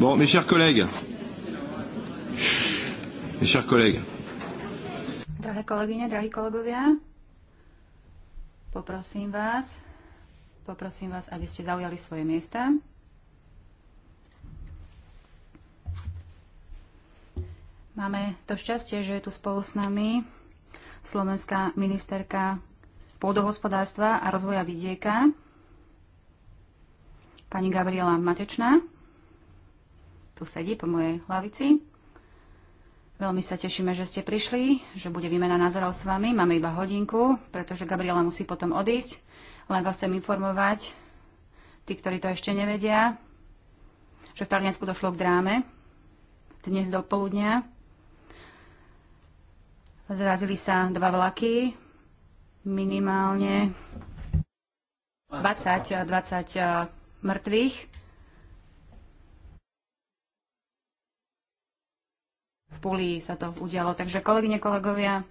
Bon, mes chers collègues, mes chers collègues. Drahé kolegyne, drahí kolegovia, poprosím vás, poprosím vás, aby ste zaujali svoje miesta. Máme to šťastie, že je tu spolu s nami slovenská ministerka pôdohospodárstva a rozvoja vidieka, Pani Gabriela Matečná tu sedí po mojej hlavici. Veľmi sa tešíme, že ste prišli, že bude výmena názorov s vami. Máme iba hodinku, pretože Gabriela musí potom odísť. Len vás chcem informovať, tí, ktorí to ešte nevedia, že v Taliansku došlo k dráme dnes do poludnia. Zrazili sa dva vlaky, minimálne 20, 20 mŕtvych. V Puli sa to udialo. Takže kolegyne, kolegovia,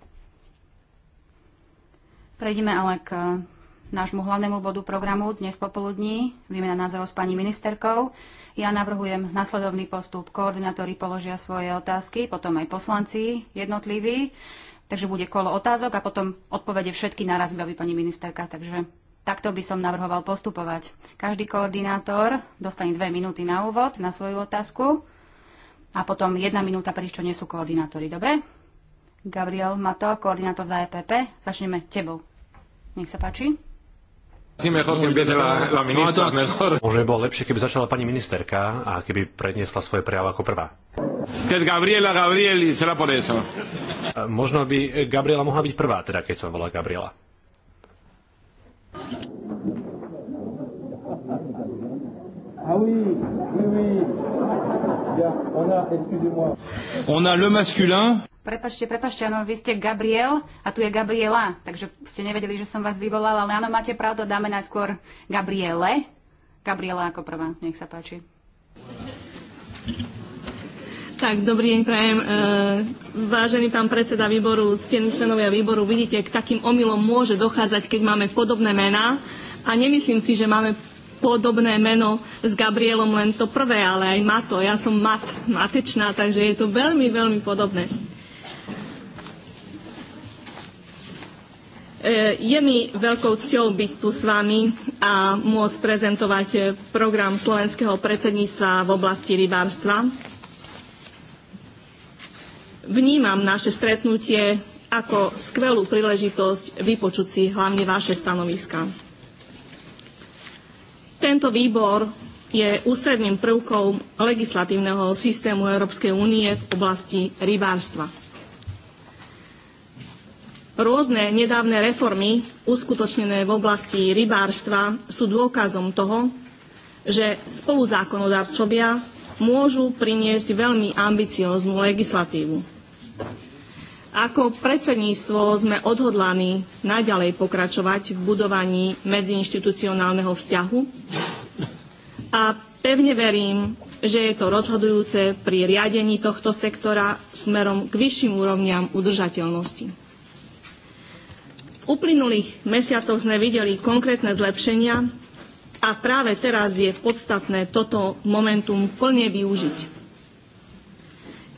prejdeme ale k nášmu hlavnému bodu programu dnes popoludní, výmena názorov s pani ministerkou. Ja navrhujem nasledovný postup. Koordinátori položia svoje otázky, potom aj poslanci jednotliví. Takže bude kolo otázok a potom odpovede všetky naraz aby pani ministerka. Takže Takto by som navrhoval postupovať. Každý koordinátor dostane dve minúty na úvod, na svoju otázku a potom jedna minúta pre čo nie sú koordinátori. Dobre? Gabriel Mato, koordinátor za EPP. Začneme tebou. Nech sa páči. Možno bolo lepšie, keby začala pani ministerka a keby predniesla svoje prejav ako prvá. Keď Gabriela, Gabrieli, será por eso. Možno by Gabriela mohla byť prvá, teda keď som volá Gabriela. Ah oui, oui, oui. Bien, on a, excusez-moi. On a le masculin. Prepačte, prepačte, áno, vy ste Gabriel a tu je Gabriela, takže ste nevedeli, že som vás vyvolala, ale áno, máte pravdu, dáme najskôr Gabriele. Gabriela ako prvá, nech sa páči. Tak, dobrý deň, prajem. E, vážený pán predseda výboru, ctení členovia výboru, vidíte, k takým omylom môže dochádzať, keď máme podobné mená. A nemyslím si, že máme podobné meno s Gabrielom, len to prvé, ale aj Mato. Ja som Mat, Matečná, takže je to veľmi, veľmi podobné. E, je mi veľkou cťou byť tu s vami a môcť prezentovať program slovenského predsedníctva v oblasti rybárstva Vnímam naše stretnutie ako skvelú príležitosť vypočuť si hlavne vaše stanoviska. Tento výbor je ústredným prvkom legislatívneho systému Európskej únie v oblasti rybárstva. Rôzne nedávne reformy uskutočnené v oblasti rybárstva sú dôkazom toho, že spoluzákonodárcovia môžu priniesť veľmi ambicióznu legislatívu. Ako predsedníctvo sme odhodlaní naďalej pokračovať v budovaní medziinštitucionálneho vzťahu a pevne verím, že je to rozhodujúce pri riadení tohto sektora smerom k vyšším úrovniam udržateľnosti. V uplynulých mesiacoch sme videli konkrétne zlepšenia a práve teraz je podstatné toto momentum plne využiť.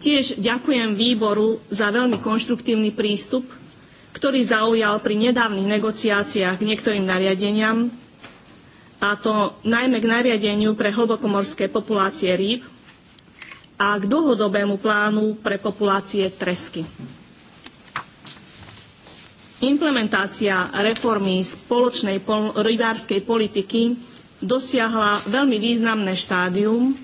Tiež ďakujem výboru za veľmi konštruktívny prístup, ktorý zaujal pri nedávnych negociáciách k niektorým nariadeniam, a to najmä k nariadeniu pre hlbokomorské populácie rýb a k dlhodobému plánu pre populácie tresky. Implementácia reformy spoločnej rybárskej politiky dosiahla veľmi významné štádium,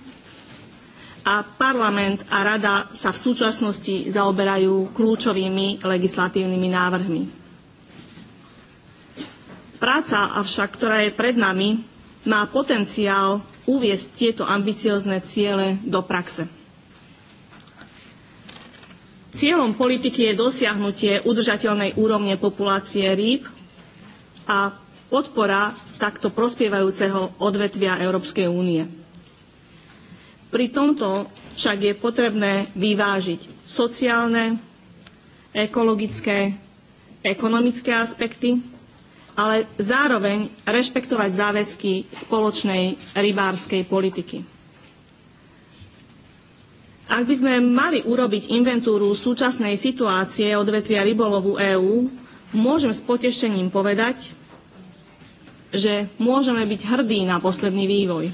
a parlament a rada sa v súčasnosti zaoberajú kľúčovými legislatívnymi návrhmi. Práca avšak, ktorá je pred nami, má potenciál uviesť tieto ambiciozne ciele do praxe. Cieľom politiky je dosiahnutie udržateľnej úrovne populácie rýb a podpora takto prospievajúceho odvetvia Európskej únie. Pri tomto však je potrebné vyvážiť sociálne, ekologické, ekonomické aspekty, ale zároveň rešpektovať záväzky spoločnej rybárskej politiky. Ak by sme mali urobiť inventúru súčasnej situácie odvetvia rybolovu EÚ, môžem s potešením povedať, že môžeme byť hrdí na posledný vývoj.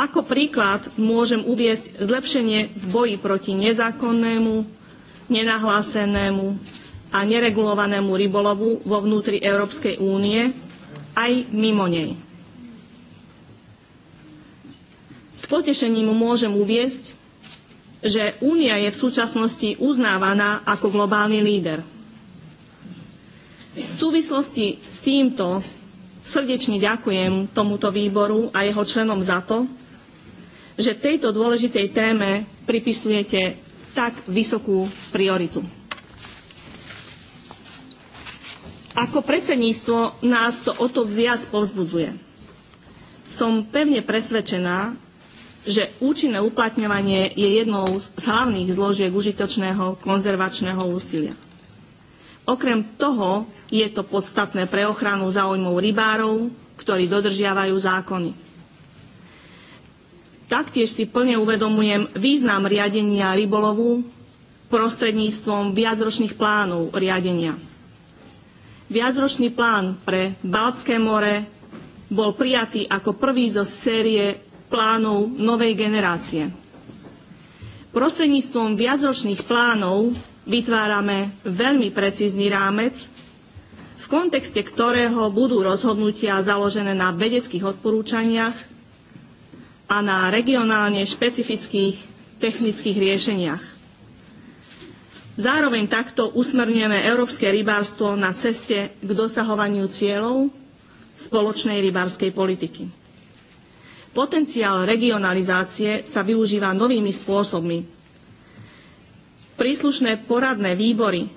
Ako príklad môžem uviesť zlepšenie v boji proti nezákonnému, nenahlásenému a neregulovanému rybolovu vo vnútri Európskej únie aj mimo nej. S potešením môžem uviesť, že Únia je v súčasnosti uznávaná ako globálny líder. V súvislosti s týmto srdečne ďakujem tomuto výboru a jeho členom za to, že tejto dôležitej téme pripisujete tak vysokú prioritu. Ako predsedníctvo nás to o to viac povzbudzuje. Som pevne presvedčená, že účinné uplatňovanie je jednou z hlavných zložiek užitočného konzervačného úsilia. Okrem toho je to podstatné pre ochranu záujmov rybárov, ktorí dodržiavajú zákony. Taktiež si plne uvedomujem význam riadenia rybolovu prostredníctvom viacročných plánov riadenia. Viacročný plán pre Baltské more bol prijatý ako prvý zo série plánov novej generácie. Prostredníctvom viacročných plánov vytvárame veľmi precízny rámec, v kontexte ktorého budú rozhodnutia založené na vedeckých odporúčaniach a na regionálne špecifických technických riešeniach. Zároveň takto usmerňujeme európske rybárstvo na ceste k dosahovaniu cieľov spoločnej rybárskej politiky. Potenciál regionalizácie sa využíva novými spôsobmi. Príslušné poradné výbory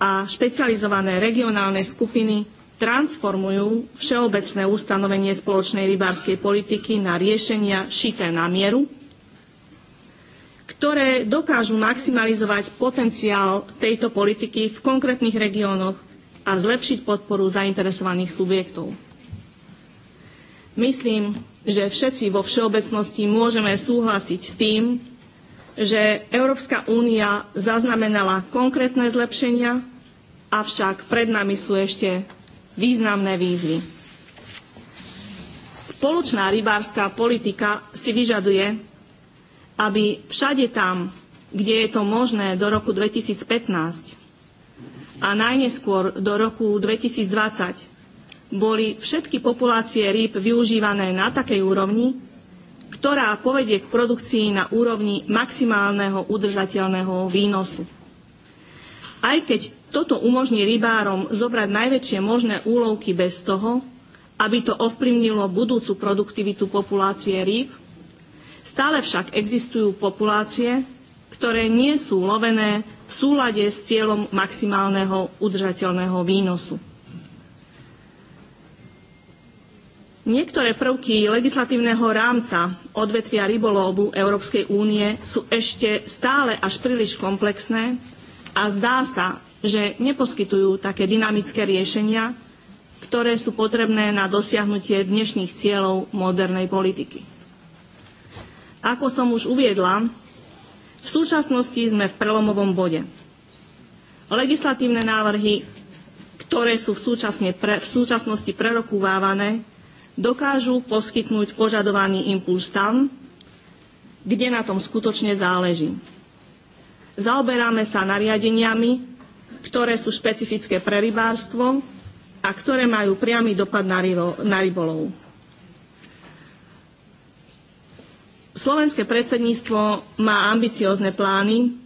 a špecializované regionálne skupiny transformujú všeobecné ustanovenie spoločnej rybárskej politiky na riešenia šité na mieru, ktoré dokážu maximalizovať potenciál tejto politiky v konkrétnych regiónoch a zlepšiť podporu zainteresovaných subjektov. Myslím, že všetci vo všeobecnosti môžeme súhlasiť s tým, že Európska únia zaznamenala konkrétne zlepšenia, avšak pred nami sú ešte významné výzvy. Spoločná rybárska politika si vyžaduje, aby všade tam, kde je to možné do roku 2015 a najneskôr do roku 2020, boli všetky populácie rýb využívané na takej úrovni, ktorá povedie k produkcii na úrovni maximálneho udržateľného výnosu. Aj keď toto umožní rybárom zobrať najväčšie možné úlovky bez toho, aby to ovplyvnilo budúcu produktivitu populácie rýb. Stále však existujú populácie, ktoré nie sú lovené v súlade s cieľom maximálneho udržateľného výnosu. Niektoré prvky legislatívneho rámca odvetvia rybolovu Európskej únie sú ešte stále až príliš komplexné a zdá sa, že neposkytujú také dynamické riešenia, ktoré sú potrebné na dosiahnutie dnešných cieľov modernej politiky. Ako som už uviedla, v súčasnosti sme v prelomovom bode. Legislatívne návrhy, ktoré sú v, pre, v súčasnosti prerokúvávané, dokážu poskytnúť požadovaný impuls tam, kde na tom skutočne záleží. Zaoberáme sa nariadeniami, ktoré sú špecifické pre rybárstvo a ktoré majú priamy dopad na, rybo, na rybolov. Slovenské predsedníctvo má ambiciózne plány.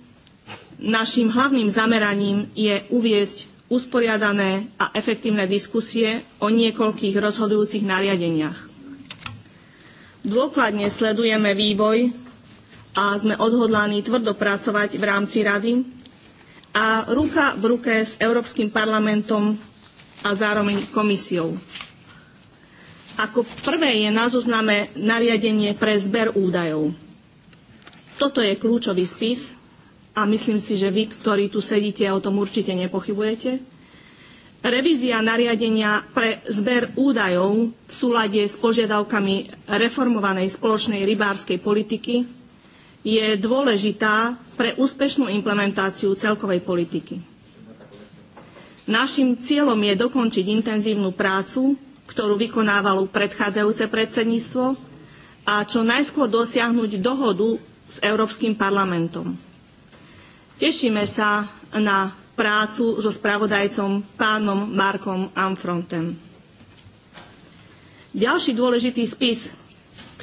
Naším hlavným zameraním je uviezť usporiadané a efektívne diskusie o niekoľkých rozhodujúcich nariadeniach. Dôkladne sledujeme vývoj a sme odhodlaní tvrdo pracovať v rámci Rady a ruka v ruke s Európskym parlamentom a zároveň komisiou. Ako prvé je na zozname nariadenie pre zber údajov. Toto je kľúčový spis a myslím si, že vy, ktorí tu sedíte, o tom určite nepochybujete. Revízia nariadenia pre zber údajov v súlade s požiadavkami reformovanej spoločnej rybárskej politiky je dôležitá pre úspešnú implementáciu celkovej politiky. Naším cieľom je dokončiť intenzívnu prácu, ktorú vykonávalo predchádzajúce predsedníctvo a čo najskôr dosiahnuť dohodu s Európskym parlamentom. Tešíme sa na prácu so spravodajcom pánom Markom Amfrontem. Ďalší dôležitý spis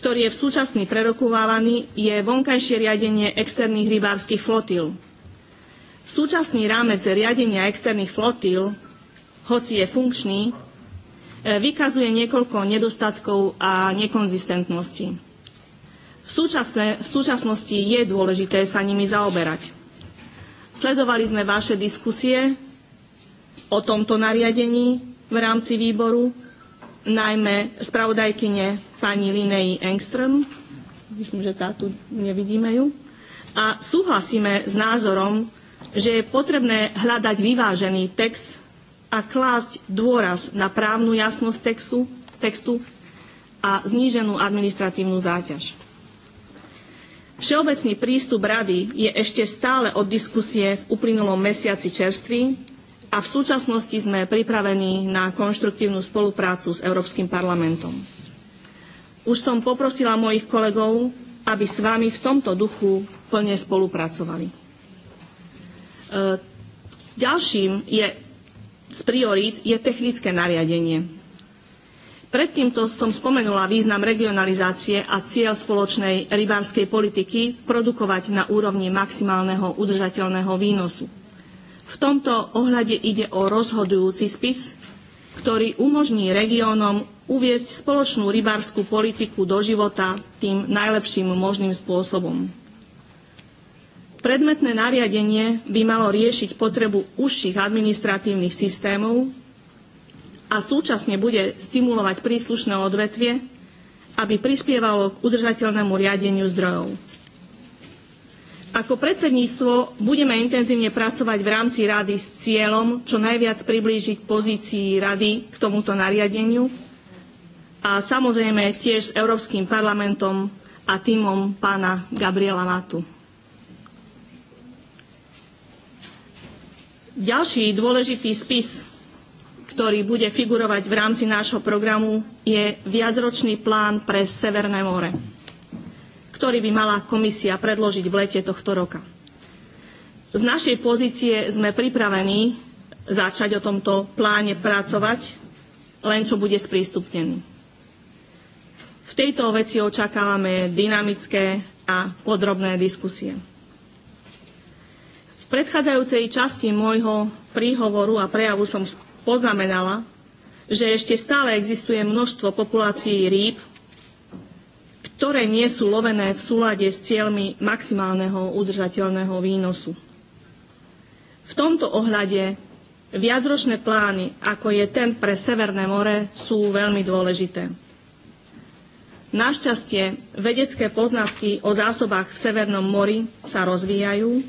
ktorý je v súčasný prerokovávaný, je vonkajšie riadenie externých rybárskych flotil. Súčasný rámec riadenia externých flotil, hoci je funkčný, e, vykazuje niekoľko nedostatkov a nekonzistentností. V, v súčasnosti je dôležité sa nimi zaoberať. Sledovali sme vaše diskusie o tomto nariadení v rámci výboru najmä spravodajkyne pani Linei Engström, myslím, že tá tu nevidíme ju, a súhlasíme s názorom, že je potrebné hľadať vyvážený text a klásť dôraz na právnu jasnosť textu, textu a zníženú administratívnu záťaž. Všeobecný prístup rady je ešte stále od diskusie v uplynulom mesiaci čerstvý a v súčasnosti sme pripravení na konštruktívnu spoluprácu s Európskym parlamentom. Už som poprosila mojich kolegov, aby s vami v tomto duchu plne spolupracovali. E, ďalším je, z priorít je technické nariadenie. Predtým to som spomenula význam regionalizácie a cieľ spoločnej rybárskej politiky produkovať na úrovni maximálneho udržateľného výnosu. V tomto ohľade ide o rozhodujúci spis, ktorý umožní regiónom uviesť spoločnú rybárskú politiku do života tým najlepším možným spôsobom. Predmetné nariadenie by malo riešiť potrebu užších administratívnych systémov a súčasne bude stimulovať príslušné odvetvie, aby prispievalo k udržateľnému riadeniu zdrojov. Ako predsedníctvo budeme intenzívne pracovať v rámci rady s cieľom čo najviac priblížiť pozícii rady k tomuto nariadeniu a samozrejme tiež s Európskym parlamentom a týmom pána Gabriela Matu. Ďalší dôležitý spis, ktorý bude figurovať v rámci nášho programu, je viacročný plán pre Severné more ktorý by mala komisia predložiť v lete tohto roka. Z našej pozície sme pripravení začať o tomto pláne pracovať, len čo bude sprístupnený. V tejto veci očakávame dynamické a podrobné diskusie. V predchádzajúcej časti môjho príhovoru a prejavu som poznamenala, že ešte stále existuje množstvo populácií rýb, ktoré nie sú lovené v súlade s cieľmi maximálneho udržateľného výnosu. V tomto ohľade viacročné plány, ako je ten pre Severné more, sú veľmi dôležité. Našťastie vedecké poznatky o zásobách v Severnom mori sa rozvíjajú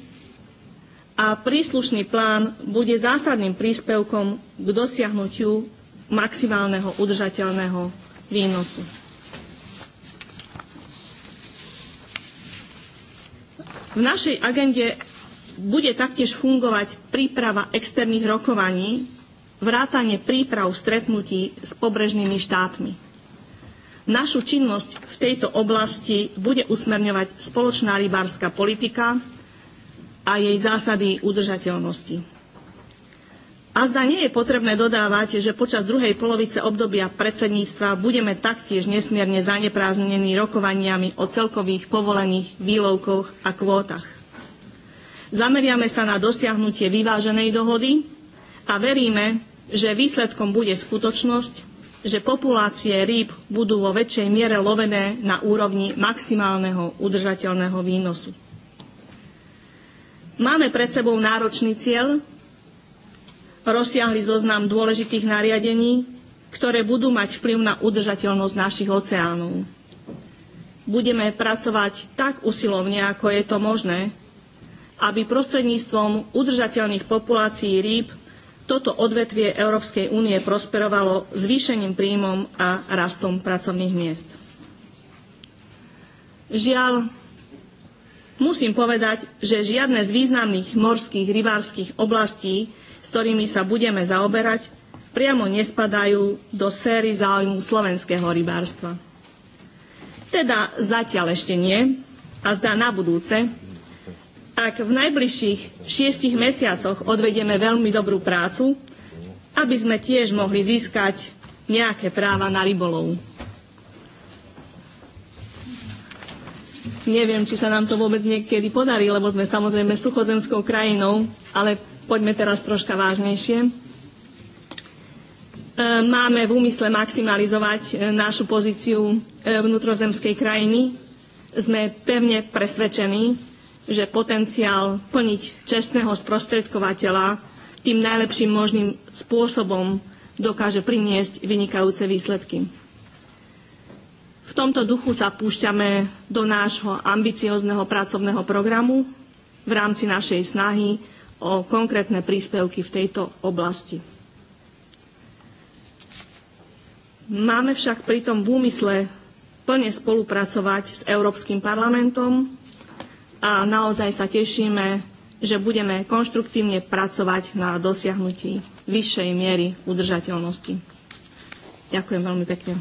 a príslušný plán bude zásadným príspevkom k dosiahnutiu maximálneho udržateľného výnosu. V našej agende bude taktiež fungovať príprava externých rokovaní, vrátanie príprav stretnutí s pobrežnými štátmi. Našu činnosť v tejto oblasti bude usmerňovať spoločná rybárska politika a jej zásady udržateľnosti. A zda nie je potrebné dodávať, že počas druhej polovice obdobia predsedníctva budeme taktiež nesmierne zanepráznení rokovaniami o celkových povolených výlovkoch a kvótach. Zameriame sa na dosiahnutie vyváženej dohody a veríme, že výsledkom bude skutočnosť, že populácie rýb budú vo väčšej miere lovené na úrovni maximálneho udržateľného výnosu. Máme pred sebou náročný cieľ, rozsiahli zoznam dôležitých nariadení, ktoré budú mať vplyv na udržateľnosť našich oceánov. Budeme pracovať tak usilovne, ako je to možné, aby prostredníctvom udržateľných populácií rýb toto odvetvie Európskej únie prosperovalo zvýšením príjmom a rastom pracovných miest. Žiaľ, musím povedať, že žiadne z významných morských rybárskych oblastí s ktorými sa budeme zaoberať, priamo nespadajú do sféry záujmu slovenského rybárstva. Teda zatiaľ ešte nie a zdá na budúce, ak v najbližších šiestich mesiacoch odvedieme veľmi dobrú prácu, aby sme tiež mohli získať nejaké práva na rybolov. Neviem, či sa nám to vôbec niekedy podarí, lebo sme samozrejme suchozemskou krajinou, ale poďme teraz troška vážnejšie. E, máme v úmysle maximalizovať e, našu pozíciu e, vnútrozemskej krajiny. Sme pevne presvedčení, že potenciál plniť čestného sprostredkovateľa tým najlepším možným spôsobom dokáže priniesť vynikajúce výsledky. V tomto duchu sa púšťame do nášho ambiciozného pracovného programu v rámci našej snahy o konkrétne príspevky v tejto oblasti. Máme však pritom v úmysle plne spolupracovať s Európskym parlamentom a naozaj sa tešíme, že budeme konštruktívne pracovať na dosiahnutí vyššej miery udržateľnosti. Ďakujem veľmi pekne.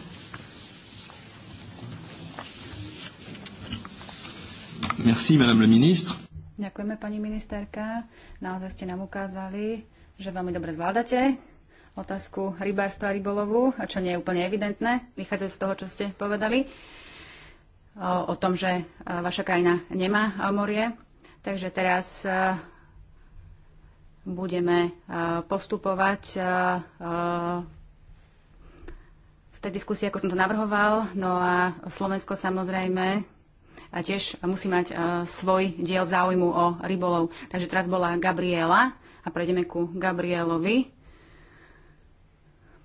Merci, Madame la Ministre. Ďakujeme, pani ministerka. Naozaj ste nám ukázali, že veľmi dobre zvládate otázku rybárstva a rybolovu, a čo nie je úplne evidentné, vychádza z toho, čo ste povedali, o, o tom, že vaša krajina nemá morie. Takže teraz budeme postupovať v tej diskusii, ako som to navrhoval. No a Slovensko samozrejme a tiež musí mať e, svoj diel záujmu o rybolov. Takže teraz bola Gabriela a prejdeme ku Gabrielovi,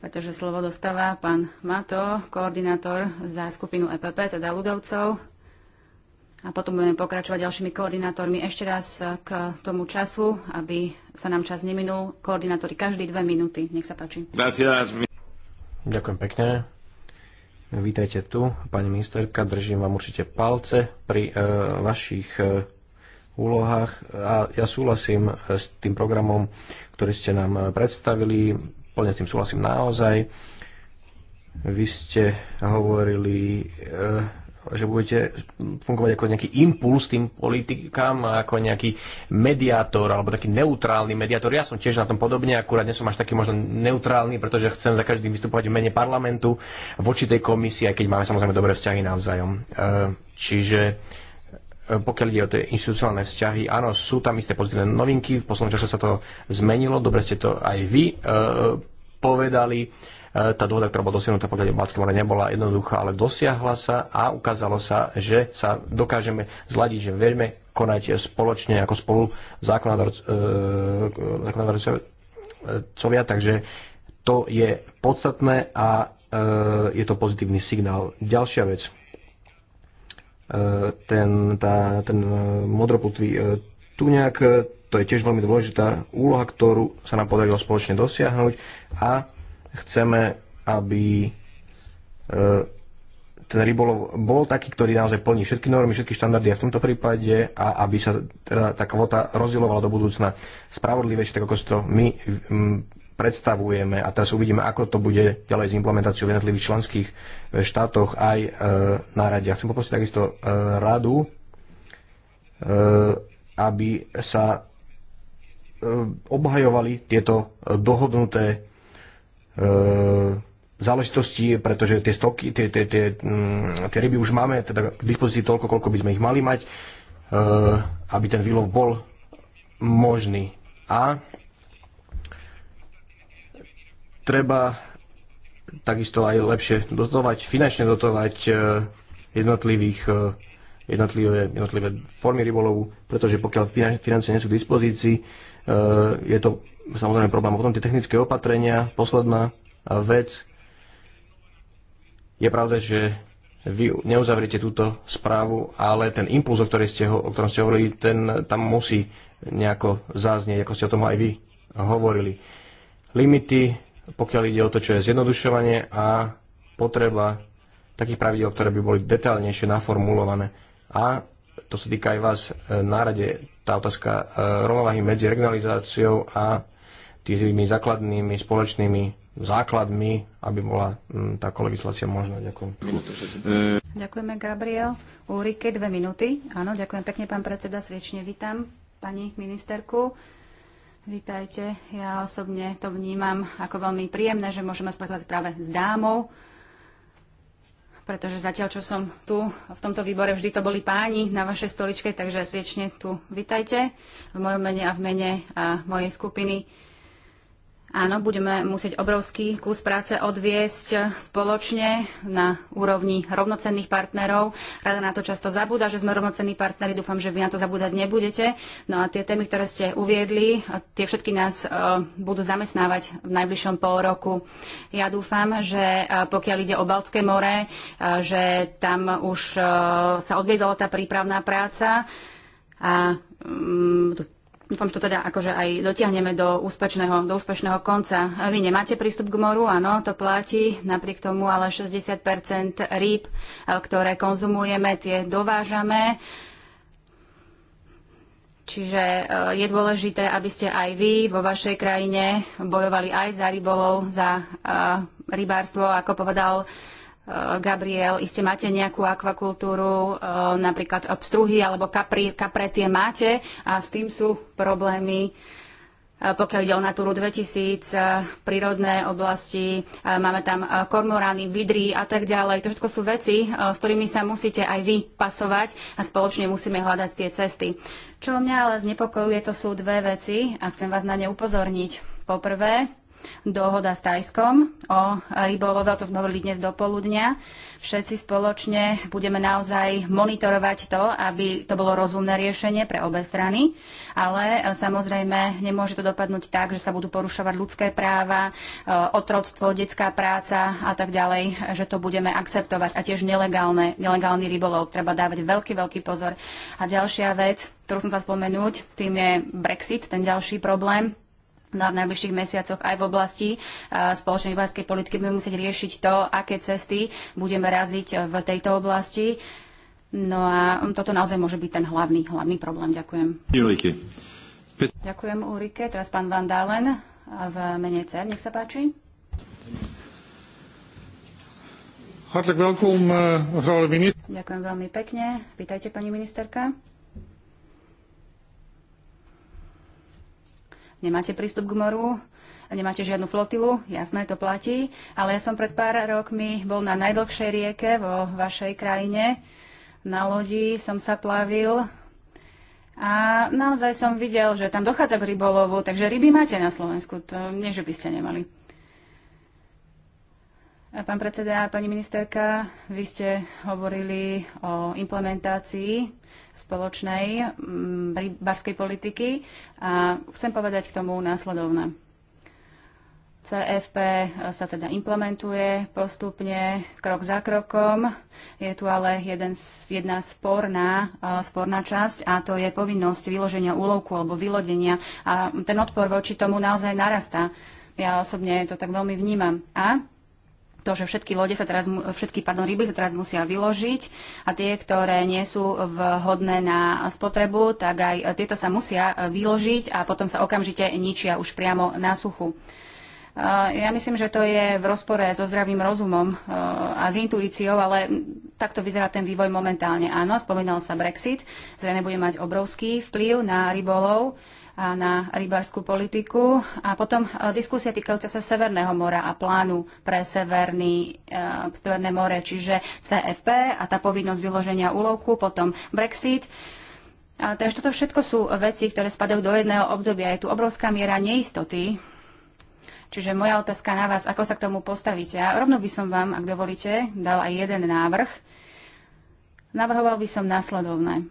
pretože slovo dostáva pán Mato, koordinátor za skupinu EPP, teda ľudovcov. A potom budeme pokračovať ďalšími koordinátormi ešte raz k tomu času, aby sa nám čas neminul. Koordinátori každý dve minúty. Nech sa páči. Ďakujem pekne. Vítajte tu, pani ministerka, držím vám určite palce pri e, vašich e, úlohách a ja súhlasím e, s tým programom, ktorý ste nám e, predstavili, plne s tým súhlasím naozaj. Vy ste hovorili e, že budete fungovať ako nejaký impuls tým politikám a ako nejaký mediátor alebo taký neutrálny mediátor. Ja som tiež na tom podobne, akurát nie som až taký možno neutrálny, pretože chcem za každým vystupovať v mene parlamentu voči tej komisii, aj keď máme samozrejme dobré vzťahy navzájom. E, čiže e, pokiaľ ide o tie institucionálne vzťahy, áno, sú tam isté pozitívne novinky, v poslednom čase sa to zmenilo, dobre ste to aj vy e, povedali E, tá dohoda, ktorá bola dosiahnutá pokiaľ Balcké more, nebola jednoduchá, ale dosiahla sa a ukázalo sa, že sa dokážeme zladiť, že vieme konať spoločne ako spolu e, zákonodarcovia, e, takže to je podstatné a je to pozitívny signál. Ďalšia vec. Ten, tá, ten modroputvý tuňak, to je tiež veľmi dôležitá úloha, ktorú sa nám podarilo spoločne dosiahnuť a Chceme, aby e, ten rybolov bol taký, ktorý naozaj plní všetky normy, všetky štandardy a v tomto prípade a aby sa teda tá kvota rozdielovala do budúcna spravodlivejšie, tak ako si to my predstavujeme a teraz uvidíme, ako to bude ďalej s implementáciou v jednotlivých členských e, štátoch aj e, na rade. Chcem poprosiť takisto radu, aby sa obhajovali tieto dohodnuté E, záležitosti, pretože tie stoky, tie, tie, tie, mm, tie ryby už máme teda k dispozícii toľko, koľko by sme ich mali mať, e, aby ten výlov bol možný. A treba takisto aj lepšie dotovať, finančne dotovať e, jednotlivých jednotlivé, jednotlivé formy rybolovu, pretože pokiaľ financie nie sú k dispozícii, je to samozrejme problém. Potom tie technické opatrenia, posledná vec. Je pravda, že vy neuzavriete túto správu, ale ten impuls, o, o ktorom ste hovorili, ten tam musí nejako záznieť, ako ste o tom aj vy hovorili. Limity, pokiaľ ide o to, čo je zjednodušovanie a potreba takých pravidel, ktoré by boli detaľnejšie naformulované. A to sa týka aj vás e, na rade, tá otázka e, rovnováhy medzi regionalizáciou a tými základnými spoločnými základmi, aby bola m, mm, taká legislácia možná. Ďakujem. E- Ďakujeme, Gabriel. Ulrike, dve minúty. Áno, ďakujem pekne, pán predseda. Srdečne vítam pani ministerku. Vítajte. Ja osobne to vnímam ako veľmi príjemné, že môžeme spracovať práve s dámou, pretože zatiaľ, čo som tu v tomto výbore, vždy to boli páni na vašej stoličke, takže srdečne tu vítajte v mojom mene a v mene a mojej skupiny Áno, budeme musieť obrovský kus práce odviesť spoločne na úrovni rovnocenných partnerov. Rada na to často zabúda, že sme rovnocenní partneri. Dúfam, že vy na to zabúdať nebudete. No a tie témy, ktoré ste uviedli, tie všetky nás e, budú zamestnávať v najbližšom pol roku. Ja dúfam, že e, pokiaľ ide o Baltské more, e, že tam už sa odviedla tá prípravná práca. A mm, Dúfam, že to teda akože aj dotiahneme do úspešného, do úspešného konca. Vy nemáte prístup k moru, áno, to platí. Napriek tomu ale 60 rýb, e, ktoré konzumujeme, tie dovážame. Čiže e, je dôležité, aby ste aj vy vo vašej krajine bojovali aj za rybolov, za e, rybárstvo, ako povedal Eh, Gabriel, iste máte nejakú akvakultúru, eh, napríklad obstruhy alebo kapri, kapretie máte a s tým sú problémy. Eh, pokiaľ ide o Natúru 2000, prírodné oblasti, máme tam kormorány, vidry a tak ďalej. To všetko sú veci, s ktorými sa musíte aj vy pasovať a spoločne musíme hľadať tie cesty. Čo mňa ale znepokojuje, to sú dve veci a chcem vás na ne upozorniť. Poprvé, dohoda s Tajskom o rybolove, o to sme hovorili dnes do poludnia. Všetci spoločne budeme naozaj monitorovať to, aby to bolo rozumné riešenie pre obe strany, ale e, samozrejme nemôže to dopadnúť tak, že sa budú porušovať ľudské práva, e, otroctvo, detská práca a tak ďalej, že to budeme akceptovať. A tiež nelegálne, nelegálny rybolov treba dávať veľký, veľký pozor. A ďalšia vec, ktorú som sa spomenúť, tým je Brexit, ten ďalší problém na no v najbližších mesiacoch aj v oblasti spoločnej vojenskej politiky budeme musieť riešiť to, aké cesty budeme raziť v tejto oblasti. No a toto naozaj môže byť ten hlavný, hlavný problém. Ďakujem. Ďakujem Ulrike. Teraz pán Van Dalen v mene CER. Nech sa páči. Eh, Ďakujem veľmi pekne. Vítajte, pani ministerka. nemáte prístup k moru, nemáte žiadnu flotilu, jasné, to platí, ale ja som pred pár rokmi bol na najdlhšej rieke vo vašej krajine. Na lodi som sa plavil a naozaj som videl, že tam dochádza k rybolovu, takže ryby máte na Slovensku, to nie, že by ste nemali. Pán predseda, pani ministerka, vy ste hovorili o implementácii spoločnej mm, rybárskej politiky a chcem povedať k tomu následovné. CFP sa teda implementuje postupne, krok za krokom. Je tu ale jeden, jedna sporná, sporná časť a to je povinnosť vyloženia úlovku alebo vylodenia. A ten odpor voči tomu naozaj narastá. Ja osobne to tak veľmi vnímam. A to, že všetky lode sa teraz, všetky, pardon, ryby sa teraz musia vyložiť a tie, ktoré nie sú vhodné na spotrebu, tak aj tieto sa musia e, vyložiť a potom sa okamžite ničia už priamo na suchu. E, ja myslím, že to je v rozpore so zdravým rozumom e, a s intuíciou, ale takto vyzerá ten vývoj momentálne. Áno, spomínal sa Brexit, zrejme bude mať obrovský vplyv na rybolov na rybárskú politiku a potom e, diskusia týkajúca sa Severného mora a plánu pre Severný, e, Severné more, čiže CFP a tá povinnosť vyloženia úlovku, potom Brexit. A, takže toto všetko sú veci, ktoré spadajú do jedného obdobia. Je tu obrovská miera neistoty. Čiže moja otázka na vás, ako sa k tomu postavíte. A rovno by som vám, ak dovolíte, dal aj jeden návrh. Navrhoval by som následovné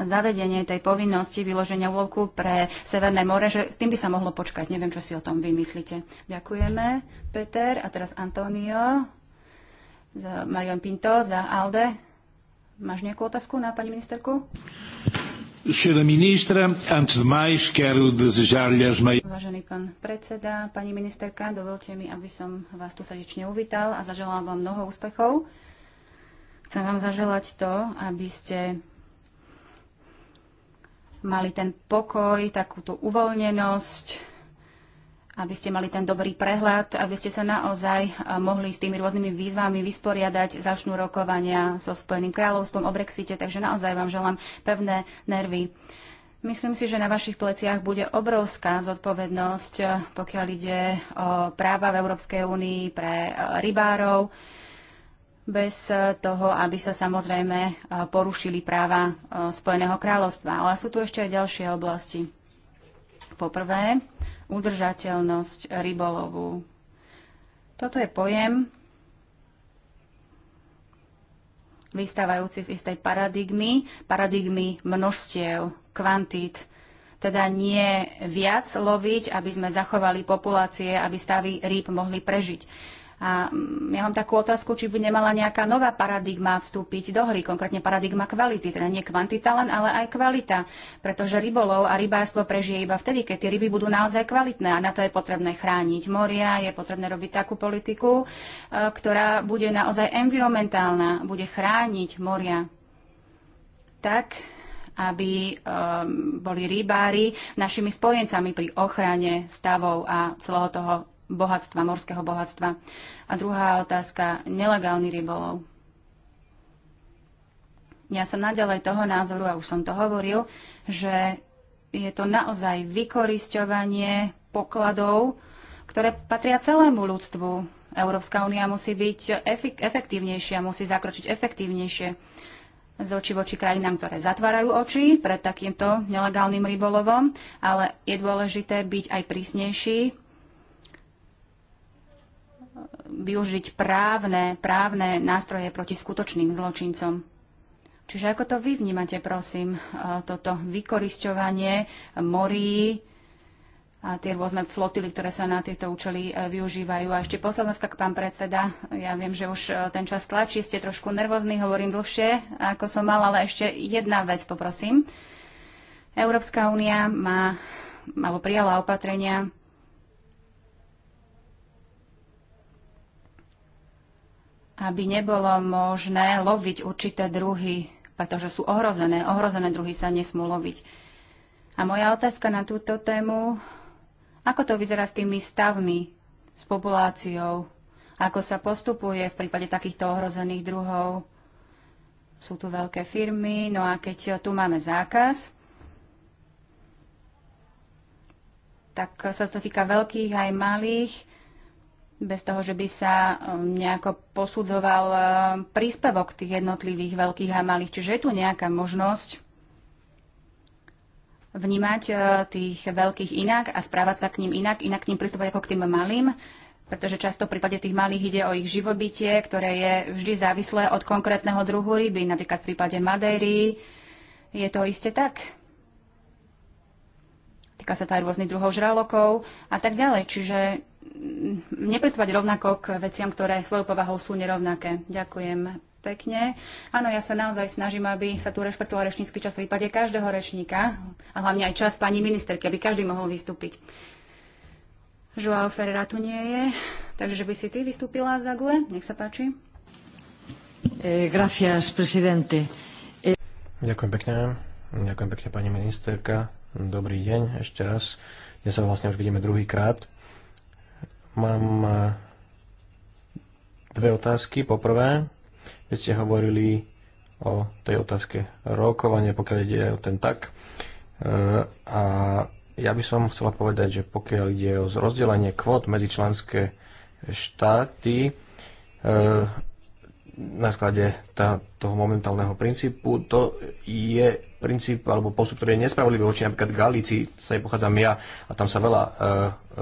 zavedenie tej povinnosti vyloženia úlovku pre Severné more, že s tým by sa mohlo počkať. Neviem, čo si o tom vymyslíte. Ďakujeme, Peter. A teraz Antonio, za Marion Pinto, za ALDE. Máš nejakú otázku na pani ministerku? Sra Ministra, antes de mais quero desejar-lhe as maiores... Vážený pán predseda, pani ministerka, dovolte mi, aby som vás tu srdečne uvítal a zaželal vám mnoho úspechov. Chcem vám zaželať to, aby ste mali ten pokoj, takúto uvoľnenosť, aby ste mali ten dobrý prehľad, aby ste sa naozaj eh, mohli s tými rôznymi výzvami vysporiadať, začnú rokovania so Spojeným kráľovstvom o Brexite, takže naozaj vám želám pevné nervy. Myslím si, že na vašich pleciach bude obrovská zodpovednosť, eh, pokiaľ ide o práva v Európskej únii pre eh, rybárov bez eh, toho, aby sa samozrejme eh, porušili práva eh, Spojeného kráľovstva. Ale sú tu ešte aj ďalšie oblasti. Poprvé, udržateľnosť rybolovu. Toto je pojem vystávajúci z istej paradigmy, paradigmy množstiev, kvantít, teda nie viac loviť, aby sme zachovali populácie, aby stavy rýb mohli prežiť. A mm, ja mám takú otázku, či by nemala nejaká nová paradigma vstúpiť do hry, konkrétne paradigma kvality, teda nie kvantita len, ale aj kvalita. Pretože rybolov a rybárstvo prežije iba vtedy, keď tie ryby budú naozaj kvalitné a na to je potrebné chrániť moria, je potrebné robiť takú politiku, e, ktorá bude naozaj environmentálna, bude chrániť moria tak, aby um, boli rybári našimi spojencami pri ochrane stavov a celého toho bohatstva, morského bohatstva. A druhá otázka, nelegálny rybolov. Ja som naďalej toho názoru, a už som to hovoril, že je to naozaj vykorisťovanie pokladov, ktoré patria celému ľudstvu. Európska únia musí byť efektívnejšia, musí zakročiť efektívnejšie z očí voči krajinám, ktoré zatvárajú oči pred takýmto nelegálnym rybolovom, ale je dôležité byť aj prísnejší využiť právne, právne nástroje proti skutočným zločincom. Čiže ako to vy vnímate, prosím, e, toto vykorisťovanie morí a tie rôzne flotily, ktoré sa na tieto účely e, využívajú. A ešte posledná skak, pán predseda. Ja viem, že už e, ten čas tlačí, ste trošku nervózni, hovorím dlhšie, ako som mal, ale ešte jedna vec poprosím. Európska únia má, alebo prijala opatrenia aby nebolo možné loviť určité druhy, pretože sú ohrozené. Ohrozené druhy sa nesmú loviť. A moja otázka na túto tému, ako to vyzerá s tými stavmi, s populáciou, ako sa postupuje v prípade takýchto ohrozených druhov. Sú tu veľké firmy, no a keď tu máme zákaz, tak sa to týka veľkých aj malých bez toho, že by sa um, nejako posudzoval um, príspevok tých jednotlivých veľkých a malých. Čiže je tu nejaká možnosť vnímať uh, tých veľkých inak a správať sa k ním inak, inak k ním pristúpať ako k tým malým, pretože často v prípade tých malých ide o ich živobytie, ktoré je vždy závislé od konkrétneho druhu ryby. Napríklad v prípade Madeiry je to iste tak. Týka sa to aj rôznych druhov žralokov a tak ďalej. Čiže nepristúpať rovnako k veciam, ktoré svojou povahou sú nerovnaké. Ďakujem pekne. Áno, ja sa naozaj snažím, aby sa tu rešpektoval rečnícky čas v prípade každého rečníka a hlavne aj čas pani ministerky, aby každý mohol vystúpiť. Joao Ferreira tu nie je, takže by si ty vystúpila za GUE. Nech sa páči. Eh, gracias, presidente. Eh, Ďakujem pekne. Ďakujem pekne, pani ministerka. Dobrý deň ešte raz. Dnes sa vlastne už vidíme druhýkrát Mám e, dve otázky. Poprvé, vy ste hovorili o tej otázke rokovania, pokiaľ ide o ten tak. E, a ja by som chcela povedať, že pokiaľ ide o rozdelenie kvót medzi členské štáty, e, na sklade tá, toho momentálneho princípu, to je princíp alebo postup, ktorý je nespravodlivý voči napríklad Galícii, sa pochádzam ja a tam sa veľa e,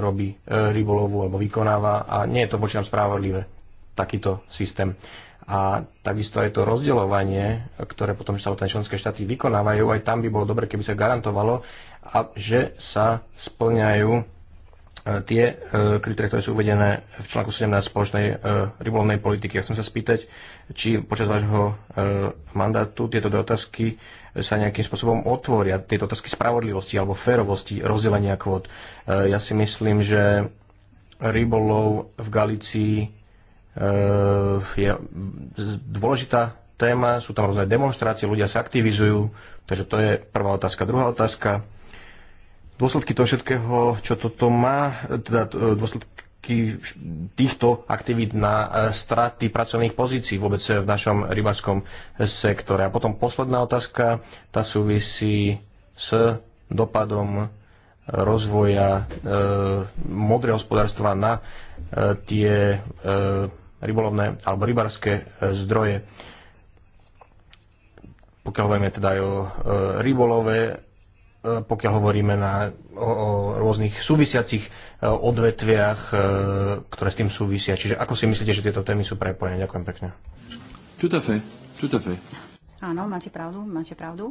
robí e, rybolovu alebo vykonáva a nie je to voči nám spravodlivé takýto systém. A takisto aj to rozdeľovanie, ktoré potom samotné členské štáty vykonávajú, aj tam by bolo dobre, keby sa garantovalo, a že sa splňajú E, tie e, kritéria, ktoré sú uvedené v článku 17 spoločnej e, rybolovnej politiky. Ja chcem sa spýtať, či počas vášho mandátu tieto otázky sa nejakým spôsobom otvoria, tieto otázky spravodlivosti alebo férovosti rozdelenia kvót. Ja si myslím, že rybolov v Galicii je dôležitá téma, sú tam rôzne demonstrácie, ľudia sa aktivizujú, takže to je prvá otázka. Druhá otázka, Dôsledky toho všetkého, čo toto má, teda e, dôsledky týchto aktivít na e, straty pracovných pozícií vôbec e, v našom rybárskom sektore. A potom posledná otázka, tá súvisí s dopadom rozvoja e, modrého hospodárstva na e, tie e, rybolovné alebo rybarské e, zdroje. Pokiaľ vieme teda aj o e, rybolove, E, pokiaľ hovoríme na, o, o rôznych súvisiacich e, odvetviach, e, ktoré s tým súvisia. Čiže ako si myslíte, že tieto témy sú prepojené? Ďakujem pekne. Tuto à tuto tout Áno, máte pravdu, máte pravdu.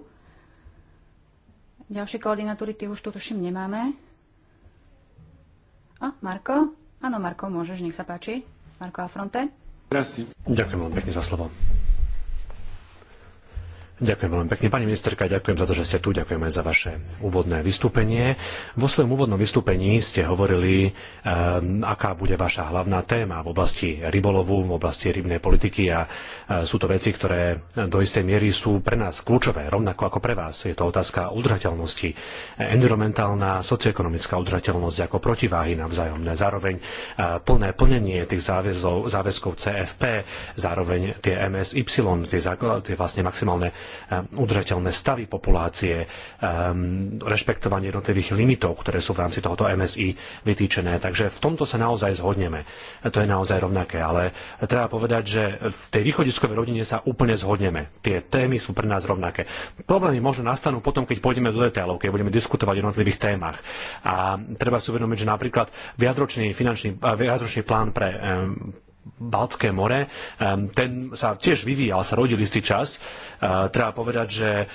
Ďalšie koordinatúry ty už tu tuším nemáme. A, Marko? Áno, Marko, môžeš, nech sa páči. Marko Afronte. Ďakujem veľmi pekne za slovo. Ďakujem veľmi pekne. Pani ministerka, ďakujem za to, že ste tu, ďakujem aj za vaše úvodné vystúpenie. Vo svojom úvodnom vystúpení ste hovorili, um, aká bude vaša hlavná téma v oblasti rybolovu, v oblasti rybnej politiky a uh, sú to veci, ktoré do istej miery sú pre nás kľúčové, rovnako ako pre vás. Je to otázka udržateľnosti, e, environmentálna, socioekonomická udržateľnosť ako protiváhy na vzájomné, zároveň uh, plné plnenie tých záväzov, záväzkov CFP, zároveň tie MSY, tie, tie vlastne maximálne Um, udržateľné stavy populácie, um, rešpektovanie jednotlivých limitov, ktoré sú v rámci tohoto MSI vytýčené. Takže v tomto sa naozaj zhodneme. To je naozaj rovnaké, ale treba povedať, že v tej východiskovej rodine sa úplne zhodneme. Tie témy sú pre nás rovnaké. Problémy možno nastanú potom, keď pôjdeme do detailov, keď budeme diskutovať o jednotlivých témach. A treba si uvedomiť, že napríklad viacročný, finančný, viacročný plán pre um, Baltské more, ten sa tiež vyvíjal, sa rodil istý čas Treba povedať, že e,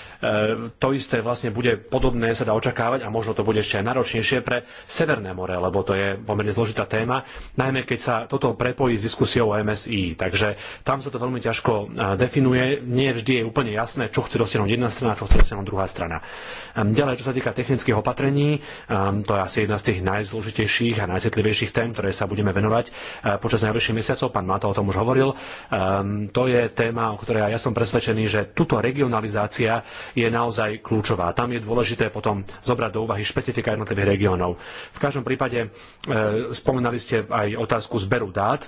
to isté vlastne bude podobné sa dá očakávať a možno to bude ešte aj náročnejšie pre Severné more, lebo to je pomerne zložitá téma, najmä keď sa toto prepojí s diskusiou o MSI. Takže tam sa to veľmi ťažko e, definuje, nie vždy je úplne jasné, čo chce dosiahnuť jedna strana, čo chce dosiahnuť druhá strana. Ďalej, čo sa týka technických opatrení, e, to je asi jedna z tých najzložitejších a najcitlivejších tém, ktoré sa budeme venovať počas najbližších mesiacov. Pán Mata o tom už hovoril. To je téma, o ktorej ja som presvedčený, že tuto regionalizácia je naozaj kľúčová. Tam je dôležité potom zobrať do úvahy špecifika jednotlivých regiónov. V každom prípade e, spomínali ste aj otázku zberu dát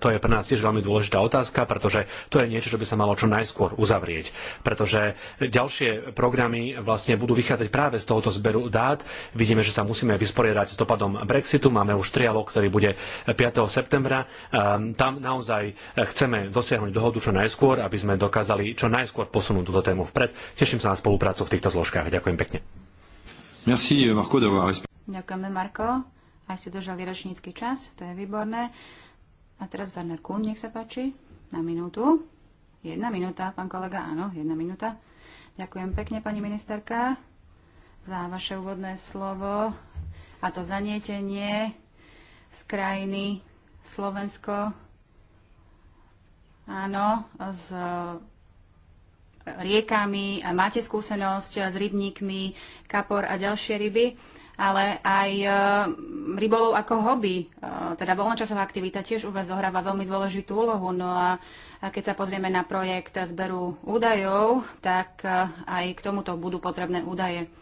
to je pre nás tiež veľmi dôležitá otázka, pretože to je niečo, čo by sa malo čo najskôr uzavrieť. Pretože ďalšie programy vlastne budú vychádzať práve z tohoto zberu dát. Vidíme, že sa musíme vysporiadať s dopadom Brexitu. Máme už trialog, ktorý bude 5. septembra. Ehm, tam naozaj chceme dosiahnuť dohodu čo najskôr, aby sme dokázali čo najskôr posunúť túto tému vpred. Teším sa na spoluprácu v týchto zložkách. Ďakujem pekne. Merci, Marko, Ďakujeme, Marko. Aj si držali rečnícky čas, to je výborné. A teraz Werner Kuhn, nech sa páči, na minútu. Jedna minúta, pán kolega, áno, jedna minúta. Ďakujem pekne, pani ministerka, za vaše úvodné slovo a to zanietenie z krajiny Slovensko, áno, s riekami, máte skúsenosť s rybníkmi, kapor a ďalšie ryby ale aj e, rybolov ako hobby, e, teda voľnočasová aktivita tiež u vás zohráva veľmi dôležitú úlohu. No a keď sa pozrieme na projekt zberu údajov, tak e, aj k tomuto budú potrebné údaje.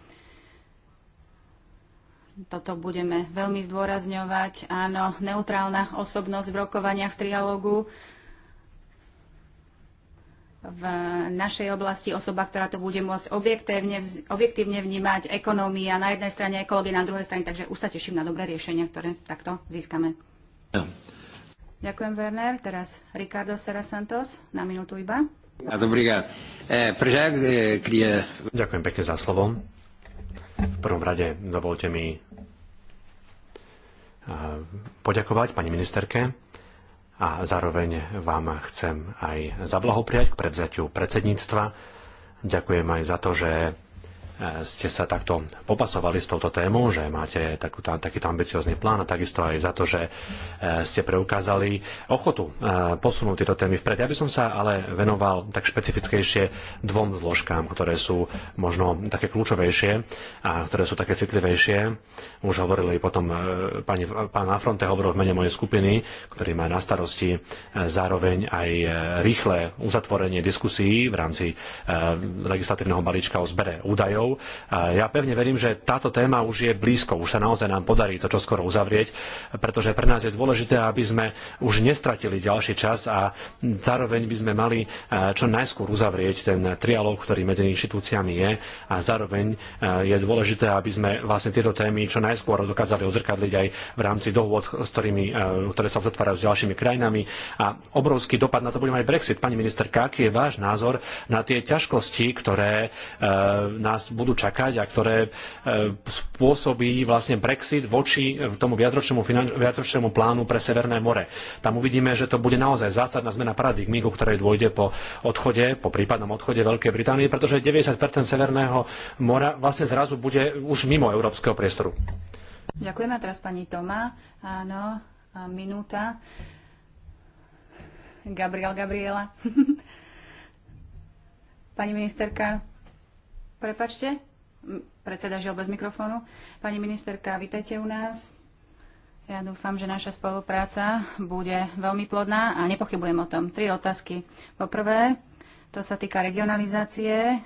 Toto budeme veľmi zdôrazňovať. Áno, neutrálna osobnosť v rokovaniach trialógu v našej oblasti osoba, ktorá to bude môcť objektívne, objektívne vnímať, ekonómia na jednej strane, ekológia na druhej strane, takže už sa teším na dobré riešenia, ktoré takto získame. Ja. Ďakujem, Werner. Teraz Ricardo Serra Santos na minútu iba. E, e, Ďakujem pekne za slovo. V prvom rade dovolte mi e, poďakovať pani ministerke a zároveň vám chcem aj zablahopriať k prevzatiu predsedníctva. Ďakujem aj za to, že E, ste sa takto popasovali s touto témou, že máte takúto, takýto ambiciózny plán a takisto aj za to, že e, ste preukázali ochotu e, posunúť tieto témy vpred. Ja by som sa ale venoval tak špecifickejšie dvom zložkám, ktoré sú možno také kľúčovejšie a ktoré sú také citlivejšie. Už hovorili potom pani, pán Afronte hovoril v mene mojej skupiny, ktorý má na starosti zároveň aj rýchle uzatvorenie diskusí v rámci legislatívneho balíčka o zbere údajov údajov. Ja pevne verím, že táto téma už je blízko, už sa naozaj nám podarí to čo uzavrieť, pretože pre nás je dôležité, aby sme už nestratili ďalší čas a zároveň by sme mali e, čo najskôr uzavrieť ten trialóg, ktorý medzi inštitúciami je a zároveň e, je dôležité, aby sme vlastne tieto témy čo najskôr dokázali odzrkadliť aj v rámci dohôd, s ktorými, e, ktoré sa uzatvárajú s ďalšími krajinami. A obrovský dopad na to bude mať Brexit. Pani ministerka, aký je váš názor na tie ťažkosti, ktoré nás budú čakať a ktoré e, spôsobí vlastne Brexit voči e, tomu viacročnému, finanč- viacročnému plánu pre Severné more. Tam uvidíme, že to bude naozaj zásadná zmena paradigmy, ku ktorej dôjde po odchode, po prípadnom odchode Veľkej Británie, pretože 90 Severného mora vlastne zrazu bude už mimo európskeho priestoru. Ďakujem a teraz pani Toma. Áno, minúta. Gabriel, Gabriela. pani ministerka, Prepačte, predseda žil bez mikrofónu. Pani ministerka, vítajte u nás. Ja dúfam, že naša spolupráca bude veľmi plodná a nepochybujem o tom. Tri otázky. Po prvé, to sa týka regionalizácie,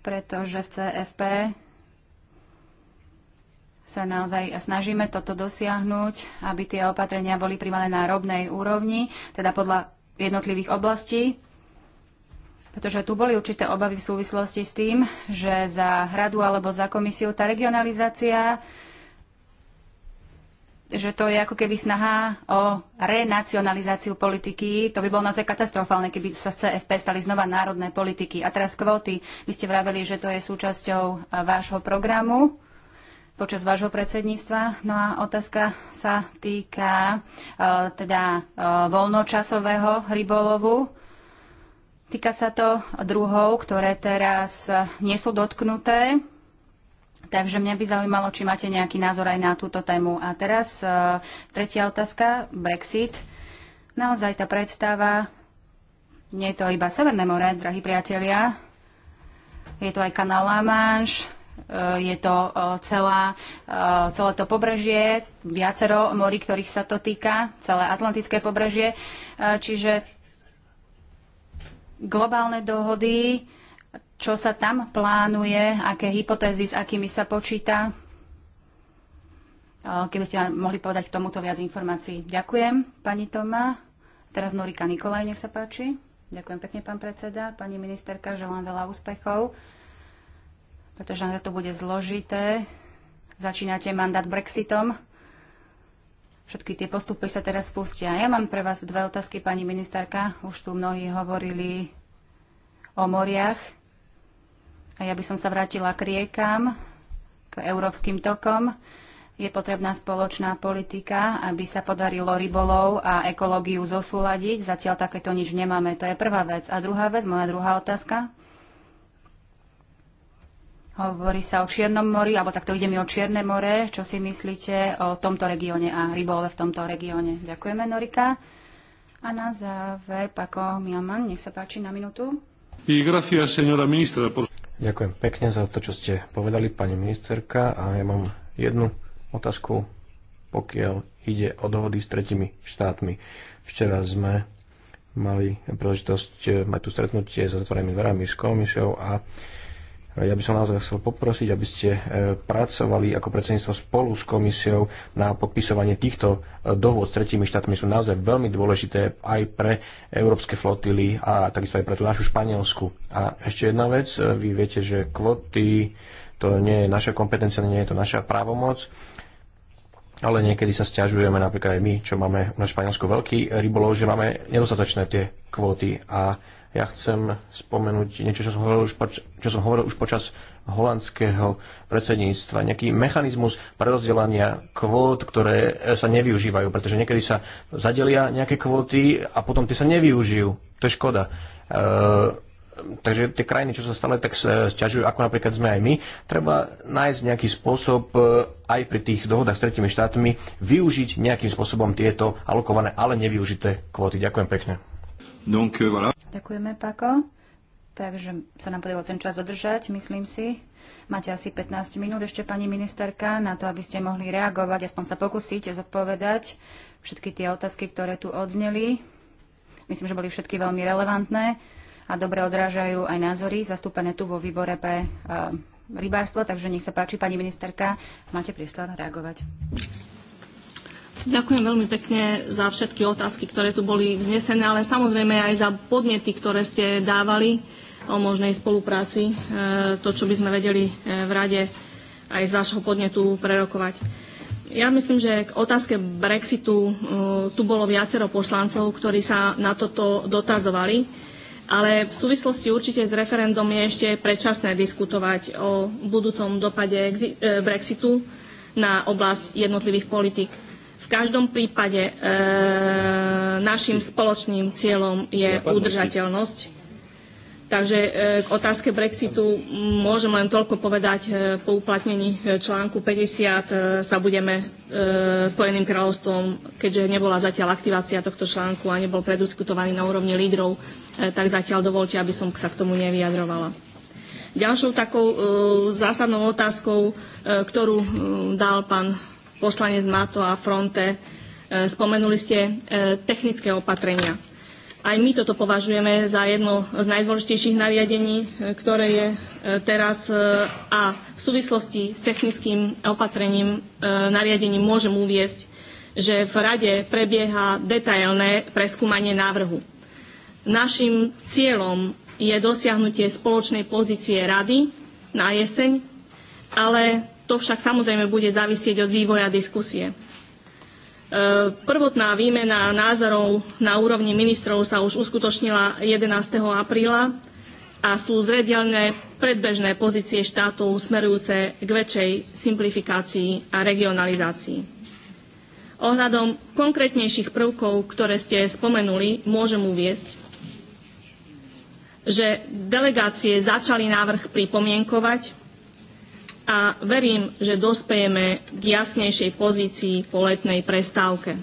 pretože v CFP sa naozaj snažíme toto dosiahnuť, aby tie opatrenia boli primané na rovnej úrovni, teda podľa jednotlivých oblastí pretože tu boli určité obavy v súvislosti s tým, že za radu alebo za komisiu tá regionalizácia že to je ako keby snaha o renacionalizáciu politiky. To by bolo naozaj katastrofálne, keby sa z CFP stali znova národné politiky. A teraz kvóty. Vy ste vraveli, že to je súčasťou vášho programu počas vášho predsedníctva. No a otázka sa týka teda voľnočasového rybolovu Týka sa to druhov, ktoré teraz nie sú dotknuté. Takže mňa by zaujímalo, či máte nejaký názor aj na túto tému. A teraz e, tretia otázka, Brexit. Naozaj tá predstava, nie je to iba Severné more, drahí priatelia, je to aj kanál La Manche, e, je to e, celá, celé to pobrežie, viacero morí, ktorých sa to týka, celé atlantické pobrežie. Čiže globálne dohody, čo sa tam plánuje, aké hypotézy, s akými sa počíta. Keby ste mohli povedať k tomuto viac informácií. Ďakujem, pani Toma. Teraz Norika Nikolaj, nech sa páči. Ďakujem pekne, pán predseda. Pani ministerka, želám veľa úspechov, pretože na to bude zložité. Začínate mandát Brexitom. Všetky tie postupy sa teraz spustia. Ja mám pre vás dve otázky, pani ministerka. Už tu mnohí hovorili o moriach. A ja by som sa vrátila k riekám, k európskym tokom. Je potrebná spoločná politika, aby sa podarilo rybolov a ekológiu zosúladiť. Zatiaľ takéto nič nemáme. To je prvá vec. A druhá vec, moja druhá otázka. Hovorí sa o Čiernom mori, alebo takto ide mi o Čierne more. Čo si myslíte o tomto regióne a rybolove v tomto regióne? Ďakujeme, Norika. A na záver, Pako Milman, nech sa páči na minútu. Ďakujem pekne za to, čo ste povedali, pani ministerka. A ja mám jednu otázku, pokiaľ ide o dohody s tretimi štátmi. Včera sme mali príležitosť e, mať tu stretnutie s zatvorenými dverami s komisiou a ja by som naozaj chcel poprosiť, aby ste e, pracovali ako predsedníctvo spolu s komisiou na podpisovanie týchto e, dohôd s tretími štátmi. Sú naozaj veľmi dôležité aj pre európske flotily a takisto aj pre tú našu španielsku. A ešte jedna vec, e, vy viete, že kvoty to nie je naša kompetencia, nie je to naša právomoc ale niekedy sa stiažujeme, napríklad aj my, čo máme na Španielsku veľký rybolov, že máme nedostatočné tie kvóty a ja chcem spomenúť niečo, čo som hovoril už, čo som hovoril už počas holandského predsedníctva. Nejaký mechanizmus prerozdelania kvót, ktoré sa nevyužívajú, pretože niekedy sa zadelia nejaké kvóty a potom tie sa nevyužijú. To je škoda. E takže tie krajiny, čo sa stále tak sťažujú, ako napríklad sme aj my, treba nájsť nejaký spôsob e, aj pri tých dohodách s tretimi štátmi využiť nejakým spôsobom tieto alokované, ale nevyužité kvóty. Ďakujem pekne. Donc, euh, voilà. Ďakujeme, Pako. Takže sa nám podarilo ten čas dodržať, myslím si. Máte asi 15 minút ešte, pani ministerka, na to, aby ste mohli reagovať, aspoň sa pokúsiť zodpovedať všetky tie otázky, ktoré tu odzneli. Myslím, že boli všetky veľmi relevantné a dobre odrážajú aj názory zastúpené tu vo výbore pre uh, rybárstvo. Takže nech sa páči, pani ministerka, máte priestor reagovať. Ďakujem veľmi pekne za všetky otázky, ktoré tu boli vznesené, ale samozrejme aj za podnety, ktoré ste dávali o možnej spolupráci, e, to, čo by sme vedeli e, v rade aj z vášho podnetu prerokovať. Ja myslím, že k otázke Brexitu e, tu bolo viacero poslancov, ktorí sa na toto dotazovali, ale v súvislosti určite s referendum je ešte predčasné diskutovať o budúcom dopade Brexitu na oblasť jednotlivých politik. V každom prípade e, našim spoločným cieľom je udržateľnosť. Takže e, k otázke Brexitu môžem len toľko povedať. E, po uplatnení e, článku 50 sa budeme Spojeným kráľovstvom, keďže nebola zatiaľ aktivácia tohto článku a nebol prediskutovaný na úrovni lídrov, tak zatiaľ dovolte, aby som sa k tomu nevyjadrovala. Ďalšou takou zásadnou otázkou, ktorú dal pán poslanec Mato a Fronte, e, spomenuli ste e, technické opatrenia. Aj my toto považujeme za jedno z najdôležitejších nariadení, e, ktoré je teraz a v súvislosti s technickým opatrením nariadením môžem uviesť, že v Rade prebieha detailné preskúmanie návrhu. Našim cieľom je dosiahnutie spoločnej pozície Rady na jeseň, ale to však samozrejme bude závisieť od vývoja diskusie. E, prvotná výmena názorov na úrovni ministrov sa už uskutočnila 11. apríla a sú zredielne predbežné pozície štátov smerujúce k väčšej simplifikácii a regionalizácii. Ohľadom konkrétnejších prvkov, ktoré ste spomenuli, môžem uviesť, že delegácie začali návrh pripomienkovať a verím, že dospejeme k jasnejšej pozícii po letnej prestávke.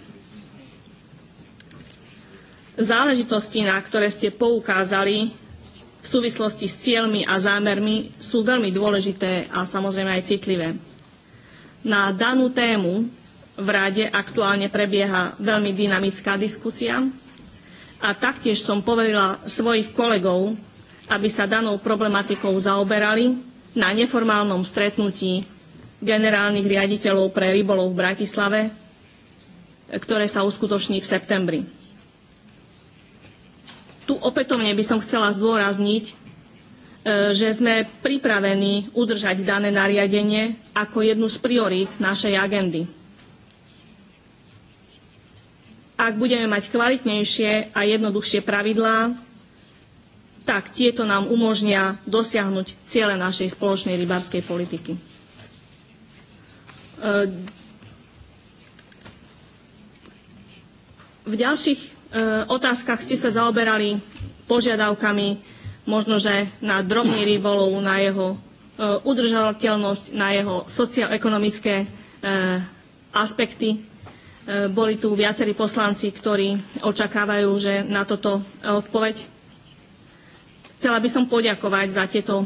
Záležitosti, na ktoré ste poukázali v súvislosti s cieľmi a zámermi, sú veľmi dôležité a samozrejme aj citlivé. Na danú tému v Rade aktuálne prebieha veľmi dynamická diskusia a taktiež som poverila svojich kolegov, aby sa danou problematikou zaoberali na neformálnom stretnutí generálnych riaditeľov pre rybolov v Bratislave, ktoré sa uskutoční v septembri. Tu opätovne by som chcela zdôrazniť, e, že sme pripravení udržať dané nariadenie ako jednu z priorít našej agendy. Ak budeme mať kvalitnejšie a jednoduchšie pravidlá, tak tieto nám umožnia dosiahnuť ciele našej spoločnej rybárskej politiky. E, v ďalších e, otázkach ste sa zaoberali požiadavkami možno, že na drobný rybolov, na jeho e, udržateľnosť, na jeho socioekonomické aspekty. Boli tu viacerí poslanci, ktorí očakávajú, že na toto odpoveď Chcela by som poďakovať za tieto e,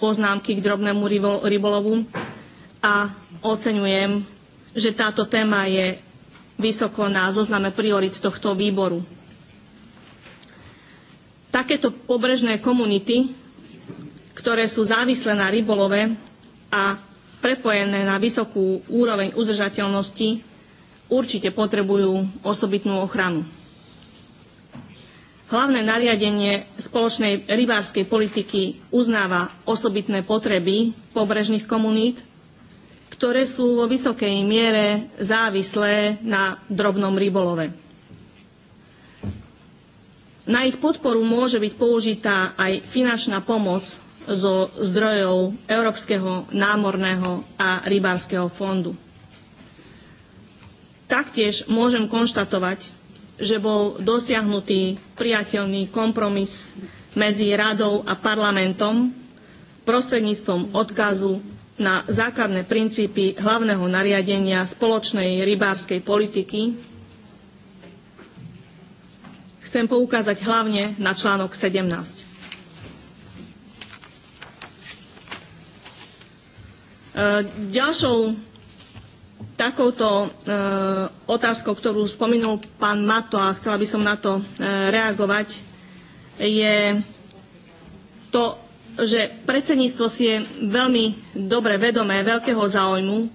poznámky k drobnému rybolovu a oceňujem, že táto téma je vysoko na zozname priorit tohto výboru. Takéto pobrežné komunity, ktoré sú závislé na rybolove a prepojené na vysokú úroveň udržateľnosti, určite potrebujú osobitnú ochranu. Hlavné nariadenie spoločnej rybárskej politiky uznáva osobitné potreby pobrežných komunít, ktoré sú vo vysokej miere závislé na drobnom rybolove. Na ich podporu môže byť použitá aj finančná pomoc zo zdrojov Európskeho námorného a rybárskeho fondu. Taktiež môžem konštatovať, že bol dosiahnutý priateľný kompromis medzi radou a parlamentom prostredníctvom odkazu na základné princípy hlavného nariadenia spoločnej rybárskej politiky. Chcem poukázať hlavne na článok 17. E, ďalšou takouto e, otázkou, ktorú spomenul pán Mato a chcela by som na to e, reagovať, je to, že predsedníctvo si je veľmi dobre vedomé veľkého záujmu,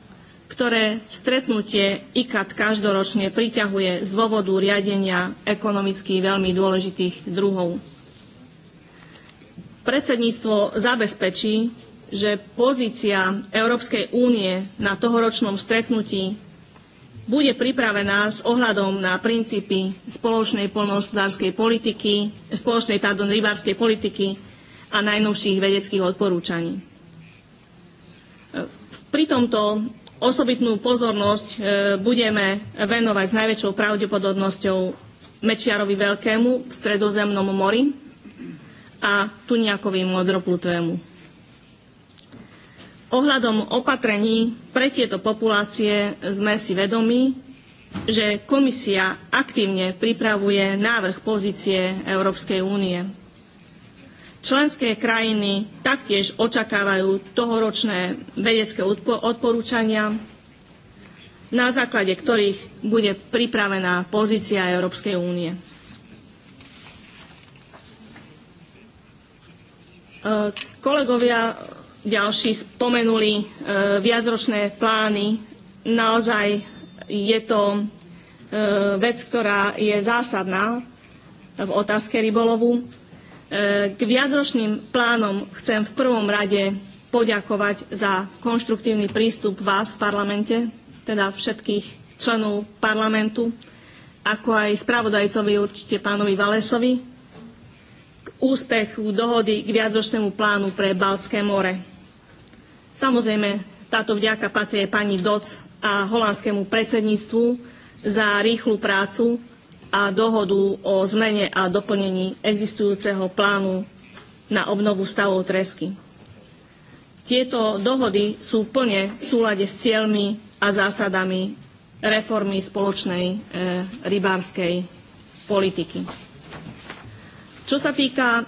ktoré stretnutie IKAT každoročne priťahuje z dôvodu riadenia ekonomicky veľmi dôležitých druhov. Predsedníctvo zabezpečí, že pozícia Európskej únie na tohoročnom stretnutí bude pripravená s ohľadom na princípy spoločnej polnohospodárskej politiky, spoločnej pardon, rybárskej politiky a najnovších vedeckých odporúčaní. Pri tomto osobitnú pozornosť e, budeme venovať s najväčšou pravdepodobnosťou Mečiarovi Veľkému v stredozemnom mori a Tuniakovi Modroplutvému. Ohľadom opatrení pre tieto populácie sme si vedomi, že komisia aktívne pripravuje návrh pozície Európskej únie. Členské krajiny taktiež očakávajú tohoročné vedecké odporúčania, na základe ktorých bude pripravená pozícia Európskej únie. E, kolegovia, ďalší spomenuli e, viacročné plány. Naozaj je to e, vec, ktorá je zásadná v otázke rybolovu. E, k viacročným plánom chcem v prvom rade poďakovať za konštruktívny prístup vás v parlamente, teda všetkých členov parlamentu, ako aj spravodajcovi určite pánovi Valesovi, úspechu dohody k viacročnému plánu pre Baltské more. Samozrejme, táto vďaka patrí pani Doc a holandskému predsedníctvu za rýchlu prácu a dohodu o zmene a doplnení existujúceho plánu na obnovu stavov tresky. Tieto dohody sú plne v súlade s cieľmi a zásadami reformy spoločnej e, rybárskej politiky. Čo sa týka e,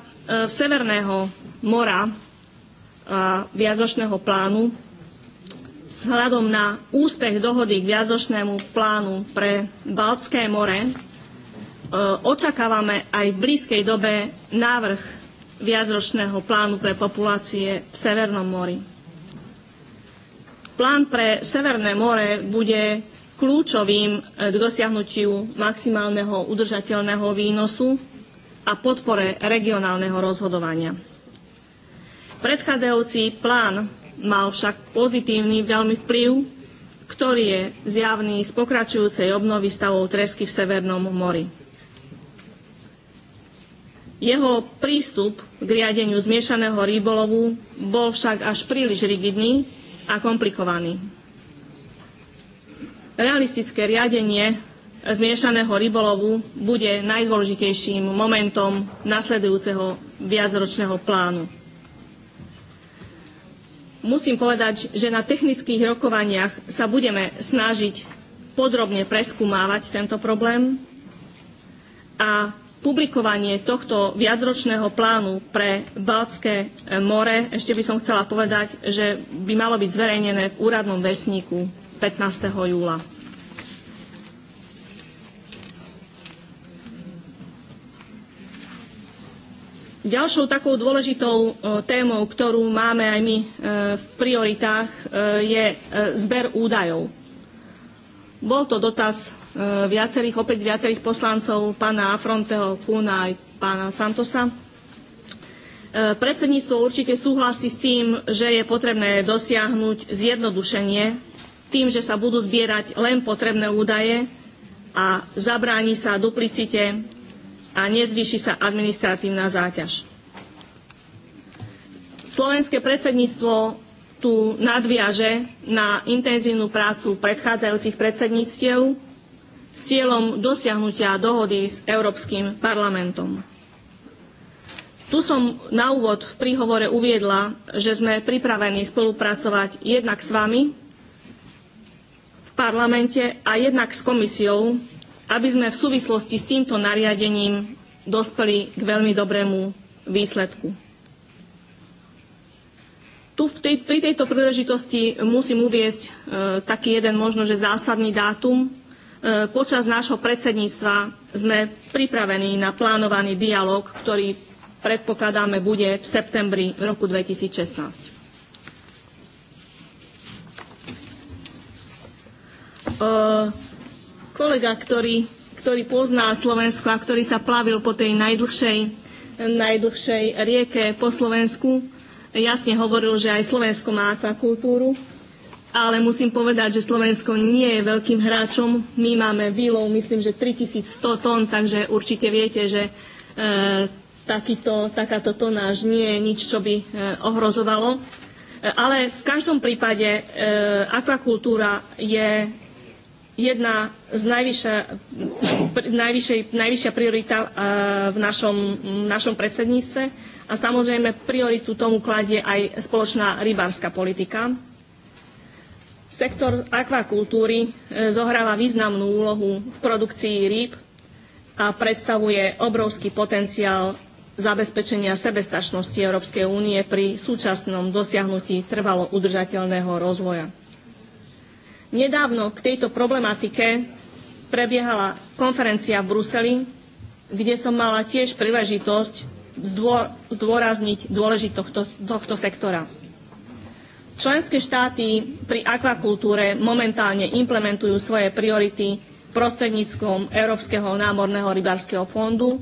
Severného mora a viacročného plánu, s hľadom na úspech dohody k viacročnému plánu pre Baltské more e, očakávame aj v blízkej dobe návrh viacročného plánu pre populácie v Severnom mori. Plán pre Severné more bude kľúčovým k dosiahnutiu maximálneho udržateľného výnosu a podpore regionálneho rozhodovania. Predchádzajúci plán mal však pozitívny veľmi vplyv, ktorý je zjavný z pokračujúcej obnovy stavov tresky v Severnom mori. Jeho prístup k riadeniu zmiešaného rybolovu bol však až príliš rigidný a komplikovaný. Realistické riadenie zmiešaného rybolovu bude najdôležitejším momentom nasledujúceho viacročného plánu. Musím povedať, že na technických rokovaniach sa budeme snažiť podrobne preskúmávať tento problém a publikovanie tohto viacročného plánu pre Baltské more, ešte by som chcela povedať, že by malo byť zverejnené v úradnom vesníku 15. júla. Ďalšou takou dôležitou e, témou, ktorú máme aj my e, v prioritách, e, je zber údajov. Bol to dotaz viacerých, opäť viacerých poslancov, pána Afronteho, Kuna aj pána Santosa. Predsedníctvo určite súhlasí s tým, že je potrebné dosiahnuť zjednodušenie tým, že sa budú zbierať len potrebné údaje a zabráni sa duplicite a nezvýši sa administratívna záťaž. Slovenské predsedníctvo tu nadviaže na intenzívnu prácu predchádzajúcich predsedníctiev s cieľom dosiahnutia dohody s Európskym parlamentom. Tu som na úvod v príhovore uviedla, že sme pripravení spolupracovať jednak s vami v parlamente a jednak s komisiou aby sme v súvislosti s týmto nariadením dospeli k veľmi dobrému výsledku. Tu v tej, pri tejto príležitosti musím uviesť e, taký jeden možno, že zásadný dátum. E, počas nášho predsedníctva sme pripravení na plánovaný dialog, ktorý predpokladáme bude v septembri roku 2016. E, kolega, ktorý, ktorý pozná Slovensko a ktorý sa plavil po tej najdlhšej, najdlhšej rieke po Slovensku, jasne hovoril, že aj Slovensko má akvakultúru, ale musím povedať, že Slovensko nie je veľkým hráčom. My máme výlov, myslím, že 3100 tón, takže určite viete, že e, takýto, takáto tonáž nie je nič, čo by e, ohrozovalo. E, ale v každom prípade e, akvakultúra je jedna z najvyššia, najvyššia, najvyššia priorita eh, v našom, v našom predsedníctve a samozrejme prioritu tomu kladie aj spoločná rybárska politika. Sektor akvakultúry eh, zohráva významnú úlohu v produkcii rýb a predstavuje obrovský potenciál zabezpečenia sebestačnosti Európskej únie pri súčasnom dosiahnutí trvalo udržateľného rozvoja. Nedávno k tejto problematike prebiehala konferencia v Bruseli, kde som mala tiež príležitosť zdôrazniť dôležitosť tohto, tohto sektora. Členské štáty pri akvakultúre momentálne implementujú svoje priority prostredníctvom Európskeho námorného rybárskeho fondu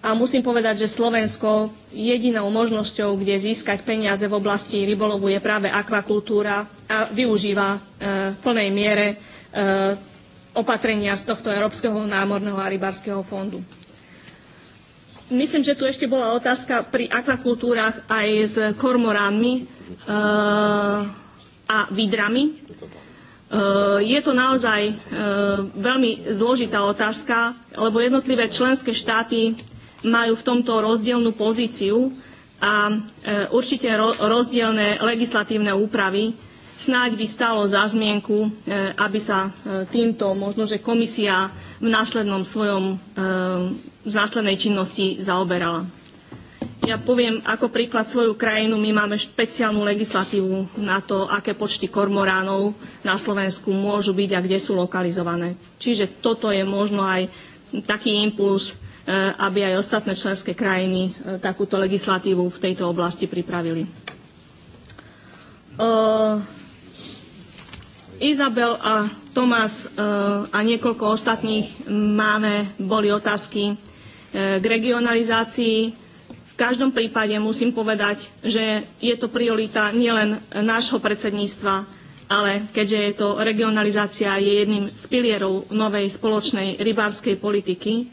a musím povedať, že Slovensko jedinou možnosťou, kde získať peniaze v oblasti rybolovu je práve akvakultúra a využíva e, v plnej miere e, opatrenia z tohto Európskeho námorného a rybárskeho fondu. Myslím, že tu ešte bola otázka pri akvakultúrach aj s kormorami e, a vidrami. Je to naozaj veľmi zložitá otázka, lebo jednotlivé členské štáty majú v tomto rozdielnú pozíciu a e, určite rozdielne legislatívne úpravy. Snáď by stalo za zmienku, e, aby sa e, týmto možno, že komisia v následnom svojom, v následnej činnosti zaoberala. Ja poviem ako príklad svoju krajinu. My máme špeciálnu legislatívu na to, aké počty kormoránov na Slovensku môžu byť a kde sú lokalizované. Čiže toto je možno aj taký impuls Eh, aby aj ostatné členské krajiny eh, takúto legislatívu v tejto oblasti pripravili. Eh, Izabel a Tomás a niekoľko ostatných máme, boli otázky k regionalizácii. V každom prípade musím povedať, že je to priorita nielen nášho predsedníctva, ale keďže je to regionalizácia je jedným z pilierov novej spoločnej rybárskej politiky,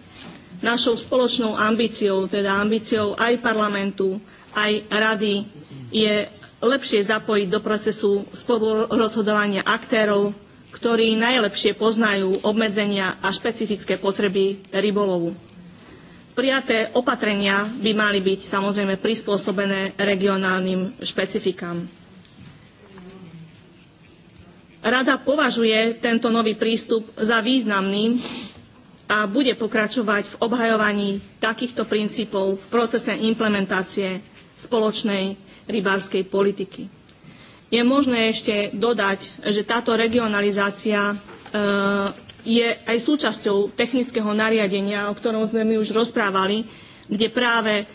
Našou spoločnou ambíciou, teda ambíciou aj parlamentu, aj rady, je lepšie zapojiť do procesu spolurozhodovania aktérov, ktorí najlepšie poznajú obmedzenia a špecifické potreby rybolovu. Prijaté opatrenia by mali byť samozrejme prispôsobené regionálnym špecifikám. Rada považuje tento nový prístup za významný a bude pokračovať v obhajovaní takýchto princípov v procese implementácie spoločnej rybárskej politiky. Je možné ešte dodať, že táto regionalizácia e, je aj súčasťou technického nariadenia, o ktorom sme my už rozprávali, kde práve e,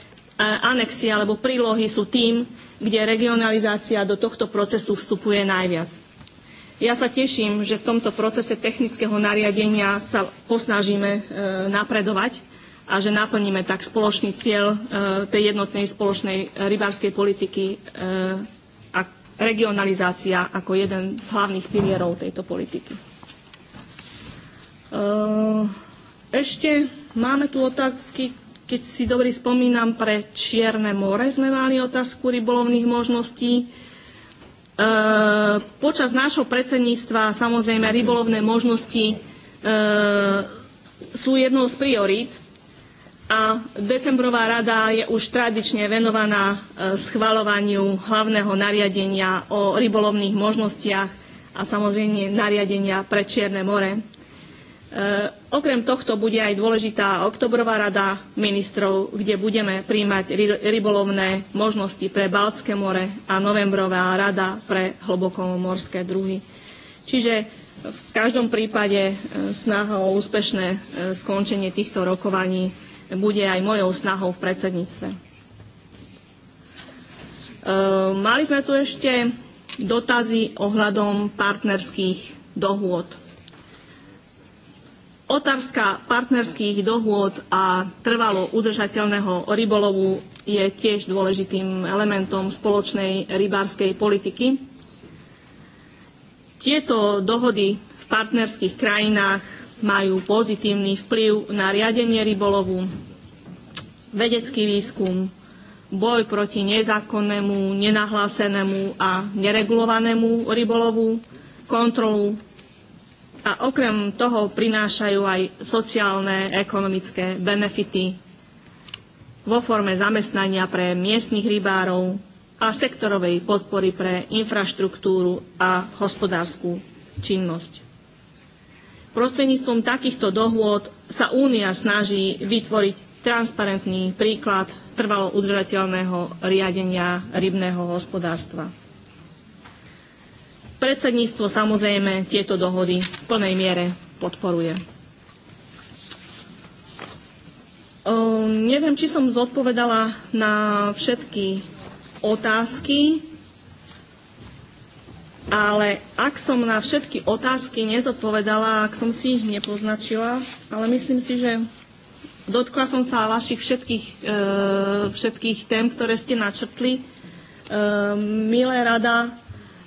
anexie alebo prílohy sú tým, kde regionalizácia do tohto procesu vstupuje najviac. Ja sa teším, že v tomto procese technického nariadenia sa posnažíme e, napredovať a že naplníme tak spoločný cieľ e, tej jednotnej spoločnej rybárskej politiky e, a regionalizácia ako jeden z hlavných pilierov tejto politiky. Ešte máme tu otázky, keď si dobre spomínam, pre Čierne more sme mali otázku rybolovných možností. E, počas nášho predsedníctva samozrejme rybolovné možnosti e, sú jednou z priorít a decembrová rada je už tradične venovaná e, schvaľovaniu hlavného nariadenia o rybolovných možnostiach a samozrejme nariadenia pre Čierne more. Eh, okrem tohto bude aj dôležitá oktobrová rada ministrov, kde budeme príjmať rybolovné možnosti pre Baltské more a novembrová rada pre hlbokomorské druhy. Čiže v každom prípade eh, snaha o úspešné eh, skončenie týchto rokovaní bude aj mojou snahou v predsedníctve. Mali sme tu ešte dotazy ohľadom partnerských dohôd Otázka partnerských dohôd a trvalo udržateľného rybolovu je tiež dôležitým elementom spoločnej rybárskej politiky. Tieto dohody v partnerských krajinách majú pozitívny vplyv na riadenie rybolovu, vedecký výskum, boj proti nezákonnému, nenahlásenému a neregulovanému rybolovu, kontrolu a okrem toho prinášajú aj sociálne, ekonomické benefity vo forme zamestnania pre miestnych rybárov a sektorovej podpory pre infraštruktúru a hospodárskú činnosť. Prostredníctvom takýchto dohôd sa Únia snaží vytvoriť transparentný príklad trvalo udržateľného riadenia rybného hospodárstva. Predsedníctvo samozrejme tieto dohody v plnej miere podporuje. Ehm, neviem, či som zodpovedala na všetky otázky, ale ak som na všetky otázky nezodpovedala, ak som si ich nepoznačila, ale myslím si, že dotkla som sa vašich všetkých, ehm, všetkých tém, ktoré ste načrtli. E, milé rada,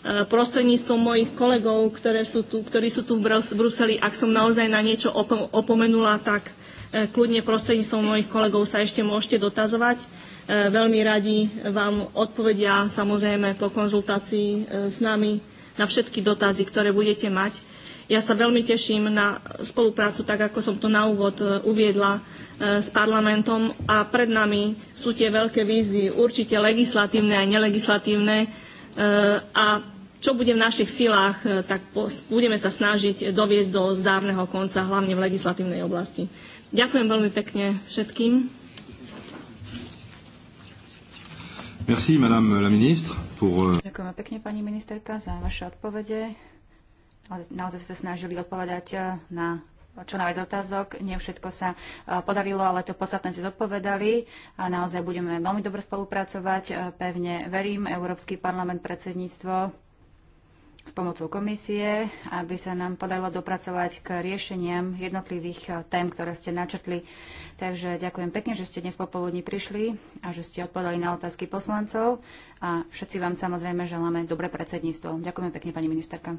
E, prostredníctvom mojich kolegov, ktoré sú tu, ktorí sú tu v Bruseli, ak som naozaj na niečo opomenula, tak e, kľudne prostredníctvom mojich kolegov sa ešte môžete dotazovať. E, veľmi radi vám odpovedia, samozrejme po konzultácii s nami, na všetky dotazy, ktoré budete mať. Ja sa veľmi teším na spoluprácu, tak ako som to na úvod uviedla, s parlamentom a pred nami sú tie veľké výzvy, určite legislatívne aj nelegislatívne a čo bude v našich silách, e, tak budeme sa snažiť doviesť do zdárneho konca, hlavne v legislatívnej oblasti. Ďakujem veľmi pekne všetkým. Merci, madame la ministre, pour... Euh, Ďakujem pekne, pani ministerka, za vaše odpovede. Naozaj ste sa snažili odpovedať e, na čo najviac otázok. Nie všetko sa e, podarilo, ale to podstatné si zodpovedali. A naozaj budeme veľmi dobre spolupracovať. Pevne verím, Európsky parlament, predsedníctvo s pomocou komisie, aby sa nám podarilo dopracovať k riešeniam jednotlivých eh, tém, ktoré ste načrtli. Takže ďakujem pekne, že ste dnes popoludní prišli a že ste odpovedali na otázky poslancov a všetci vám samozrejme želáme dobré predsedníctvo. Ďakujem pekne, pani ministerka.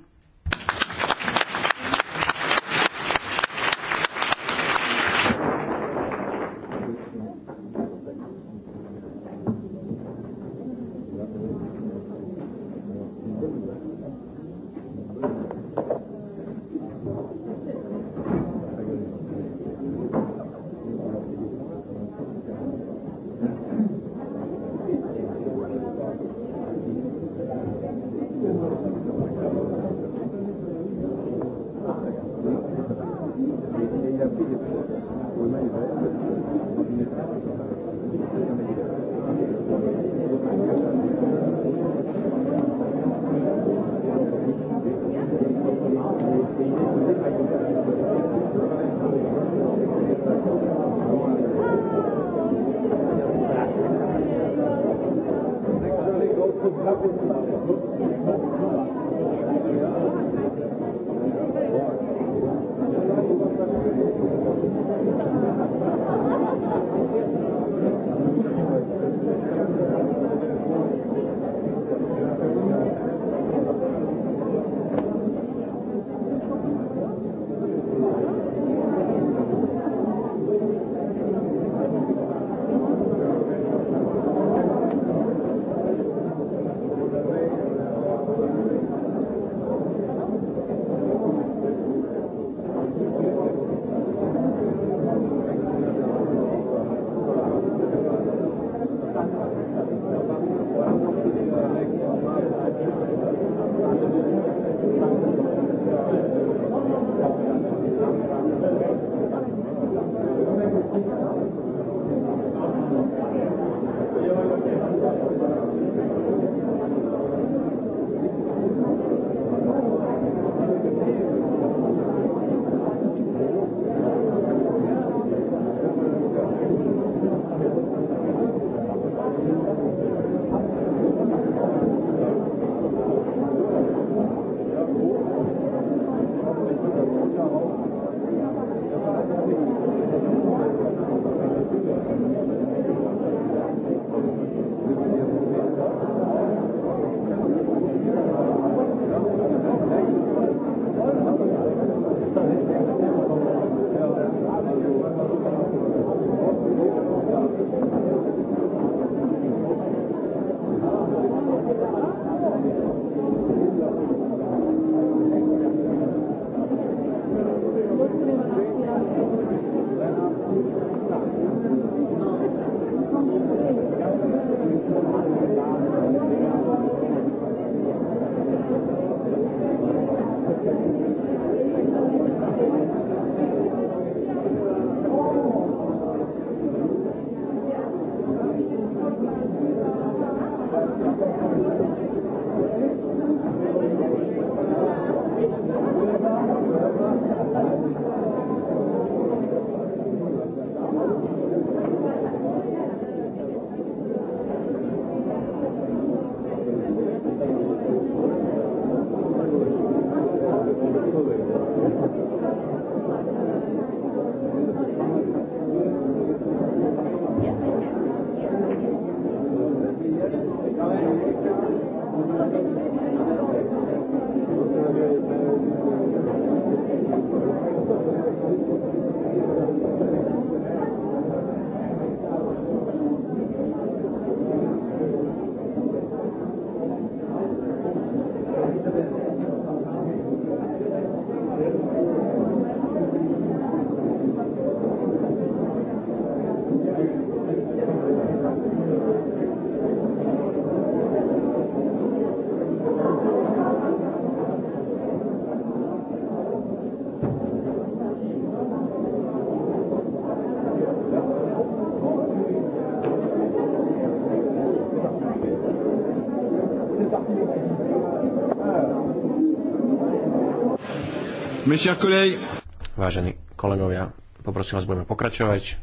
Vážení kolegovia, poprosím vás, budeme pokračovať.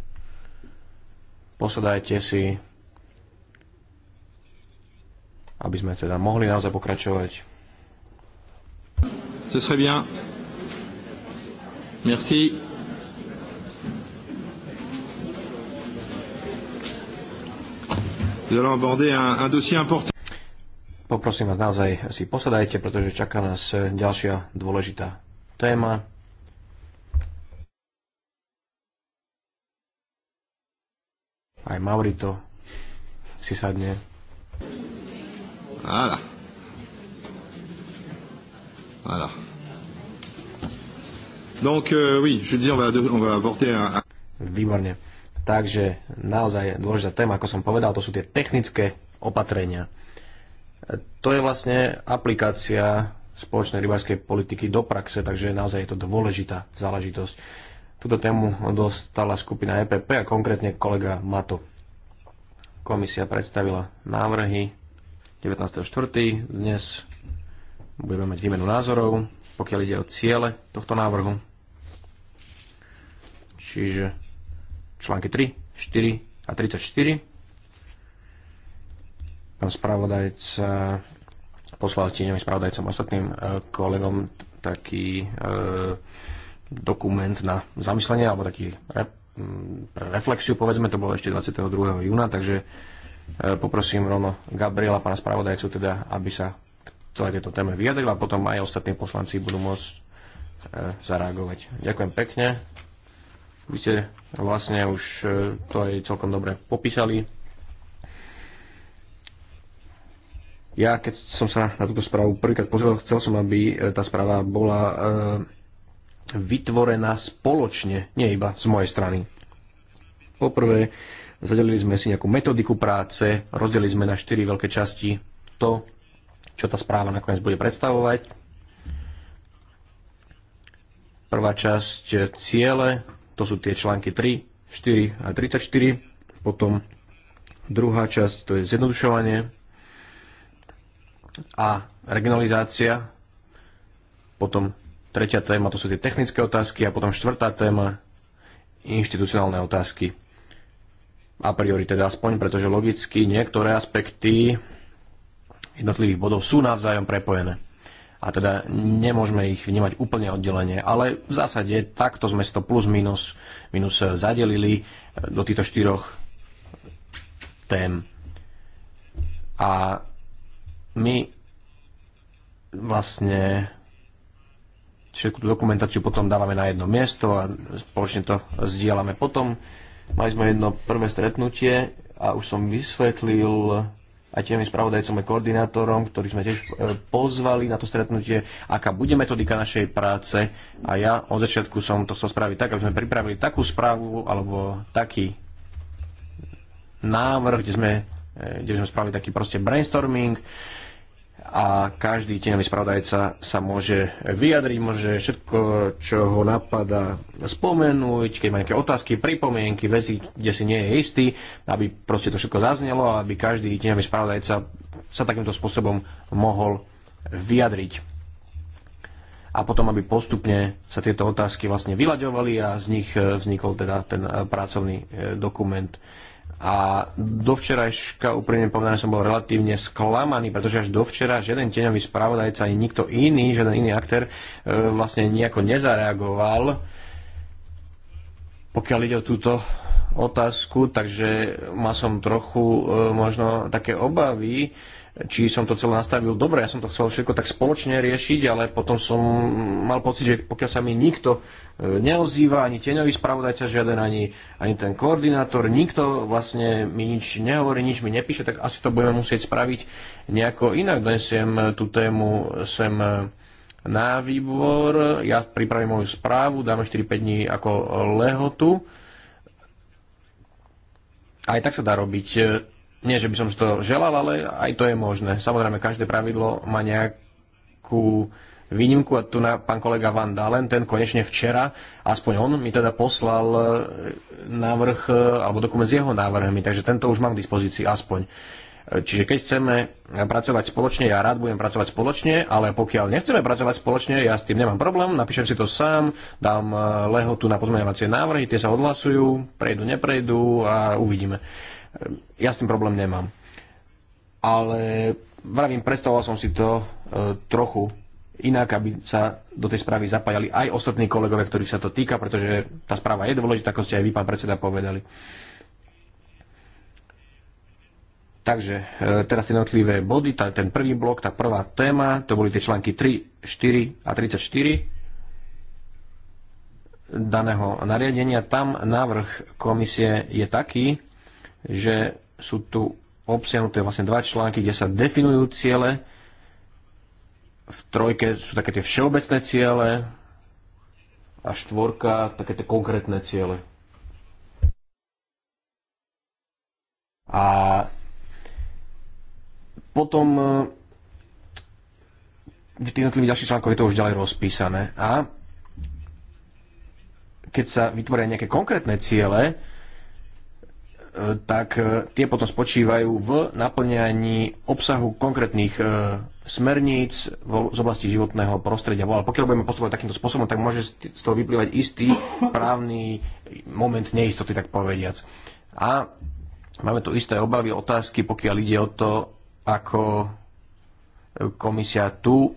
Posadajte si, aby sme teda mohli naozaj pokračovať. Ce serait bien. Merci. Nous allons aborder un, un dossier important poprosím vás naozaj si posadajte, pretože čaká nás ďalšia dôležitá téma. Aj Maurito si sadne. Áno. Voilà. Donc euh, oui, je dis on va on va aborder un Výborne. Takže naozaj dôležitá téma, ako som povedal, to sú tie technické opatrenia. To je vlastne aplikácia spoločnej rybárskej politiky do praxe, takže naozaj je to dôležitá záležitosť. Tuto tému dostala skupina EPP a konkrétne kolega Mato. Komisia predstavila návrhy 19.4. Dnes budeme mať výmenu názorov, pokiaľ ide o ciele tohto návrhu. Čiže články 3, 4 a 34. Pán spravodajca poslal tieňovým spravodajcom ostatným e, kolegom taký e, dokument na zamyslenie alebo taký pre reflexiu, povedzme, to bolo ešte 22. júna, takže e, poprosím rovno Gabriela, pána spravodajcu, teda, aby sa k celé tejto téme vyjadril a potom aj ostatní poslanci budú môcť zareagovať. Ďakujem pekne. Vy ste vlastne už to aj celkom dobre popísali. Ja, keď som sa na, túto správu prvýkrát pozrel, chcel som, aby e, tá správa bola e, vytvorená spoločne, nie iba z mojej strany. Poprvé, zadelili sme si nejakú metodiku práce, rozdelili sme na štyri veľké časti to, čo tá správa nakoniec bude predstavovať. Prvá časť e, ciele, to sú tie články 3, 4 a 34. Potom druhá časť, to je zjednodušovanie, a regionalizácia, potom tretia téma, to sú tie technické otázky a potom štvrtá téma, inštitucionálne otázky. A priori teda aspoň, pretože logicky niektoré aspekty jednotlivých bodov sú navzájom prepojené. A teda nemôžeme ich vnímať úplne oddelenie, ale v zásade takto sme to plus minus, minus zadelili e, do týchto štyroch tém. A my vlastne všetku tú dokumentáciu potom dávame na jedno miesto a spoločne to zdieľame. Potom mali sme jedno prvé stretnutie a už som vysvetlil aj tým spravodajcom a koordinátorom, ktorí sme tiež e, pozvali na to stretnutie, aká bude metodika našej práce. A ja od začiatku som to chcel spraviť tak, aby sme pripravili takú správu alebo taký návrh, kde sme, e, kde sme spravili taký proste brainstorming, a každý tieňový spravodajca sa môže vyjadriť, môže všetko, čo ho napadá, spomenúť, keď má nejaké otázky, pripomienky, veci, kde si nie je istý, aby proste to všetko zaznelo a aby každý tieňový spravodajca sa takýmto spôsobom mohol vyjadriť. A potom, aby postupne sa tieto otázky vlastne vyľaďovali a z nich e, vznikol teda ten e, pracovný e, dokument. A dovčerajška, úprimne povedané, som bol relatívne sklamaný, pretože až dovčera žiaden tieňový spravodajca ani nikto iný, žiaden iný aktér e, vlastne nejako nezareagoval, pokiaľ ide o túto otázku, takže mal som trochu e, možno také obavy, či som to celé nastavil dobre, ja som to chcel všetko tak spoločne riešiť, ale potom som mal pocit, že pokiaľ sa mi nikto e, neozýva, ani tieňový spravodajca žiaden, ani, ani ten koordinátor, nikto vlastne mi nič nehovorí, nič mi nepíše, tak asi to budeme musieť spraviť nejako inak. Donesiem tú tému sem e, na výbor, ja pripravím moju správu, dáme 4-5 dní ako lehotu. Aj tak sa dá robiť nie, že by som si to želal, ale aj to je možné. Samozrejme, každé pravidlo má nejakú výnimku a tu na pán kolega Van Dalen, ten konečne včera, aspoň on mi teda poslal e, návrh, e, alebo dokument s jeho návrhmi, takže tento už mám k dispozícii aspoň. E, čiže keď chceme pracovať spoločne, ja rád budem pracovať spoločne, ale pokiaľ nechceme pracovať spoločne, ja s tým nemám problém, napíšem si to sám, dám lehotu na pozmeňovacie návrhy, tie sa odhlasujú, prejdú, neprejdú a uvidíme. Ja s tým problém nemám. Ale vravím, predstavoval som si to e, trochu inak, aby sa do tej správy zapájali aj ostatní kolegovia, ktorých sa to týka, pretože tá správa je dôležitá, ako ste aj vy, pán predseda, povedali. Takže e, teraz tie jednotlivé body, tá, ten prvý blok, tá prvá téma, to boli tie články 3, 4 a 34 daného nariadenia. Tam návrh komisie je taký, že sú tu obsiahnuté vlastne dva články, kde sa definujú ciele. V trojke sú také tie všeobecné ciele a štvorka také tie konkrétne ciele. A potom e, v tých jednotlivých ďalších článkoch je to už ďalej rozpísané. A keď sa vytvoria nejaké konkrétne ciele, tak e, tie potom spočívajú v naplňaní obsahu konkrétnych e, smerníc z oblasti životného prostredia. Ale pokiaľ budeme postupovať takýmto spôsobom, tak môže z toho vyplývať istý právny moment neistoty, tak povediac. A máme tu isté obavy, otázky, pokiaľ ide o to, ako komisia tu e,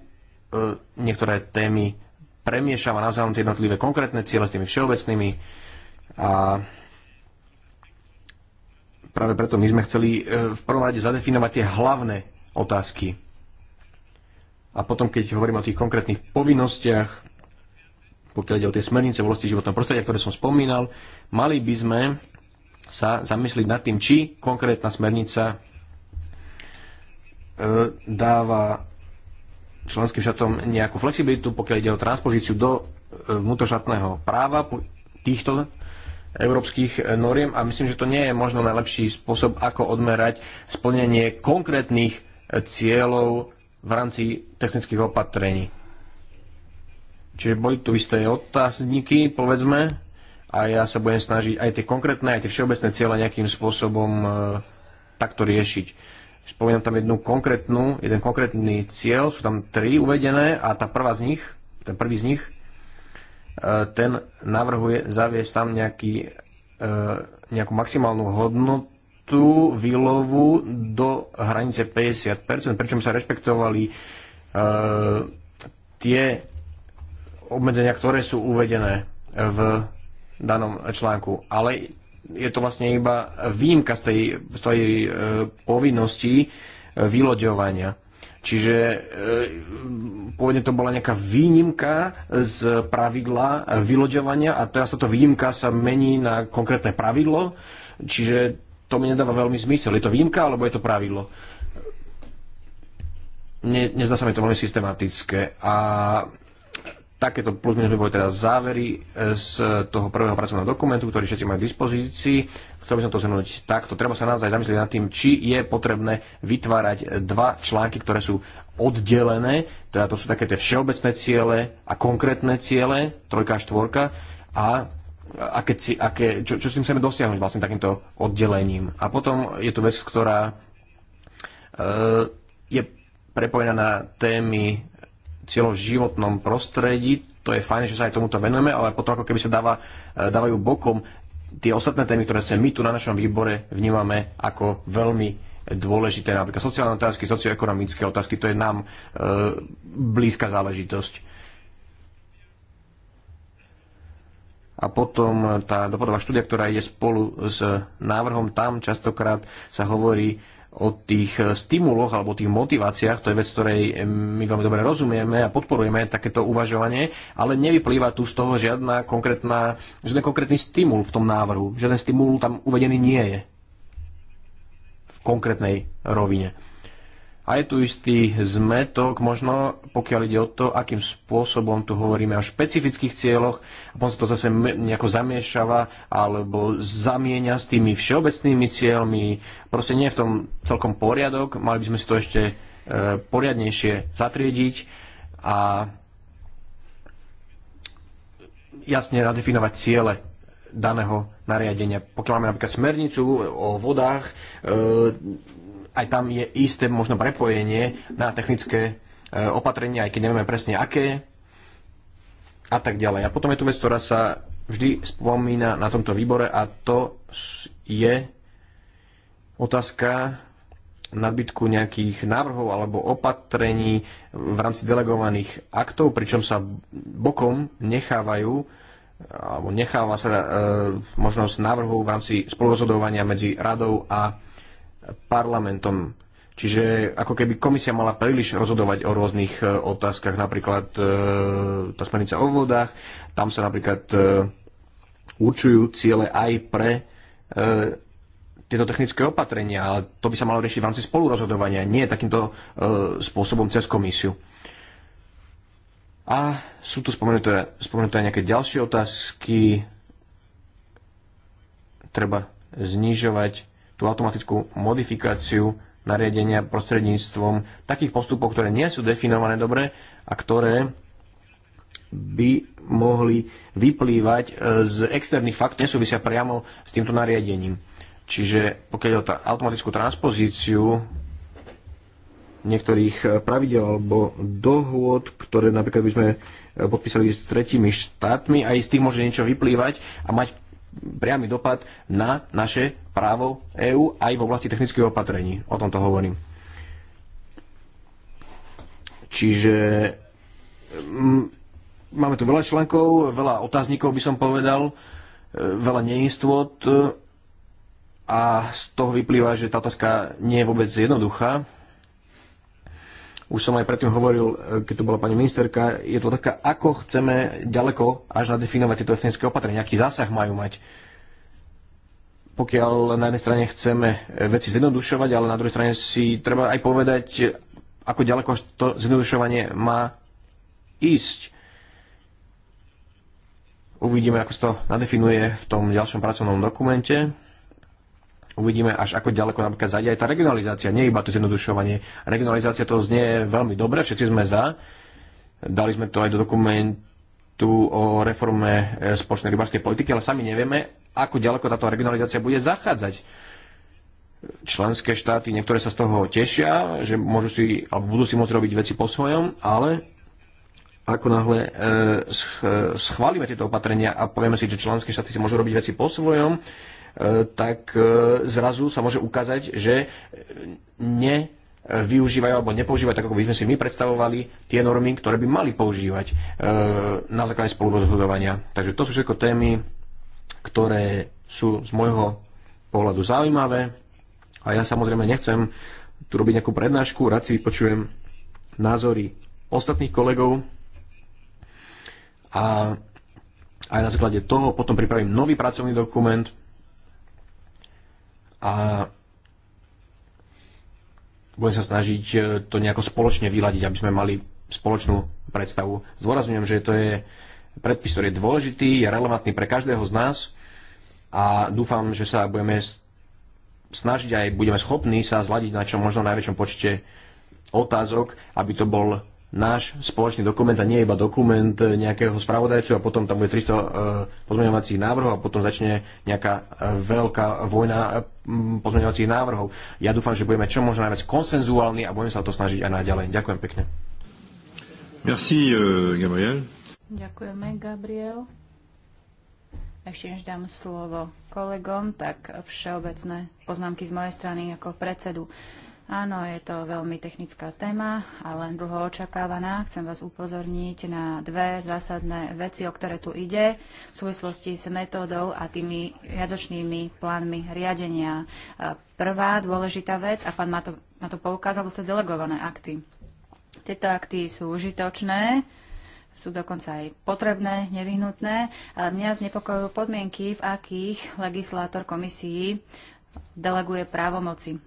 niektoré témy premiešava, nazývam tie jednotlivé konkrétne ciele s tými všeobecnými a Práve preto my sme chceli e, v prvom rade zadefinovať tie hlavné otázky. A potom, keď hovorím o tých konkrétnych povinnostiach, pokiaľ ide o tie smernice v oblasti životného prostredia, ktoré som spomínal, mali by sme sa zamyslieť nad tým, či konkrétna smernica e, dáva členským štátom nejakú flexibilitu, pokiaľ ide o transpozíciu do e, vnútroštátneho práva týchto európskych eh, noriem a myslím, že to nie je možno najlepší spôsob, ako odmerať splnenie konkrétnych eh, cieľov v rámci technických opatrení. Čiže boli tu isté otázniky, povedzme, a ja sa budem snažiť aj tie konkrétne, aj tie všeobecné cieľe nejakým spôsobom e, takto riešiť. Spomínam tam jednu konkrétnu, jeden konkrétny cieľ, sú tam tri uvedené a tá prvá z nich, ten prvý z nich ten navrhuje zaviesť tam nejaký, e, nejakú maximálnu hodnotu výlovu do hranice 50%, pričom sa rešpektovali e, tie obmedzenia, ktoré sú uvedené v danom článku. Ale je to vlastne iba výjimka z tej, z tej e, povinnosti vyloďovania. Čiže e, pôvodne to bola nejaká výnimka z pravidla vyloďovania a teraz táto výnimka sa mení na konkrétne pravidlo, čiže to mi nedáva veľmi zmysel. Je to výnimka alebo je to pravidlo? Ne, nezdá sa mi to veľmi systematické. A Takéto plus minus by boli teda závery e, z toho prvého pracovného dokumentu, ktorý všetci majú k dispozícii. Chcel by som to zhrnúť takto. Treba sa naozaj zamyslieť nad tým, či je potrebné vytvárať dva články, ktoré sú oddelené, teda to sú také tie všeobecné ciele a konkrétne ciele, trojka a štvorka, a aké, aké, čo, čo s tým chceme dosiahnuť vlastne takýmto oddelením. A potom je tu vec, ktorá e, je prepojená na témy celoživotnom v životnom prostredí, to je fajn, že sa aj tomuto venujeme, ale potom ako keby sa dáva, e, dávajú bokom tie ostatné témy, ktoré sa my tu na našom výbore vnímame ako veľmi dôležité, napríklad sociálne otázky, socioekonomické otázky, to je nám e, blízka záležitosť. A potom tá dopadová štúdia, ktorá ide spolu s návrhom, tam častokrát sa hovorí o tých eh, stimuloch alebo tých motiváciách, to je vec, ktorej eh, my veľmi dobre rozumieme a podporujeme takéto uvažovanie, ale nevyplýva tu z toho žiadna konkrétna, žiaden konkrétny stimul v tom návrhu. Žiaden stimul tam uvedený nie je v konkrétnej rovine. A je tu istý zmetok, možno pokiaľ ide o to, akým spôsobom tu hovoríme o špecifických cieľoch, a potom sa to zase nejako zamiešava alebo zamieňa s tými všeobecnými cieľmi. Proste nie je v tom celkom poriadok, mali by sme si to ešte e, poriadnejšie zatriediť a jasne radefinovať ciele daného nariadenia. Pokiaľ máme napríklad smernicu o vodách, e aj tam je isté možno prepojenie na technické e, opatrenia, aj keď nevieme presne aké a tak ďalej. A potom je tu vec, ktorá sa vždy spomína na tomto výbore a to je otázka nadbytku nejakých návrhov alebo opatrení v rámci delegovaných aktov, pričom sa bokom nechávajú alebo necháva sa e, možnosť návrhov v rámci spolurozhodovania medzi radou a parlamentom. Čiže ako keby komisia mala príliš rozhodovať o rôznych e, otázkach, napríklad e, tá smernica o vodách, tam sa napríklad e, určujú ciele aj pre tieto technické opatrenia, ale to by sa malo riešiť v rámci spolurozhodovania, nie takýmto spôsobom cez komisiu. A sú tu spomenuté, spomenuté nejaké ďalšie otázky. Treba znižovať tú automatickú modifikáciu nariadenia prostredníctvom takých postupov, ktoré nie sú definované dobre a ktoré by mohli vyplývať e, z externých fakt, nesúvisia priamo s týmto nariadením. Čiže pokiaľ je o automatickú transpozíciu niektorých e, pravidel alebo dohôd, ktoré napríklad by sme e, podpísali s tretími štátmi, aj z tých môže niečo vyplývať a mať priamy dopad na naše právo EÚ aj v oblasti technických opatrení. O tomto hovorím. Čiže mm, máme tu veľa článkov, veľa otáznikov by som povedal, e, veľa neistôt e, a z toho vyplýva, že tá otázka nie je vôbec jednoduchá už som aj predtým hovoril, e, keď tu bola pani ministerka, je to taká, ako chceme ďaleko až nadefinovať tieto etnické opatrenia, aký zásah majú mať. Pokiaľ na jednej strane chceme e, veci zjednodušovať, ale na druhej strane si treba aj povedať, ako ďaleko až to zjednodušovanie má ísť. Uvidíme, ako sa to nadefinuje v tom ďalšom pracovnom dokumente uvidíme, až ako ďaleko napríklad zajde aj tá regionalizácia, nie iba to zjednodušovanie. Regionalizácia to znie veľmi dobre, všetci sme za. Dali sme to aj do dokumentu o reforme e, spoločnej rybárskej politiky, ale sami nevieme, ako ďaleko táto regionalizácia bude zachádzať. Členské štáty, niektoré sa z toho tešia, že môžu si, alebo budú si môcť robiť veci po svojom, ale ako náhle e, e schválime tieto opatrenia a povieme si, že členské štáty si môžu robiť veci po svojom, tak e, zrazu sa môže ukázať, že ne využívajú alebo nepoužívajú tak, ako by sme si my predstavovali tie normy, ktoré by mali používať e, na základe spolurozhodovania. Takže to sú všetko témy, ktoré sú z môjho pohľadu zaujímavé a ja samozrejme nechcem tu robiť nejakú prednášku, rád si vypočujem názory ostatných kolegov a aj na základe toho potom pripravím nový pracovný dokument, a budem sa snažiť e, to nejako spoločne vyladiť, aby sme mali spoločnú predstavu. Zdôrazňujem, že to je predpis, ktorý je dôležitý, je relevantný pre každého z nás a dúfam, že sa budeme snažiť aj budeme schopní sa zladiť na čo možno najväčšom počte otázok, aby to bol náš spoločný dokument a nie iba dokument nejakého spravodajcu a potom tam bude 300 e, pozmeňovacích návrhov a potom začne nejaká e, veľká vojna e, pozmeňovacích návrhov. Ja dúfam, že budeme čo možno najviac konsenzuálni a budeme sa to snažiť aj naďalej. Ďakujem pekne. Merci, Gabriel. Ďakujeme, Gabriel. Ešte než dám slovo kolegom, tak všeobecné poznámky z mojej strany ako predsedu. Uh, Áno, je to veľmi technická téma, ale dlho očakávaná. Chcem vás upozorniť na dve zásadné veci, o ktoré tu ide v súvislosti s metódou a tými jadočnými plánmi riadenia. E, prvá dôležitá vec, a pán ma to, poukázal, sú delegované akty. Tieto akty sú užitočné, sú dokonca aj potrebné, nevyhnutné, ale mňa znepokojujú podmienky, v akých legislátor komisii deleguje právomoci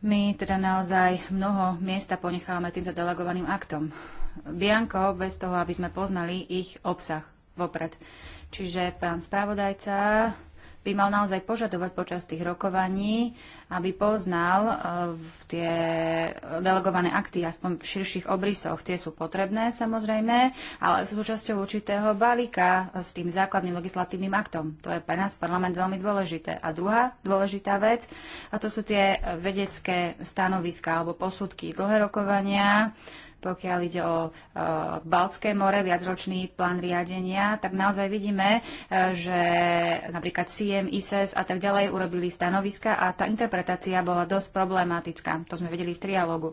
my teda naozaj mnoho miesta ponecháme týmto delegovaným aktom. Bianko, bez toho, aby sme poznali ich obsah vopred. Čiže pán spravodajca by mal naozaj požadovať počas tých rokovaní, aby poznal e, tie delegované akty, aspoň v širších obrysoch. Tie sú potrebné samozrejme, ale sú súčasťou určitého balíka s tým základným legislatívnym aktom. To je pre nás parlament veľmi dôležité. A druhá dôležitá vec, a to sú tie vedecké stanoviska alebo posudky, dlhé rokovania, pokiaľ ide o e, Baltské more, viacročný plán riadenia, tak naozaj vidíme, e, že napríklad CM, ISS e a tak ďalej urobili stanoviska a tá interpretácia bola dosť problematická. To sme vedeli v trialógu.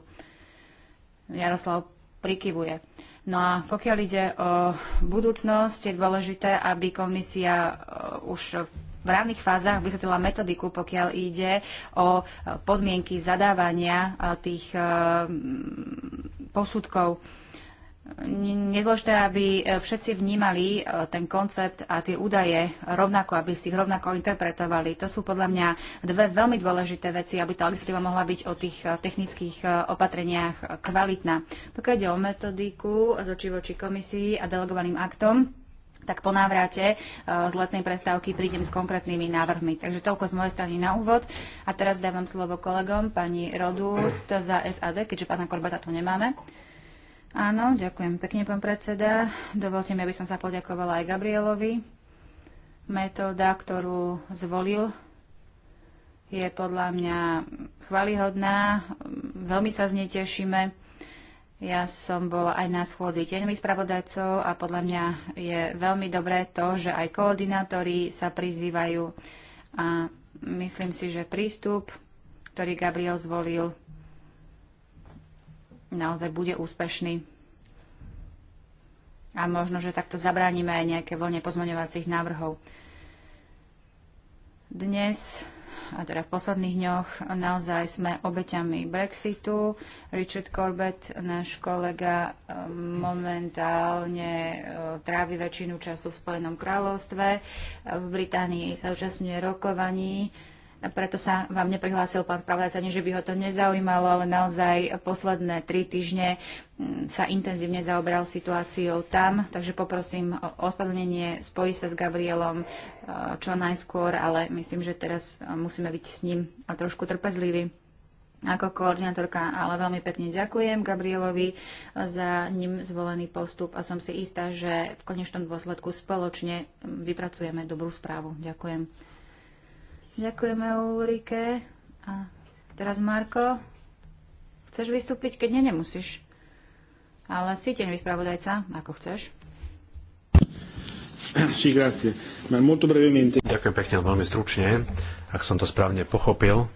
Jaroslav prikyvuje. No a pokiaľ ide o budúcnosť, je dôležité, aby komisia už v ranných fázach vysvetlila metodiku, pokiaľ ide o e, podmienky zadávania e, tých e, posudkov. Nedôležité, aby všetci vnímali ten koncept a tie údaje rovnako, aby si ich rovnako interpretovali. To sú podľa mňa dve veľmi dôležité veci, aby tá legislatíva mohla byť o tých technických opatreniach kvalitná. Pokiaľ ide o metodiku z oči voči komisii a delegovaným aktom, tak po návrate e, z letnej prestávky prídem s konkrétnymi návrhmi. Takže toľko z mojej strany na úvod. A teraz dávam slovo kolegom, pani Rodust za SAD, keďže pána Korbata tu nemáme. Áno, ďakujem pekne, pán predseda. Dovolte mi, aby som sa poďakovala aj Gabrielovi. Metóda, ktorú zvolil, je podľa mňa chvalihodná. Veľmi sa z nej tešíme. Ja som bola aj na schôdzi tieňových spravodajcov a podľa mňa je veľmi dobré to, že aj koordinátori sa prizývajú a myslím si, že prístup, ktorý Gabriel zvolil, naozaj bude úspešný. A možno, že takto zabránime aj nejaké voľne pozmoňovacích návrhov. Dnes a teda v posledných dňoch naozaj sme obeťami Brexitu. Richard Corbett, náš kolega, eh, momentálne eh, trávi väčšinu času v Spojenom kráľovstve. V Británii sa účastňuje rokovaní a preto sa vám neprihlásil pán spravodajca, že by ho to nezaujímalo, ale naozaj posledné tri týždne mm, sa intenzívne zaoberal situáciou tam, takže poprosím o ospravedlnenie, spojí sa s Gabrielom e, čo najskôr, ale myslím, že teraz e, musíme byť s ním trošku trpezliví ako koordinátorka, ale veľmi pekne ďakujem Gabrielovi e, za ním zvolený postup a som si istá, že v konečnom dôsledku spoločne vypracujeme dobrú správu. Ďakujem. Ďakujeme Ulrike. A teraz Marko, chceš vystúpiť? Keď nie, nemusíš. Ale si teň vyspravodajca, ako chceš. Sí, grazie. Molto brevemente. Ďakujem pekne, veľmi stručne. Ak som to správne pochopil, a,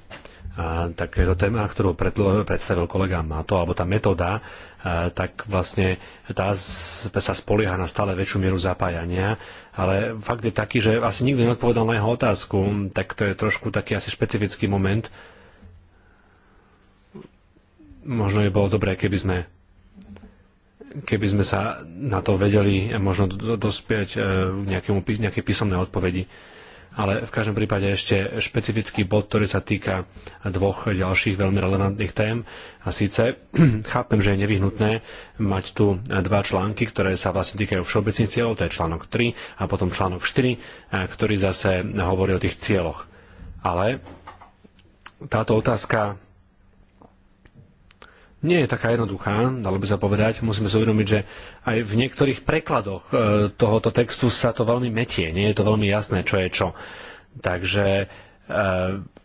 tak je to téma, ktorú predstavil kolega Mato, alebo tá metóda, E, tak vlastne tá sa spolieha na stále väčšiu mieru zapájania. Ale fakt je taký, že asi nikto neodpovedal na jeho otázku, tak to je trošku taký asi špecifický moment. Možno by bolo dobré, keby sme keby sme sa na to vedeli možno dospieť k e, nejakému, nejakej písomnej odpovedi ale v každom prípade ešte špecifický bod, ktorý sa týka dvoch ďalších veľmi relevantných tém. A síce chápem, že je nevyhnutné mať tu dva články, ktoré sa vlastne týkajú všeobecných cieľov, to je článok 3 a potom článok 4, eh, ktorý zase hovorí o tých cieľoch. Ale táto otázka nie je taká jednoduchá, dalo by sa povedať. Musíme si uvedomiť, že aj v niektorých prekladoch e, tohoto textu sa to veľmi metie, nie je to veľmi jasné, čo je čo. Takže e,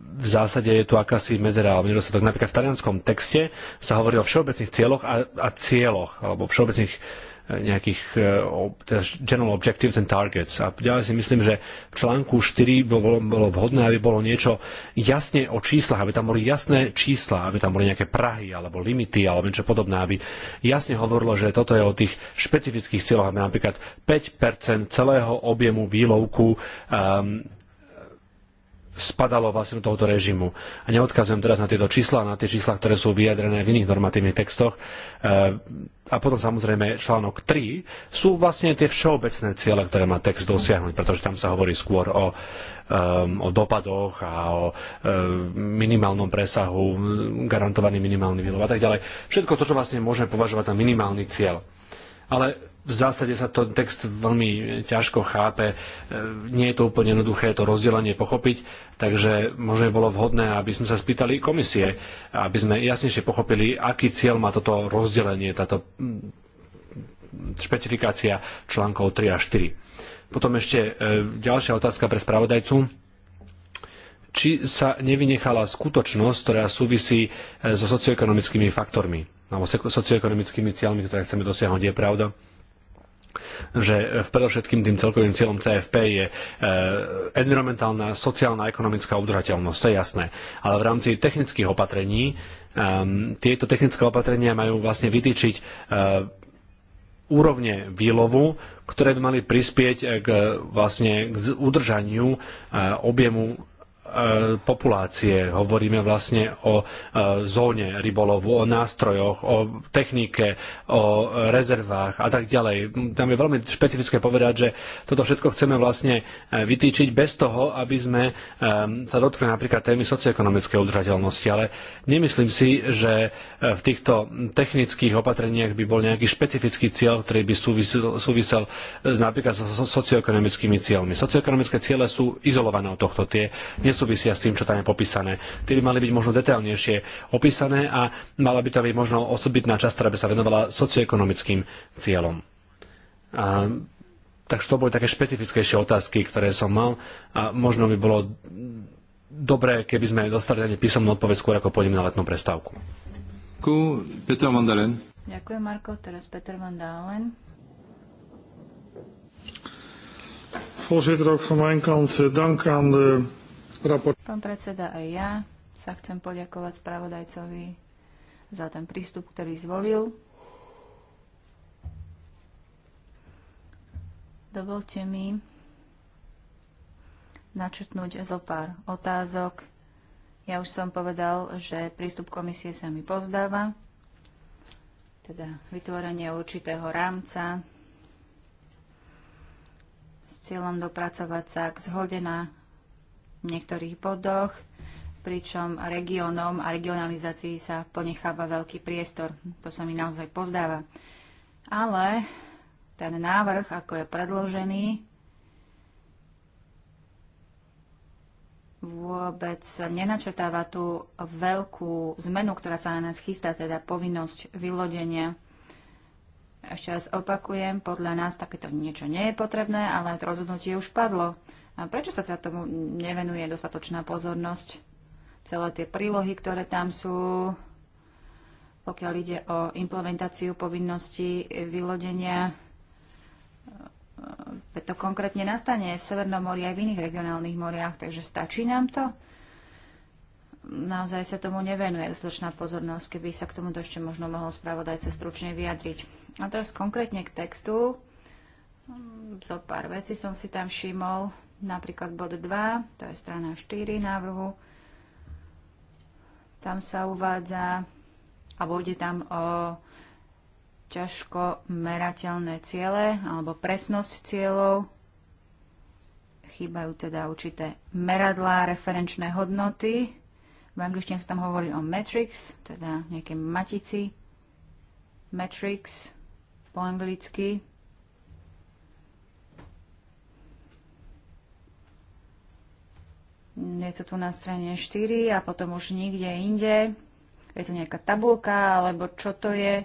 v zásade je tu akási medzera alebo nedostatok. Napríklad v talianskom texte sa hovorí o všeobecných cieľoch a, a cieľoch, alebo všeobecných nejakých e, teda general objectives and targets. A ďalej si myslím, že v článku 4 bolo, bolo vhodné, aby bolo niečo jasne o číslach, aby tam boli jasné čísla, aby tam boli nejaké prahy alebo limity alebo niečo podobné, aby jasne hovorilo, že toto je o tých špecifických cieľoch, aby napríklad 5% celého objemu výlovku um, spadalo vlastne do tohoto režimu. A neodkazujem teraz na tieto čísla, na tie čísla, ktoré sú vyjadrené v iných normatívnych textoch. Eh, a potom samozrejme článok 3 sú vlastne tie všeobecné ciele, ktoré má text dosiahnuť, pretože tam sa hovorí skôr o ehm, o dopadoch a o ehm, minimálnom presahu, garantovaný minimálny výlov a tak ďalej. Všetko to, čo vlastne môžeme považovať za minimálny cieľ. Ale v zásade sa ten text veľmi ťažko chápe. E, nie je to úplne jednoduché to rozdelenie pochopiť, takže možno bolo vhodné, aby sme sa spýtali komisie, aby sme jasnejšie pochopili, aký cieľ má toto rozdelenie, táto mm, špecifikácia článkov 3 a 4. Potom ešte e, ďalšia otázka pre spravodajcu či sa nevynechala skutočnosť, ktorá súvisí e, so socioekonomickými faktormi alebo socioekonomickými cieľmi, ktoré chceme dosiahnuť. Je pravda, že predovšetkým tým celkovým cieľom CFP je eh, environmentálna, sociálna, ekonomická udržateľnosť, to je jasné. Ale v rámci technických opatrení, ehm, tieto technické opatrenia majú vlastne vytýčiť eh, úrovne výlovu, ktoré by mali prispieť eh, k, vlastne k udržaniu objemu E, populácie, hovoríme vlastne o e, zóne rybolovu, o nástrojoch, o technike, o rezervách a tak ďalej. Tam je veľmi špecifické povedať, že toto všetko chceme vlastne e, vytýčiť bez toho, aby sme sa dotkli napríklad témy socioekonomickej udržateľnosti, ale nemyslím si, že v týchto technických opatreniach by bol nejaký špecifický cieľ, ktorý by súvisel, súvisel napríklad so socioekonomickými cieľmi. Socioekonomické ciele sú izolované od tohto. Tie nesúvisia s tým, čo tam je popísané. Tie by mali byť možno detailnejšie opísané a mala by to byť možno osobitná časť, ktorá by sa venovala socioekonomickým cieľom. A Takže to boli také špecifickejšie otázky, ktoré som mal a možno by bolo dobré, keby sme dostali ani písomnú odpoveď skôr, ako pôjdem na letnú prestávku. Peter van Dalen. Ďakujem, Marko. Teraz Peter van Dalen. Voorzitter, ook van mijn kant eh, dank aan de Pán predseda, aj ja sa chcem poďakovať spravodajcovi za ten prístup, ktorý zvolil. Dovolte mi načetnúť zo pár otázok. Ja už som povedal, že prístup komisie sa mi pozdáva, teda vytvorenie určitého rámca s cieľom dopracovať sa k zhode na v niektorých bodoch, pričom regiónom a regionalizácii sa ponecháva veľký priestor. To sa mi naozaj pozdáva. Ale ten návrh, ako je predložený, vôbec nenačrtáva tú veľkú zmenu, ktorá sa na nás chystá, teda povinnosť vylodenia. Ešte raz opakujem, podľa nás takéto niečo nie je potrebné, ale to rozhodnutie už padlo. A prečo sa teda tomu nevenuje dostatočná pozornosť? Celé tie prílohy, ktoré tam sú, pokiaľ ide o implementáciu povinnosti vylodenia, e, e, to konkrétne nastane v Severnom mori aj v iných regionálnych moriach, takže stačí nám to? naozaj sa tomu nevenuje dostatočná pozornosť, keby sa k tomuto ešte možno mohol spravodajca stručne vyjadriť. A teraz konkrétne k textu. Zo pár vecí som si tam všimol napríklad bod 2, to je strana 4 návrhu, tam sa uvádza, alebo ide tam o ťažko merateľné ciele alebo presnosť cieľov. Chýbajú teda určité meradlá, referenčné hodnoty. V angličtine sa tam hovorí o matrix, teda nejaké matici. Matrix po anglicky Je to tu na strane 4 a potom už nikde inde. Je to nejaká tabulka, alebo čo to je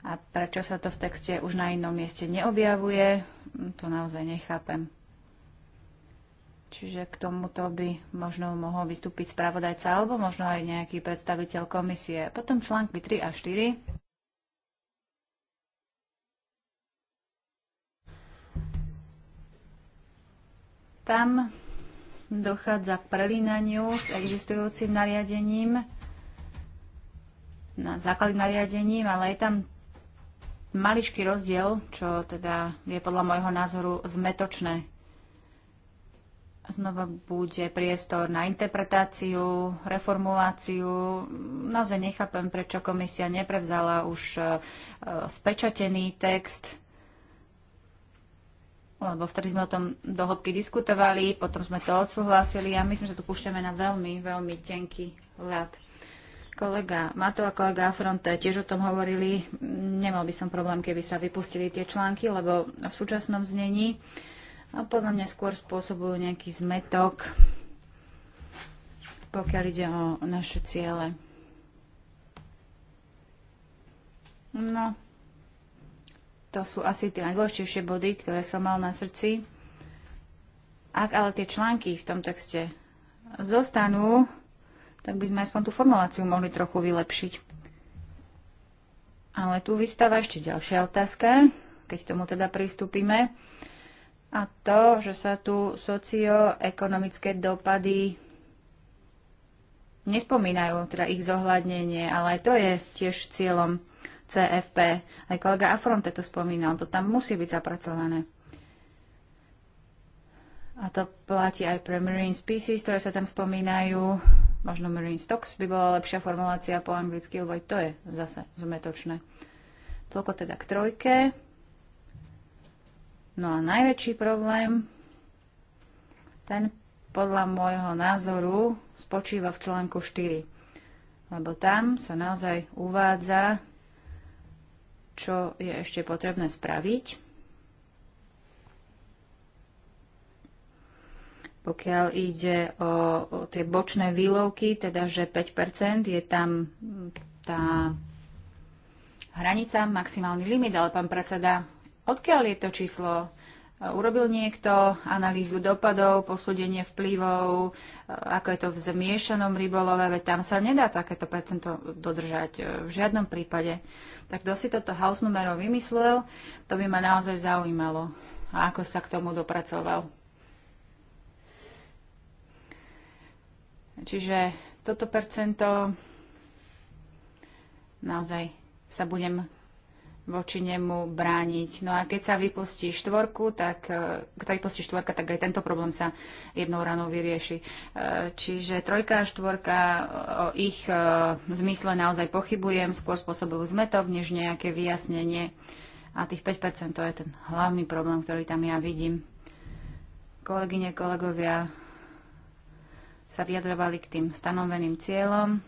a prečo sa to v texte už na inom mieste neobjavuje, to naozaj nechápem. Čiže k tomuto by možno mohol vystúpiť spravodajca alebo možno aj nejaký predstaviteľ komisie. Potom články 3 a 4. Tam dochádza k prelínaniu s existujúcim nariadením, na základným nariadením, ale je tam maličký rozdiel, čo teda je podľa môjho názoru zmetočné. Znova bude priestor na interpretáciu, reformuláciu. Naozaj nechápem, prečo komisia neprevzala už e, spečatený text lebo vtedy sme o tom dohodky diskutovali, potom sme to odsúhlasili a my že to púšťame na veľmi, veľmi tenký ľad. Kolega Mato a kolega Afronte tiež o tom hovorili. Nemal by som problém, keby sa vypustili tie články, lebo v súčasnom znení a podľa mňa skôr spôsobujú nejaký zmetok, pokiaľ ide o naše ciele. No, to sú asi tie najdôležitejšie body, ktoré som mal na srdci. Ak ale tie články v tom texte zostanú, tak by sme aspoň tú formuláciu mohli trochu vylepšiť. Ale tu vystáva ešte ďalšia otázka, keď tomu teda pristúpime. A to, že sa tu socioekonomické dopady nespomínajú, teda ich zohľadnenie, ale aj to je tiež cieľom CFP. Aj kolega Afronte to spomínal, to tam musí byť zapracované. A to platí aj pre marine species, ktoré sa tam spomínajú. Možno marine stocks by bola lepšia formulácia po anglicky, lebo aj to je zase zmetočné. Toľko teda k trojke. No a najväčší problém, ten podľa môjho názoru spočíva v článku 4. Lebo tam sa naozaj uvádza čo je ešte potrebné spraviť. Pokiaľ ide o, o tie bočné výlovky, teda že 5 je tam tá hranica, maximálny limit, ale pán predseda, odkiaľ je to číslo urobil niekto, analýzu dopadov, posúdenie vplyvov, ako je to v zmiešanom rybolove, veď tam sa nedá takéto percento dodržať e, v žiadnom prípade. Tak kto si toto house numero vymyslel, to by ma naozaj zaujímalo, a ako sa k tomu dopracoval. Čiže toto percento naozaj sa budem voči nemu brániť. No a keď sa vypustí štvorku, tak e, keď vypustí štvorka, tak aj tento problém sa jednou ranou vyrieši. E, čiže trojka a štvorka, e, o ich zmysle naozaj pochybujem, skôr spôsobujú zmetok, než nejaké vyjasnenie. A tých 5% to je ten hlavný problém, ktorý tam ja vidím. Kolegyne, kolegovia sa vyjadrovali k tým stanoveným cieľom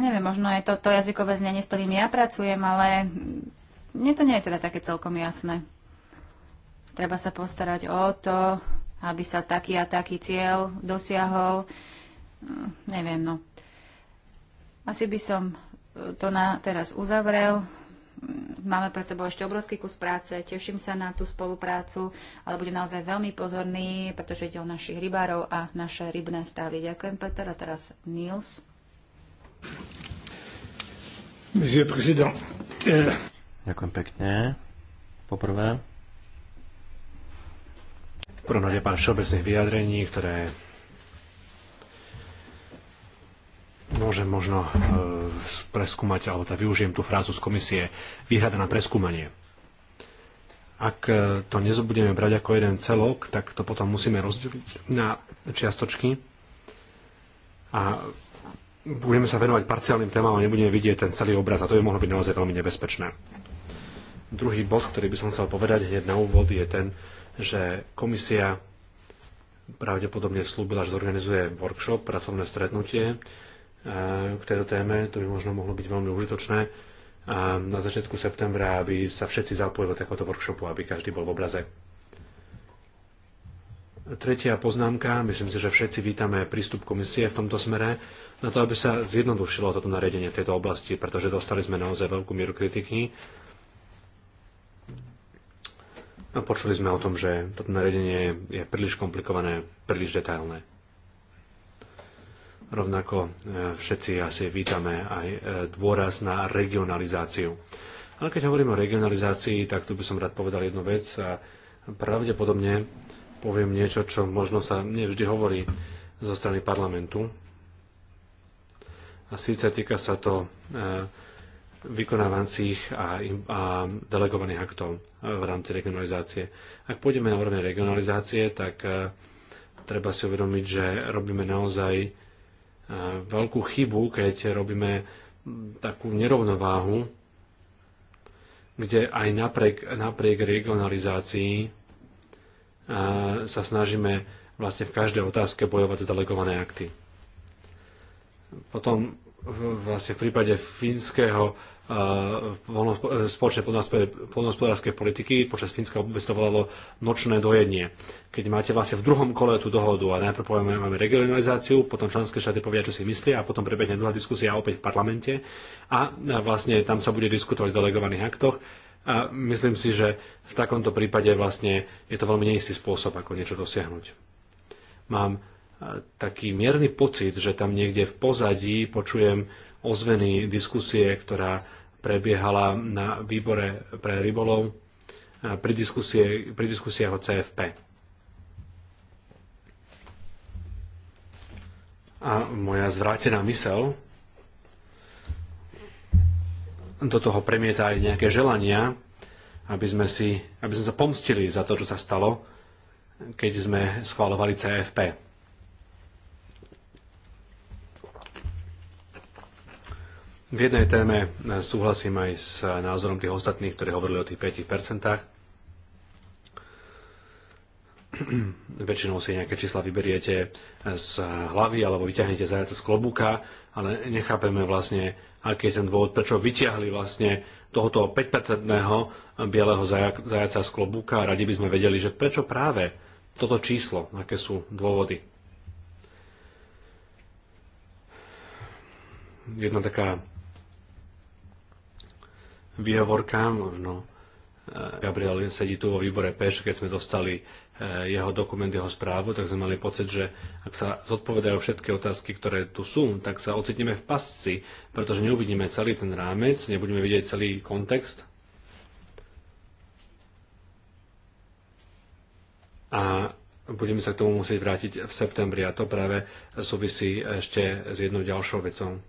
neviem, možno je to to jazykové znenie, s ktorým ja pracujem, ale mne to nie je teda také celkom jasné. Treba sa postarať o to, aby sa taký a taký cieľ dosiahol. Mm, neviem, no. Asi by som e, to na teraz uzavrel mm, máme pred sebou ešte obrovský kus práce, teším sa na tú spoluprácu, ale budem naozaj veľmi pozorný, pretože ide o našich rybárov a naše rybné stavy. Ďakujem, Peter. A teraz Nils. Euh, Ďakujem pekne. Poprvé. prvom rade pán všeobecných vyjadrení, ktoré môžem možno e, preskúmať, alebo tá teda využijem tú frázu z komisie, výhrada na preskúmanie. Ak e, to nezobudeme brať ako jeden celok, tak to potom musíme rozdeliť na čiastočky a budeme sa venovať parciálnym témam a nebudeme vidieť ten celý obraz a to by mohlo byť naozaj veľmi nebezpečné. Druhý bod, ktorý by som chcel povedať hneď na úvod, je ten, že komisia pravdepodobne slúbila, že zorganizuje workshop, pracovné stretnutie e, k tejto téme. To by možno mohlo byť veľmi užitočné. A na začiatku septembra, aby sa všetci zapojili do takéhoto workshopu, aby každý bol v obraze. Tretia poznámka, myslím si, že všetci vítame prístup komisie v tomto smere, na to, aby sa zjednodušilo toto nariadenie v tejto oblasti, pretože dostali sme naozaj veľkú mieru kritiky. A počuli sme o tom, že toto nariadenie je príliš komplikované, príliš detailné. Rovnako e, všetci asi vítame aj e, dôraz na regionalizáciu. Ale keď hovorím o regionalizácii, tak tu by som rád povedal jednu vec a pravdepodobne poviem niečo, čo možno sa nevždy hovorí zo strany parlamentu. A síce týka sa to e, vykonávancích a, a delegovaných aktov e, v rámci regionalizácie. Ak pôjdeme na úroveň regionalizácie, tak e, treba si uvedomiť, že robíme naozaj veľkú chybu, keď robíme takú nerovnováhu, kde aj napriek, napriek regionalizácii sa snažíme vlastne v každej otázke bojovať za delegované akty. Potom vlastne v prípade fínskeho spoločnej poľnohospodárskej politiky počas Fínska vôbec to volalo nočné dojenie. Keď máte vlastne v druhom kole tú dohodu a najprv povieme, máme regionalizáciu, potom členské štáty povedia, čo si myslia a potom prebehne druhá diskusia opäť v parlamente a vlastne tam sa bude diskutovať o delegovaných aktoch a myslím si, že v takomto prípade vlastne je to veľmi neistý spôsob, ako niečo dosiahnuť. Mám e, taký mierny pocit, že tam niekde v pozadí počujem ozvený diskusie, ktorá prebiehala na výbore pre rybolov e, pri, diskusie, pri diskusiách o CFP. A moja zvrátená mysel do toho premieta aj nejaké želania, aby sme, si, aby sme sa pomstili za to, čo sa stalo, keď sme schvalovali CFP. V jednej téme súhlasím aj s názorom tých ostatných, ktorí hovorili o tých 5% väčšinou si nejaké čísla vyberiete z hlavy alebo vyťahnete zajaca z klobúka, ale nechápeme vlastne, aký je ten dôvod, prečo vyťahli vlastne tohoto 5-percentného bieleho zajaca z klobúka a radi by sme vedeli, že prečo práve toto číslo, aké sú dôvody. Jedna taká výhovorka, možno eh, Gabriel sedí tu vo výbore PŠ, keď sme dostali Eh, jeho dokument, jeho správu, tak sme mali pocit, že ak sa zodpovedajú všetky otázky, ktoré tu sú, tak sa ocitneme v pasci, pretože neuvidíme celý ten rámec, nebudeme vidieť celý kontext. A budeme sa k tomu musieť vrátiť v septembri a to práve súvisí ešte s jednou ďalšou vecou.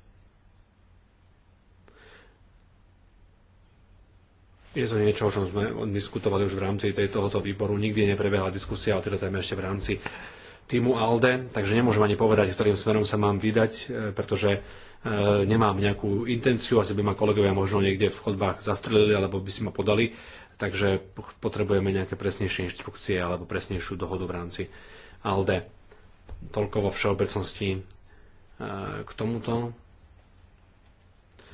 Je to niečo, o čom sme diskutovali už v rámci tohoto výboru. Nikdy neprebehla diskusia o tejto téme ešte v rámci týmu ALDE, takže nemôžem ani povedať, ktorým smerom sa mám vydať, e, pretože e, nemám nejakú intenciu, asi by ma kolegovia možno niekde v chodbách zastrelili alebo by si ma podali, takže potrebujeme nejaké presnejšie inštrukcie alebo presnejšiu dohodu v rámci ALDE. Toľko vo všeobecnosti e, k tomuto.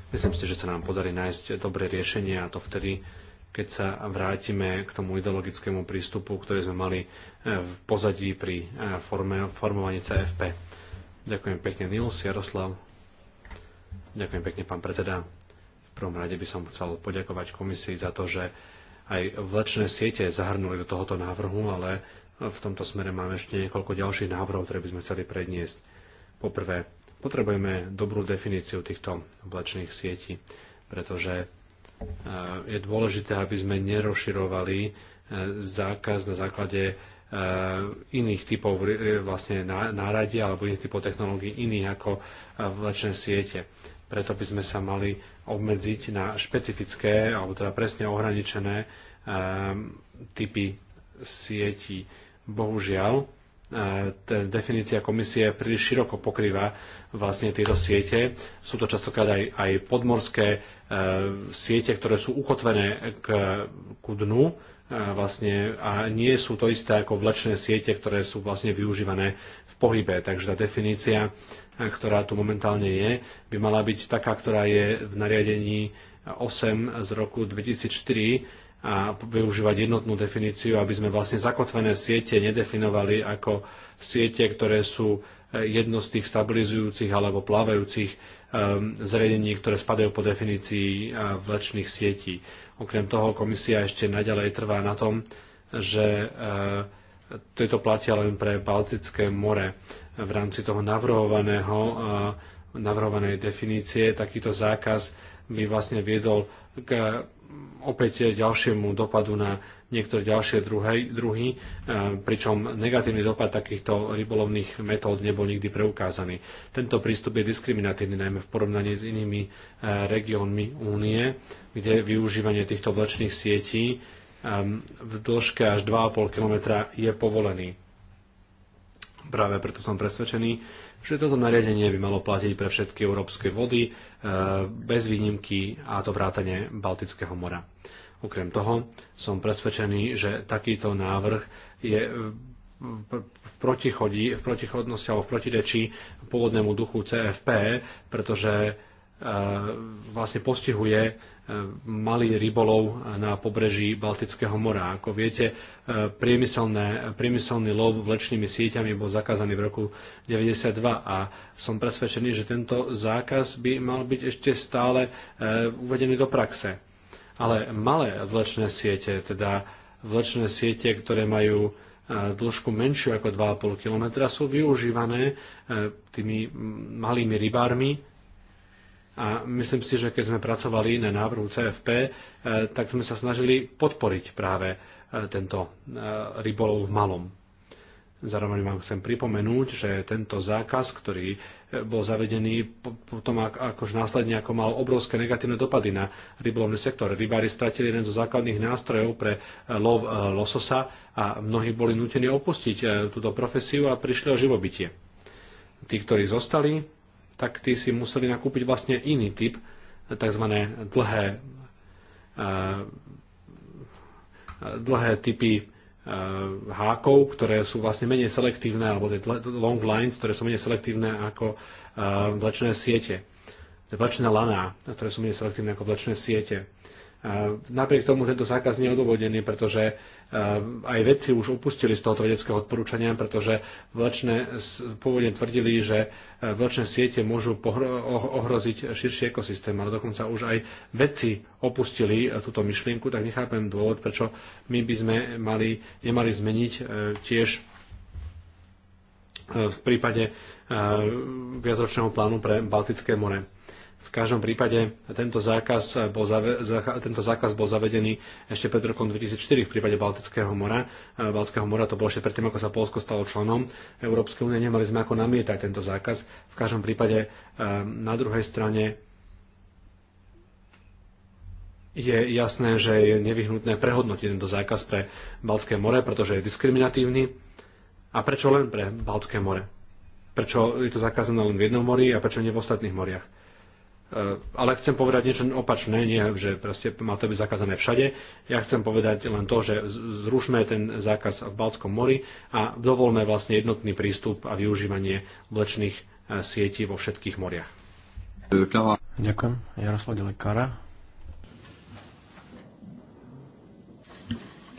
Myslím si, že sa nám podarí nájsť dobré riešenie a to vtedy, keď sa vrátime k tomu ideologickému prístupu, ktorý sme mali e, v pozadí pri e, forme, formovaní CFP. Ďakujem pekne Nils, Jaroslav. Ďakujem pekne pán predseda. V prvom rade by som chcel poďakovať komisii za to, že aj vlečné siete zahrnuli do tohoto návrhu, ale v tomto smere máme ešte niekoľko ďalších návrhov, ktoré by sme chceli predniesť. Poprvé, Potrebujeme dobrú definíciu týchto oblačných sietí, pretože e, je dôležité, aby sme nerozširovali e, zákaz na základe e, iných typov vlastne náradia alebo iných typov technológií iných ako vlečné siete. Preto by sme sa mali obmedziť na špecifické alebo teda presne ohraničené typy sietí. Bohužiaľ, E, ten definícia komisie príliš široko pokrýva vlastne tieto siete. Sú to častokrát aj, aj podmorské e, siete, ktoré sú ukotvené k, ku dnu e, vlastne, a nie sú to isté ako vlečné siete, ktoré sú vlastne využívané v pohybe. Takže tá definícia, e, ktorá tu momentálne je, by mala byť taká, ktorá je v nariadení 8 z roku 2004 a využívať jednotnú definíciu, aby sme vlastne zakotvené siete nedefinovali ako siete, ktoré sú e, jedno z tých stabilizujúcich alebo plávajúcich ehm, zariadení, ktoré spadajú po definícii e, vlečných sietí. Okrem toho komisia ešte naďalej trvá na tom, že e, tieto platia len pre Baltické more. V rámci toho navrhovaného, navrhovanej definície takýto zákaz by vlastne viedol k opäť ďalšiemu dopadu na niektoré ďalšie druhy, druhy, e, pričom negatívny dopad takýchto rybolovných metód nebol nikdy preukázaný. Tento prístup je diskriminatívny najmä v porovnaní s inými e, regiónmi únie, kde využívanie týchto vlečných sietí e, v dĺžke až 2,5 km je povolený. Práve preto som presvedčený, že toto nariadenie by malo platiť pre všetky európske vody e, bez výnimky a to vrátane Baltického mora. Okrem toho som presvedčený, že takýto návrh je v, protichodí, v protichodnosti alebo v protirečí pôvodnému duchu CFP, pretože e, vlastne postihuje malý rybolov na pobreží Baltického mora. Ako viete, e, priemyselný lov vlečnými sieťami bol zakázaný v roku 1992 a som presvedčený, že tento zákaz by mal byť ešte stále e, uvedený do praxe. Ale malé vlečné siete, teda vlečné siete, ktoré majú e, dĺžku menšiu ako 2,5 km, sú využívané tými malými rybármi a myslím si, že keď sme pracovali na návrhu CFP, eh, tak sme sa snažili podporiť práve eh, tento eh, rybolov v malom. Zároveň vám chcem pripomenúť, že tento zákaz, ktorý bol zavedený potom akož následne ako mal obrovské negatívne dopady na rybolovný sektor. Rybári stratili jeden zo základných nástrojov pre lov lososa a mnohí boli nutení opustiť túto profesiu a prišli o živobytie. Tí, ktorí zostali, tak tí si museli nakúpiť vlastne iný typ, tzv. dlhé, eh, dlhé typy eh, hákov, ktoré sú vlastne menej selektívne, alebo tie long lines, ktoré sú menej selektívne ako eh, vlečné siete. Vlečné laná, ktoré sú menej selektívne ako vlečné siete. Napriek tomu tento zákaz nie je odôvodený, pretože e, aj vedci už upustili z tohoto vedeckého odporúčania, pretože vlečné pôvodne tvrdili, že e, vlečné siete môžu oh, ohroziť širší ekosystém, ale dokonca už aj vedci opustili e, túto myšlienku, tak nechápem dôvod, prečo my by sme mali, nemali zmeniť tiež v prípade viacročného plánu pre Baltické more. V každom prípade tento zákaz, bol zave, tento zákaz bol zavedený ešte pred rokom 2004 v prípade Baltického mora. E, Baltického mora to bolo ešte predtým, ako sa Polsko stalo členom Európskej únie. Nemali sme ako namietať tento zákaz. V každom prípade e, na druhej strane je jasné, že je nevyhnutné prehodnotiť tento zákaz pre Baltské more, pretože je diskriminatívny. A prečo len pre Baltské more? Prečo je to zakázané len v jednom mori a prečo nie v ostatných moriach? Eh, ale chcem povedať niečo opačné, nie, že proste má to byť zakázané všade. Ja chcem povedať len to, že zrušme ten zákaz v Balckom mori a dovolme vlastne jednotný prístup a využívanie vlečných eh, sietí vo všetkých moriach. Ďakujem. Jaroslav Delekára.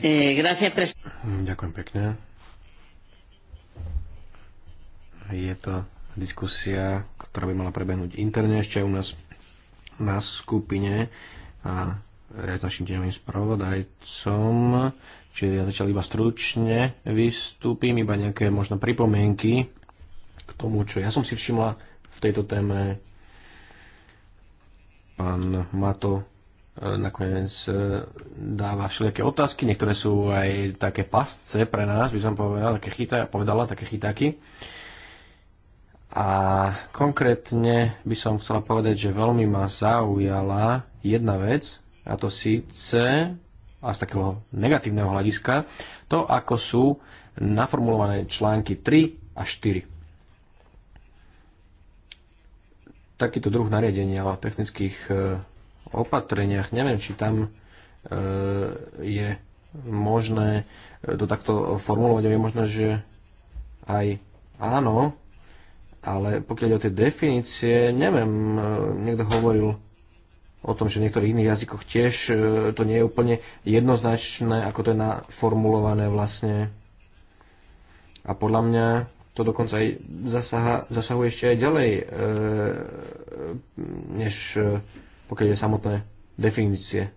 Eh, hm, ďakujem pekne. Je to diskusia, ktorá by mala prebehnúť interne ešte u nás na skupine a ja s našim deňovým spravodajcom, čiže ja začal iba stručne vystúpim, iba nejaké možno pripomienky k tomu, čo ja som si všimla v tejto téme. Pán Mato eh, nakoniec eh, dáva všelijaké otázky, niektoré sú aj také pasce pre nás, by som povedal, také povedala, také chytáky. A konkrétne by som chcela povedať, že veľmi ma zaujala jedna vec, a to síce, a z takého negatívneho hľadiska, to, ako sú naformulované články 3 a 4. Takýto druh nariadenia o technických e, opatreniach, neviem, či tam e, je možné to takto formulovať, je možné, že aj áno, ale pokiaľ o tie definície, neviem, e, niekto hovoril o tom, že v niektorých iných jazykoch tiež e, to nie je úplne jednoznačné, ako to je naformulované vlastne. A podľa mňa to dokonca aj zasaha, zasahuje ešte aj ďalej, e, než pokiaľ je samotné definície.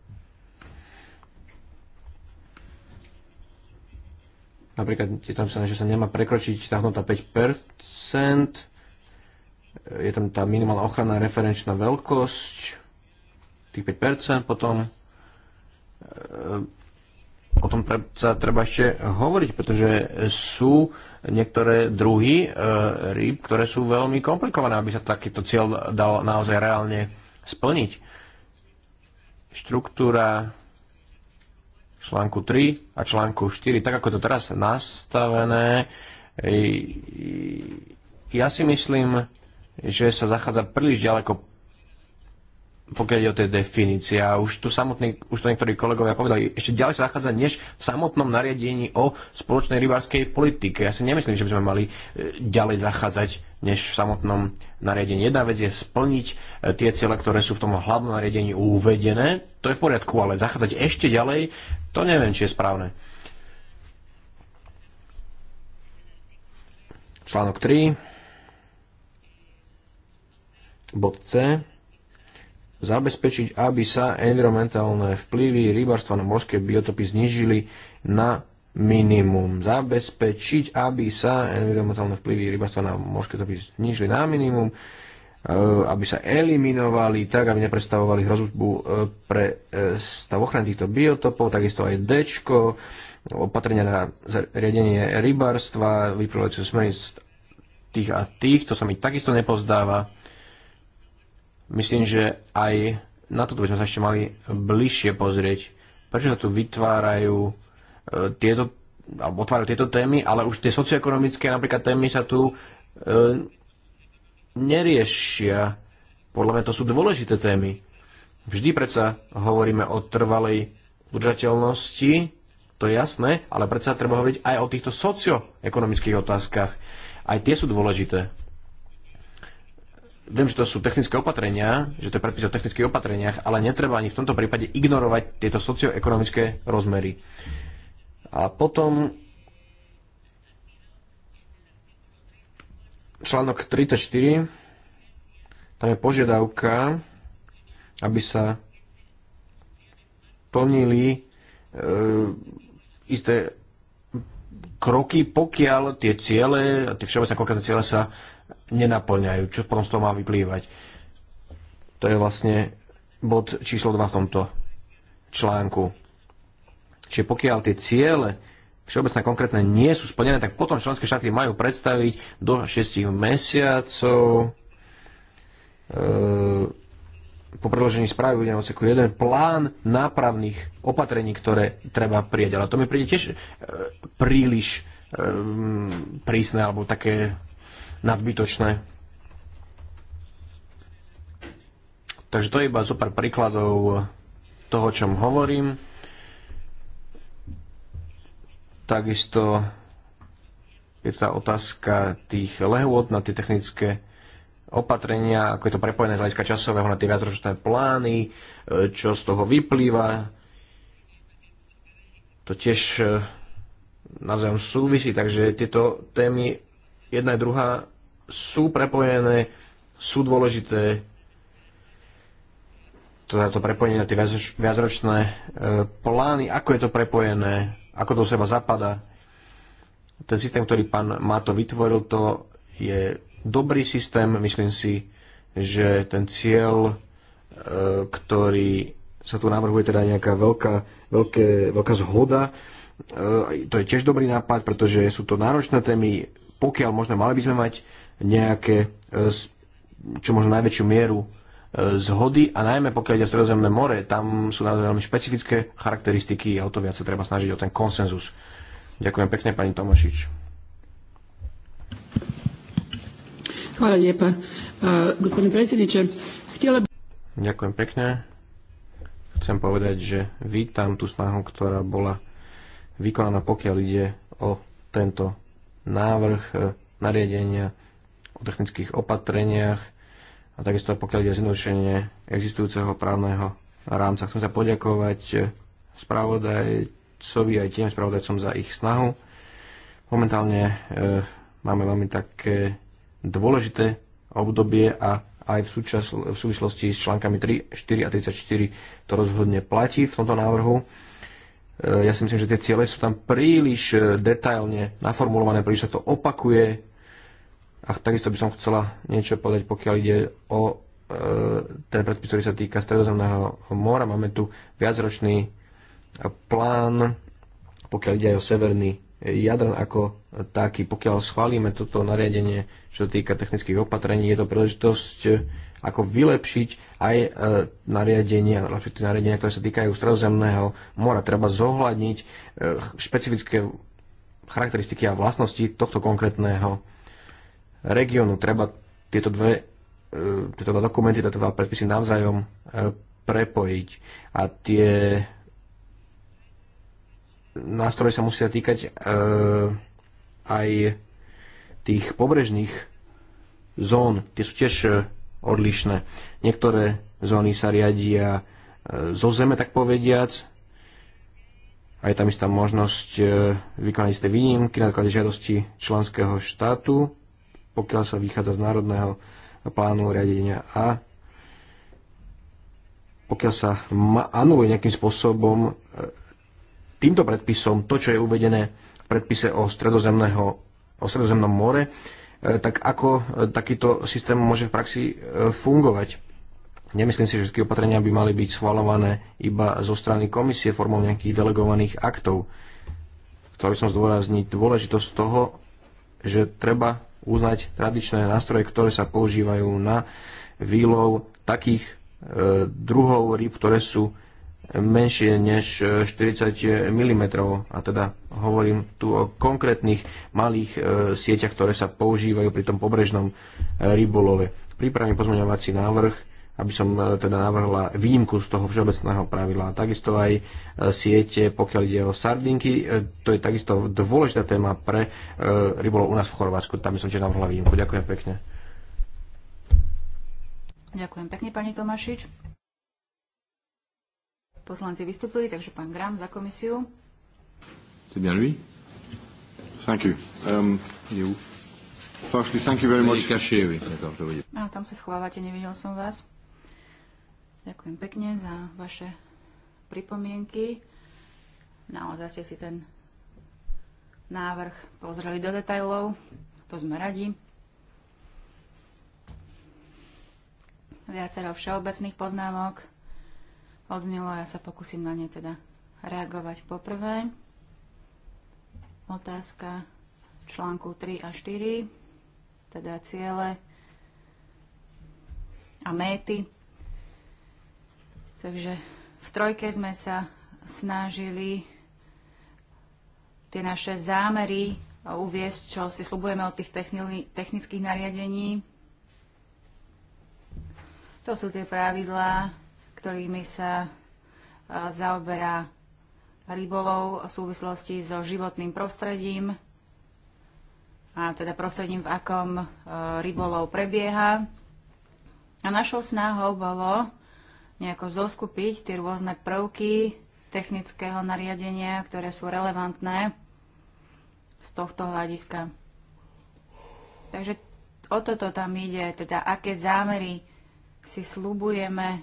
Napríklad je tam sa, že sa nemá prekročiť tá hodnota 5%, je tam tá minimálna ochranná referenčná veľkosť, tých 5%, potom e, o tom sa treba ešte hovoriť, pretože sú niektoré druhy e, rýb, ktoré sú veľmi komplikované, aby sa takýto cieľ dal naozaj reálne splniť. Štruktúra článku 3 a článku 4, tak ako je to teraz nastavené, e, ja si myslím, že sa zachádza príliš ďaleko pokiaľ je o tej definície. A už tu samotný, už to niektorí kolegovia povedali, ešte ďalej sa zachádza než v samotnom nariadení o spoločnej rybárskej politike. Ja si nemyslím, že by sme mali e, ďalej zachádzať než v samotnom nariadení. Jedna vec je splniť e, tie ciele, ktoré sú v tom hlavnom nariadení uvedené. To je v poriadku, ale zachádzať ešte ďalej, to neviem, či je správne. Článok 3 Bod C. Zabezpečiť, aby sa environmentálne vplyvy rybárstva na morské biotopy znížili na minimum. Zabezpečiť, aby sa environmentálne vplyvy rybárstva na morské biotopy znížili na minimum, e, aby sa eliminovali tak, aby nepredstavovali hrozbu e, pre e, stav ochrany týchto biotopov, takisto aj D, opatrenia na riadenie rybárstva, smery z tých a tých, to sa mi takisto nepozdáva. Myslím, že aj na toto by sme sa ešte mali bližšie pozrieť. Prečo sa tu vytvárajú e, tieto, alebo otvárajú tieto témy, ale už tie socioekonomické napríklad témy sa tu e, neriešia. Podľa mňa to sú dôležité témy. Vždy predsa hovoríme o trvalej udržateľnosti, to je jasné, ale predsa treba hovoriť aj o týchto socioekonomických otázkach. Aj tie sú dôležité. Viem, že to sú technické opatrenia, že to je predpis o technických opatreniach, ale netreba ani v tomto prípade ignorovať tieto socioekonomické rozmery. A potom článok 34, tam je požiadavka, aby sa plnili e, isté kroky, pokiaľ tie ciele, tie všeobecné konkrétne ciele sa nenaplňajú, čo potom z toho má vyplývať. To je vlastne bod číslo 2 v tomto článku. Čiže pokiaľ tie ciele všeobecné konkrétne nie sú splnené, tak potom členské štáty majú predstaviť do 6 mesiacov e, po predložení správy v 1 plán nápravných opatrení, ktoré treba prijať. Ale to mi príde tiež e, príliš e, prísne alebo také nadbytočné. Takže to je iba zo pár príkladov toho, o čom hovorím. Takisto je tá otázka tých lehôd na tie technické opatrenia, ako je to prepojené z hľadiska časového na tie viacročné plány, čo z toho vyplýva. To tiež navzájom súvisí, takže tieto témy jedna aj druhá sú prepojené, sú dôležité, teda to prepojenie na tie viacročné e, plány, ako je to prepojené, ako to do seba zapada. Ten systém, ktorý pán Mato vytvoril, to je dobrý systém, myslím si, že ten cieľ, e, ktorý sa tu navrhuje, teda nejaká veľká, veľké, veľká zhoda, e, to je tiež dobrý nápad, pretože sú to náročné témy, pokiaľ možno mali by sme mať nejaké, e, čo možno najväčšiu mieru e, zhody a najmä pokiaľ ide o Stredozemné more, tam sú naozaj veľmi špecifické charakteristiky a o to viac sa treba snažiť o ten konsenzus. Ďakujem pekne, pani Tomašič. Hvala lijepa. Uh, gospodine predsjedniče, htjela Ďakujem pekne. Chcem povedať, že vítam tú snahu, ktorá bola vykonaná, pokiaľ ide o tento návrh nariadenia o technických opatreniach a takisto pokiaľ ide zjednodušenie existujúceho právneho rámca. Chcem sa poďakovať spravodajcovi aj tým spravodajcom za ich snahu. Momentálne e, máme veľmi také dôležité obdobie a aj v, súčas, v súvislosti s článkami 3, 4 a 34 to rozhodne platí v tomto návrhu. E, ja si myslím, že tie ciele sú tam príliš e, detailne naformulované, príliš sa to opakuje a takisto by som chcela niečo povedať, pokiaľ ide o e, ten predpis, ktorý sa týka Stredozemného mora. Máme tu viacročný e, plán, pokiaľ ide aj o severný jadran ako taký. Pokiaľ schválime toto nariadenie, čo sa týka technických opatrení, je to príležitosť e, ako vylepšiť aj e, nariadenia, nariadenia, ktoré sa týkajú stredozemného mora. Treba zohľadniť e, špecifické charakteristiky a vlastnosti tohto konkrétneho regiónu. Treba tieto dve e, tieto dva dokumenty, tieto dva predpisy navzájom e, prepojiť. A tie nástroje sa musia týkať e, aj tých pobrežných zón. Tie sú tiež odlišné. Niektoré zóny sa riadia zo zeme, tak povediac, a je tam istá možnosť vykonať isté výnimky na základe žiadosti členského štátu pokiaľ sa vychádza z národného plánu riadenia a pokiaľ sa anuluje nejakým spôsobom e, týmto predpisom to, čo je uvedené v predpise o, stredozemného, o stredozemnom more, e, tak ako e, takýto systém môže v praxi fungovať. Nemyslím si, že všetky opatrenia by mali byť schvalované iba zo strany komisie formou nejakých delegovaných aktov. Chcel by som zdôrazniť dôležitosť toho, že treba uznať tradičné nástroje, ktoré sa používajú na výlov takých e, druhov rýb, ktoré sú menšie než 40 e, mm. A teda hovorím tu o konkrétnych malých e, sieťach, ktoré sa používajú pri tom pobrežnom e, rybolove. Pripravím pozmeňovací návrh, aby som e, teda navrhla výnimku z toho všeobecného pravidla. Takisto aj e, siete, pokiaľ ide o sardinky, e, to je takisto dôležitá téma pre rybolov u nás v Chorvátsku. Tam by som tiež navrhla výnimku. Ďakujem pekne. Ďakujem pekne, pani Tomašič. Poslanci vystúpili, takže pán Gram za komisiu. C'est bien lui Thank you. Um, you. Firstly, thank you very much. Caché, oui. D'accord, je Ah, tam sa schovávate, nevidel som vás. Ďakujem pekne za vaše pripomienky. Naozaj ste si ten návrh pozreli do detajlov. To sme radi. Viacero všeobecných poznámok odznilo. ja sa pokúsim na ne teda reagovať poprvé. Otázka článku 3 a 4, teda ciele a méty Takže v trojke sme sa snažili tie naše zámery uviesť, čo si slubujeme od tých technických nariadení. To sú tie pravidlá, ktorými sa zaoberá rybolov v súvislosti so životným prostredím, a teda prostredím, v akom rybolov prebieha. A našou snahou bolo nejako zoskupiť tie rôzne prvky technického nariadenia, ktoré sú relevantné z tohto hľadiska. Takže o toto tam ide, teda aké zámery si slubujeme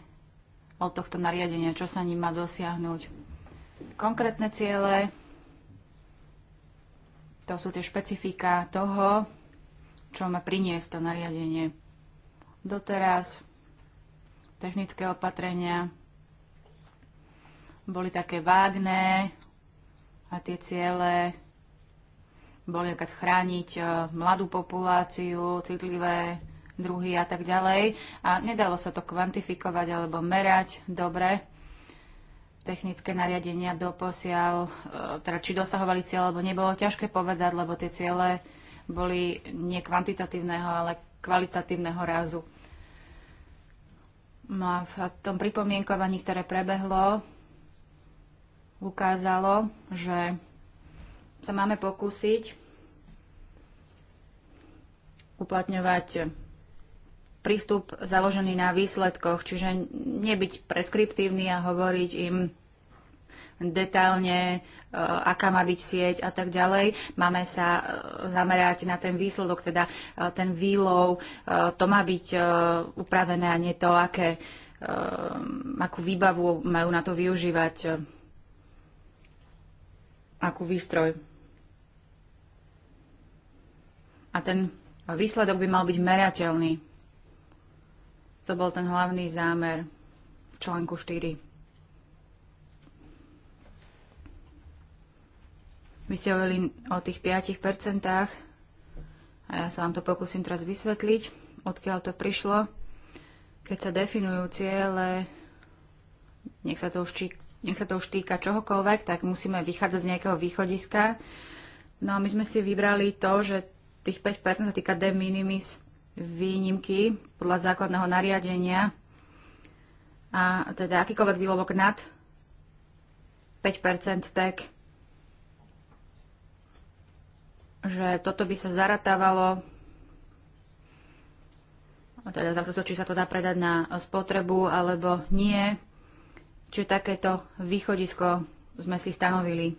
od tohto nariadenia, čo sa ním má dosiahnuť. Konkrétne ciele, to sú tie špecifika toho, čo má priniesť to nariadenie. Doteraz technické opatrenia boli také vágné a tie ciele boli napríklad chrániť e, mladú populáciu, citlivé druhy a tak ďalej. A nedalo sa to kvantifikovať alebo merať dobre. Technické nariadenia doposiaľ, e, teda či dosahovali cieľ alebo nebolo ťažké povedať, lebo tie ciele boli nie kvantitatívneho, ale kvalitatívneho rázu. No a v tom pripomienkovaní, ktoré prebehlo, ukázalo, že sa máme pokúsiť uplatňovať prístup založený na výsledkoch, čiže nebyť preskriptívny a hovoriť im, detailne, e, aká má byť sieť a tak ďalej. Máme sa e, zamerať na ten výsledok, teda e, ten výlov. To má byť upravené a nie to, aké, akú výbavu majú na to využívať, akú výstroj. A ten výsledok by mal byť merateľný. To bol ten hlavný zámer v článku 4. Vy ste hovorili o tých 5% a ja sa vám to pokúsim teraz vysvetliť, odkiaľ to prišlo. Keď sa definujú ciele, nech sa to už, či, nech sa to už týka čohokoľvek, tak musíme vychádzať z nejakého východiska. No a my sme si vybrali to, že tých 5% sa týka de minimis výnimky podľa základného nariadenia a teda akýkoľvek výlovok nad 5% tak že toto by sa zaratávalo teda zase to, či sa to dá predať na spotrebu alebo nie. Čiže takéto východisko sme si stanovili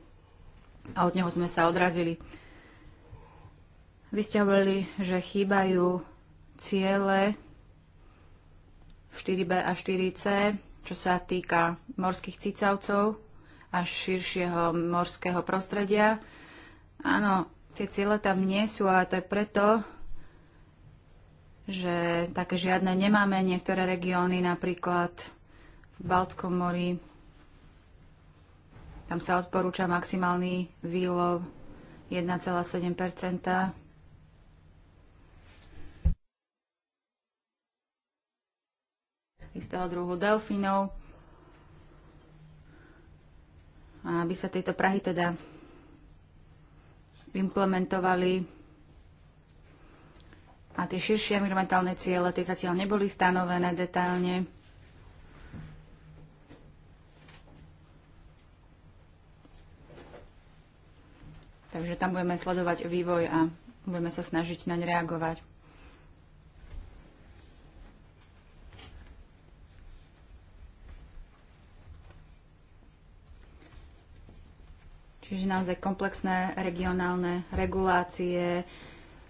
a od neho sme sa odrazili. Vy ste hovorili, že chýbajú ciele 4B a 4C, čo sa týka morských cicavcov a širšieho morského prostredia. Áno, Tie ciele tam nie sú a to je preto, že také žiadne nemáme. Niektoré regióny, napríklad v Baltskom mori, tam sa odporúča maximálny výlov 1,7 istého druhu delfínov. A aby sa tieto prahy teda implementovali. A tie širšie environmentálne ciele, tie zatiaľ neboli stanovené detailne. Takže tam budeme sledovať vývoj a budeme sa snažiť naň reagovať. Čiže naozaj komplexné regionálne regulácie,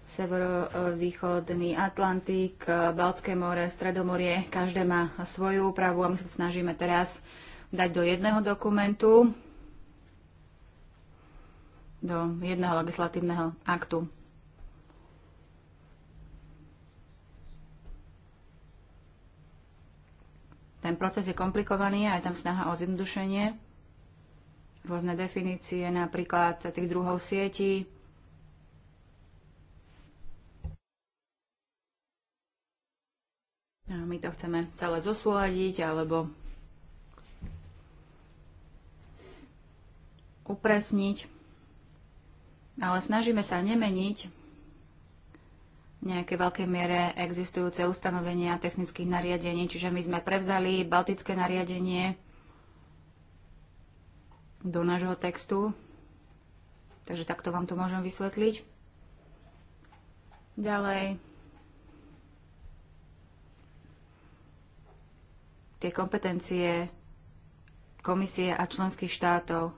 severovýchodný Atlantik, Baltské more, Stredomorie, každé má svoju úpravu a my sa snažíme teraz dať do jedného dokumentu, do jedného legislatívneho aktu. Ten proces je komplikovaný a je tam snaha o zjednodušenie rôzne definície, napríklad tých druhov sietí. A my to chceme celé zosúľadiť alebo upresniť, ale snažíme sa nemeniť v nejakej veľkej miere existujúce ustanovenia technických nariadení. Čiže my sme prevzali baltické nariadenie, do nášho textu. Takže takto vám to môžem vysvetliť. Ďalej. Tie kompetencie komisie a členských štátov.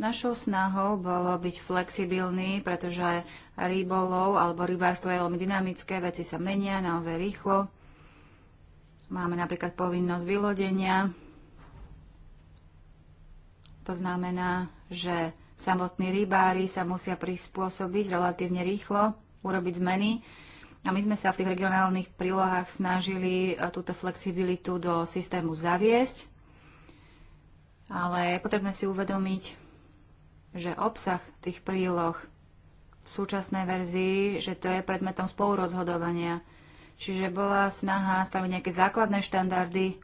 Našou snahou bolo byť flexibilný, pretože rybolov alebo rybárstvo je veľmi dynamické, veci sa menia naozaj rýchlo. Máme napríklad povinnosť vylodenia, to znamená, že samotní rybári sa musia prispôsobiť relatívne rýchlo, urobiť zmeny. A my sme sa v tých regionálnych prílohách snažili e, túto flexibilitu do systému zaviesť, ale je potrebné si uvedomiť, že obsah tých príloh v súčasnej verzii, že to je predmetom spolurozhodovania. Čiže bola snaha staviť nejaké základné štandardy,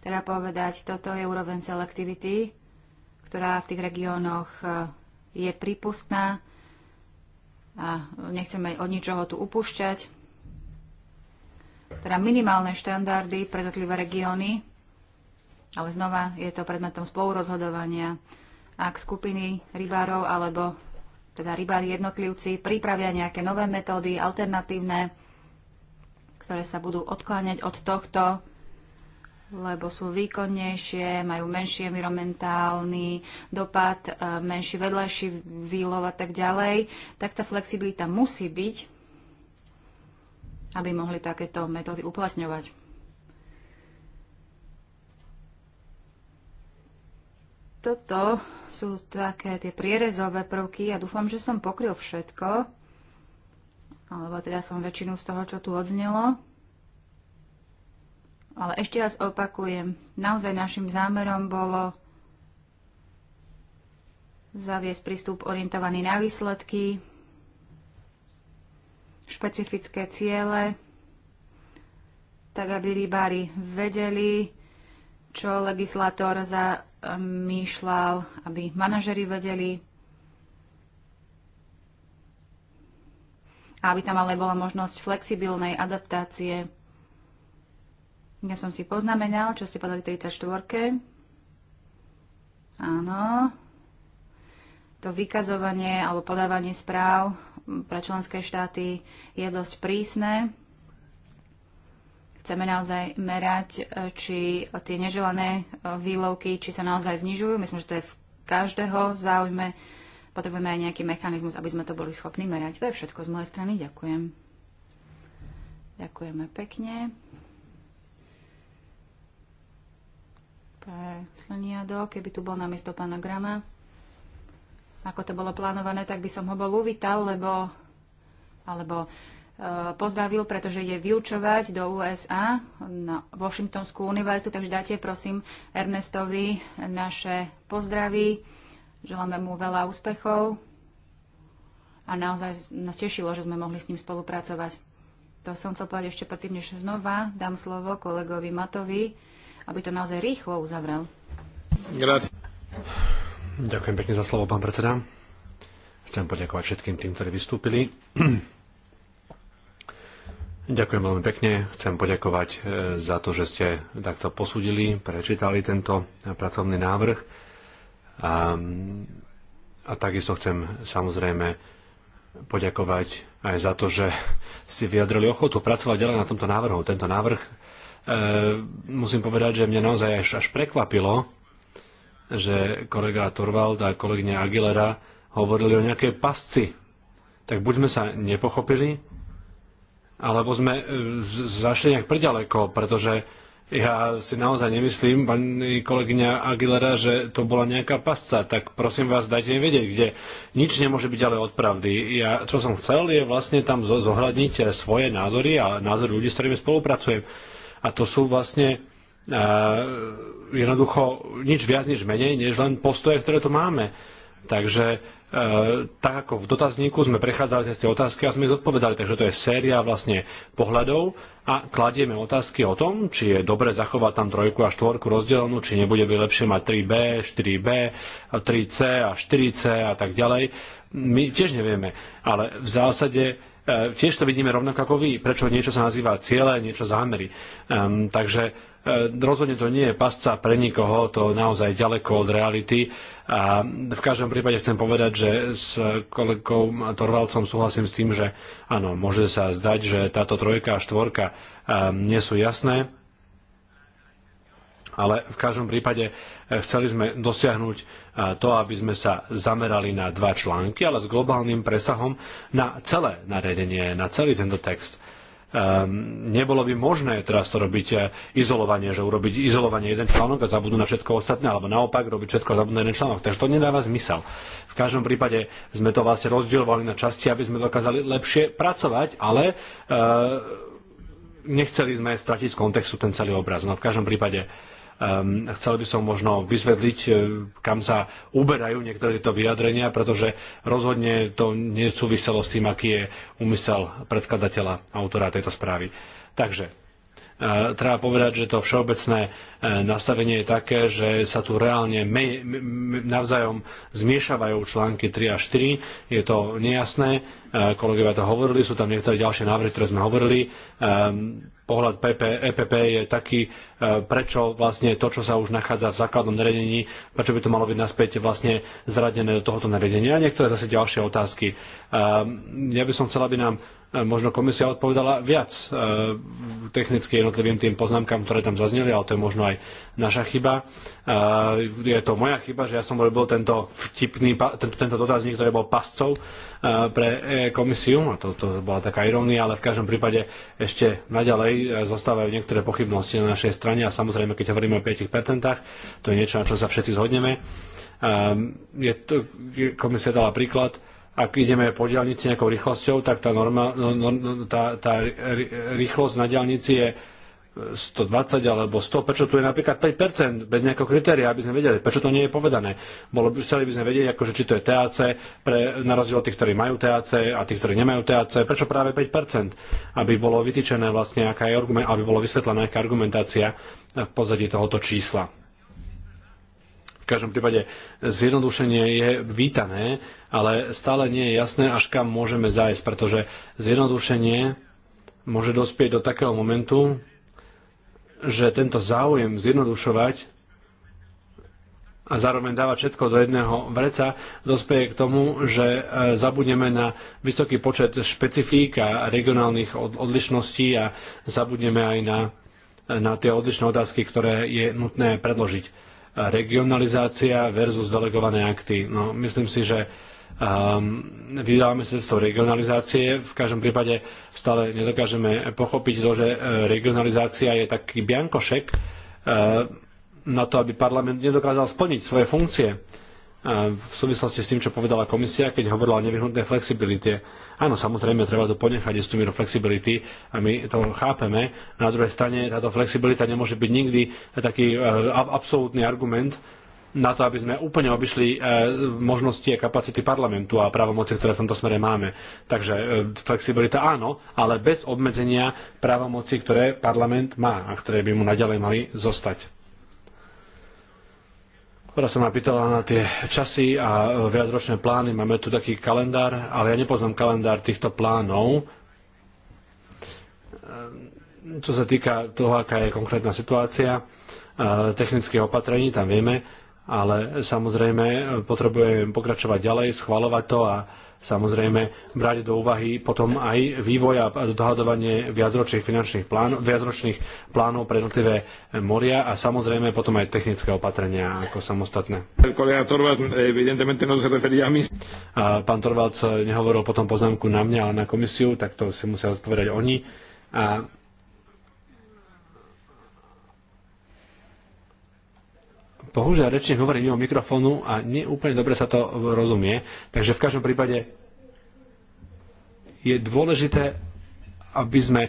teda povedať, toto je úroveň selektivity, ktorá v tých regiónoch e, je prípustná a nechceme od ničoho tu upúšťať. Teda minimálne štandardy pre jednotlivé regióny, ale znova je to predmetom spolurozhodovania. Ak skupiny rybárov alebo teda rybári jednotlivci pripravia nejaké nové metódy, alternatívne, ktoré sa budú odkláňať od tohto, lebo sú výkonnejšie, majú menší environmentálny dopad, e, menší vedľajší výlov a tak ďalej, tak tá flexibilita musí byť, aby mohli takéto metódy uplatňovať. Toto sú také tie prierezové prvky. Ja dúfam, že som pokryl všetko, alebo teda som väčšinu z toho, čo tu odznelo. Ale ešte raz opakujem, naozaj našim zámerom bolo zaviesť prístup orientovaný na výsledky, špecifické ciele, tak aby rybári vedeli, čo legislátor zamýšľal, aby manažeri vedeli, aby tam ale bola možnosť flexibilnej adaptácie ja som si poznamenal, čo ste povedali 34. Áno. To vykazovanie alebo podávanie správ pre členské štáty je dosť prísne. Chceme naozaj merať, eh, či tie neželané eh, výlovky, či sa naozaj znižujú. Myslím, že to je v každého záujme. Potrebujeme aj nejaký mechanizmus, aby sme to boli schopní merať. To je všetko z mojej strany. Ďakujem. Ďakujeme pekne. pre keby tu bol na miesto pána Grama. Ako to bolo plánované, tak by som ho bol uvítal, lebo, alebo e, pozdravil, pretože ide vyučovať do USA na Washingtonskú univerzitu, takže dáte prosím Ernestovi naše pozdravy. Želáme mu veľa úspechov a naozaj nás tešilo, že sme mohli s ním spolupracovať. To som chcel povedať ešte predtým, než znova dám slovo kolegovi Matovi aby to naozaj rýchlo uzavrel. Grazie. Ďakujem pekne za slovo, pán predseda. Chcem poďakovať všetkým tým, ktorí vystúpili. Ďakujem veľmi pekne. Chcem poďakovať e, za to, že ste takto posudili, prečítali tento pracovný návrh. A, a takisto chcem samozrejme poďakovať aj za to, že ste vyjadrili ochotu pracovať ďalej na tomto návrhu. Tento návrh Eh, musím povedať, že mňa naozaj až, až prekvapilo, že kolega Torvald a kolegyňa Aguilera hovorili o nejakej pasci. Tak buď sme sa nepochopili, alebo sme eh, zašli nejak preďaleko, pretože ja si naozaj nemyslím, pani kolegyňa Aguilera, že to bola nejaká pasca, tak prosím vás, dajte mi vedieť, kde nič nemôže byť ďalej od pravdy. Ja, čo som chcel, je vlastne tam zohľadniť eh, svoje názory a názory ľudí, s ktorými spolupracujem. A to sú vlastne jednoducho nič viac, nič menej, než len postoje, ktoré tu máme. Takže e, tak ako v dotazníku sme prechádzali cez tie otázky a sme ich zodpovedali, takže to je séria vlastne pohľadov a kladieme otázky o tom, či je dobre zachovať tam trojku a štvorku rozdelenú, či nebude byť lepšie mať 3B, 4B, 3C a 4C a tak ďalej. My tiež nevieme, ale v zásade E, tiež to vidíme rovnako ako vy, prečo niečo sa nazýva cieľe, niečo zámery. Um, takže e, rozhodne to nie je pasca pre nikoho, to naozaj ďaleko od reality. A v každom prípade chcem povedať, že s kolegou Torvalcom súhlasím s tým, že áno, môže sa zdať, že táto trojka a štvorka nie sú jasné, ale v každom prípade chceli sme dosiahnuť to, aby sme sa zamerali na dva články, ale s globálnym presahom na celé nariadenie, na celý tento text. Um, nebolo by možné teraz to robiť e, izolovanie, že urobiť izolovanie jeden článok a zabudnú na všetko ostatné, alebo naopak robiť všetko a zabudnú na jeden článok. Takže to nedáva zmysel. V každom prípade sme to vlastne rozdielovali na časti, aby sme dokázali lepšie pracovať, ale uh, nechceli sme stratiť z kontextu ten celý obraz. No v každom prípade Um, chcel by som možno vysvetliť, e, kam sa uberajú niektoré tieto vyjadrenia, pretože rozhodne to nesúviselo s tým, aký je úmysel predkladateľa, autora tejto správy. Takže e, treba povedať, že to všeobecné e, nastavenie je také, že sa tu reálne navzájom zmiešavajú články 3 a 4. Je to nejasné, kolegovia to hovorili, sú tam niektoré ďalšie návrhy, ktoré sme hovorili, Ehm, pohľad PP EPP je taký, e, prečo vlastne to, čo sa už nachádza v základnom nariadení, prečo by to malo byť naspäť vlastne zradené do tohoto nariadenia. A niektoré zase ďalšie otázky. Ehm, ja by som chcela, aby nám e, možno komisia odpovedala viac e, technicky jednotlivým tým poznámkam, ktoré tam zazneli, ale to je možno aj naša chyba. Eh, je to moja chyba, že ja som robil tento vtipný, tento, tento dotazník, ktorý bol pascov eh, pre eh, komisiu. A to, to bola taká irónia, ale v každom prípade ešte naďalej zostávajú niektoré pochybnosti na našej strane a samozrejme, keď hovoríme o 5%, to je niečo, na čo sa všetci zhodneme. Je to, komisia dala príklad, ak ideme po diálnici nejakou rýchlosťou, tak tá, norma, no, no, no tá, tá rýchlosť na diálnici je 120 alebo 100, prečo tu je napríklad 5% bez nejakého kritéria, aby sme vedeli, prečo to nie je povedané. Bolo, chceli by sme vedieť, akože, či to je TAC, pre, na rozdiel od tých, ktorí majú TAC a tých, ktorí nemajú TAC, prečo práve 5%, aby bolo vytýčené vlastne, aká je argument, aby bolo vysvetlená aká argumentácia v pozadí tohoto čísla. V každom prípade zjednodušenie je vítané, ale stále nie je jasné, až kam môžeme zájsť, pretože zjednodušenie môže dospieť do takého momentu, že tento záujem zjednodušovať a zároveň dávať všetko do jedného vreca, dospeje k tomu, že e, zabudneme na vysoký počet špecifík a regionálnych odlišností a zabudneme aj na, na tie odlišné otázky, ktoré je nutné predložiť. Regionalizácia versus delegované akty. No, myslím si, že Ehm, vydávame sa cestou regionalizácie. V každom prípade stále nedokážeme pochopiť to, že e, regionalizácia je taký biankošek e, na to, aby parlament nedokázal splniť svoje funkcie e, v súvislosti s tým, čo povedala komisia, keď hovorila o nevyhnutnej flexibilite. Áno, samozrejme, treba to ponechať istú mieru flexibility a my to chápeme. Na druhej strane, táto flexibilita nemôže byť nikdy taký absolútny argument, na to, aby sme úplne obišli e, možnosti a kapacity parlamentu a právomoci, ktoré v tomto smere máme. Takže e, flexibilita áno, ale bez obmedzenia právomoci, ktoré parlament má a ktoré by mu naďalej mali zostať. Ktorá sa ma pýtala na tie časy a e, viacročné plány. Máme tu taký kalendár, ale ja nepoznám kalendár týchto plánov. Čo sa týka toho, aká je konkrétna situácia, technických opatrení, tam vieme, ale samozrejme potrebujeme pokračovať ďalej, schvalovať to a samozrejme brať do úvahy potom aj vývoj a dohadovanie viacročných finančných plánov, viacročných plánov pre jednotlivé moria a samozrejme potom aj technické opatrenia ako samostatné. Pán Torvalc no nehovoril potom poznámku na mňa, ale na komisiu, tak to si musia odpovedať oni. A Bohužiaľ, rečník hovorí mimo mikrofónu a neúplne dobre sa to rozumie. Takže v každom prípade je dôležité, aby sme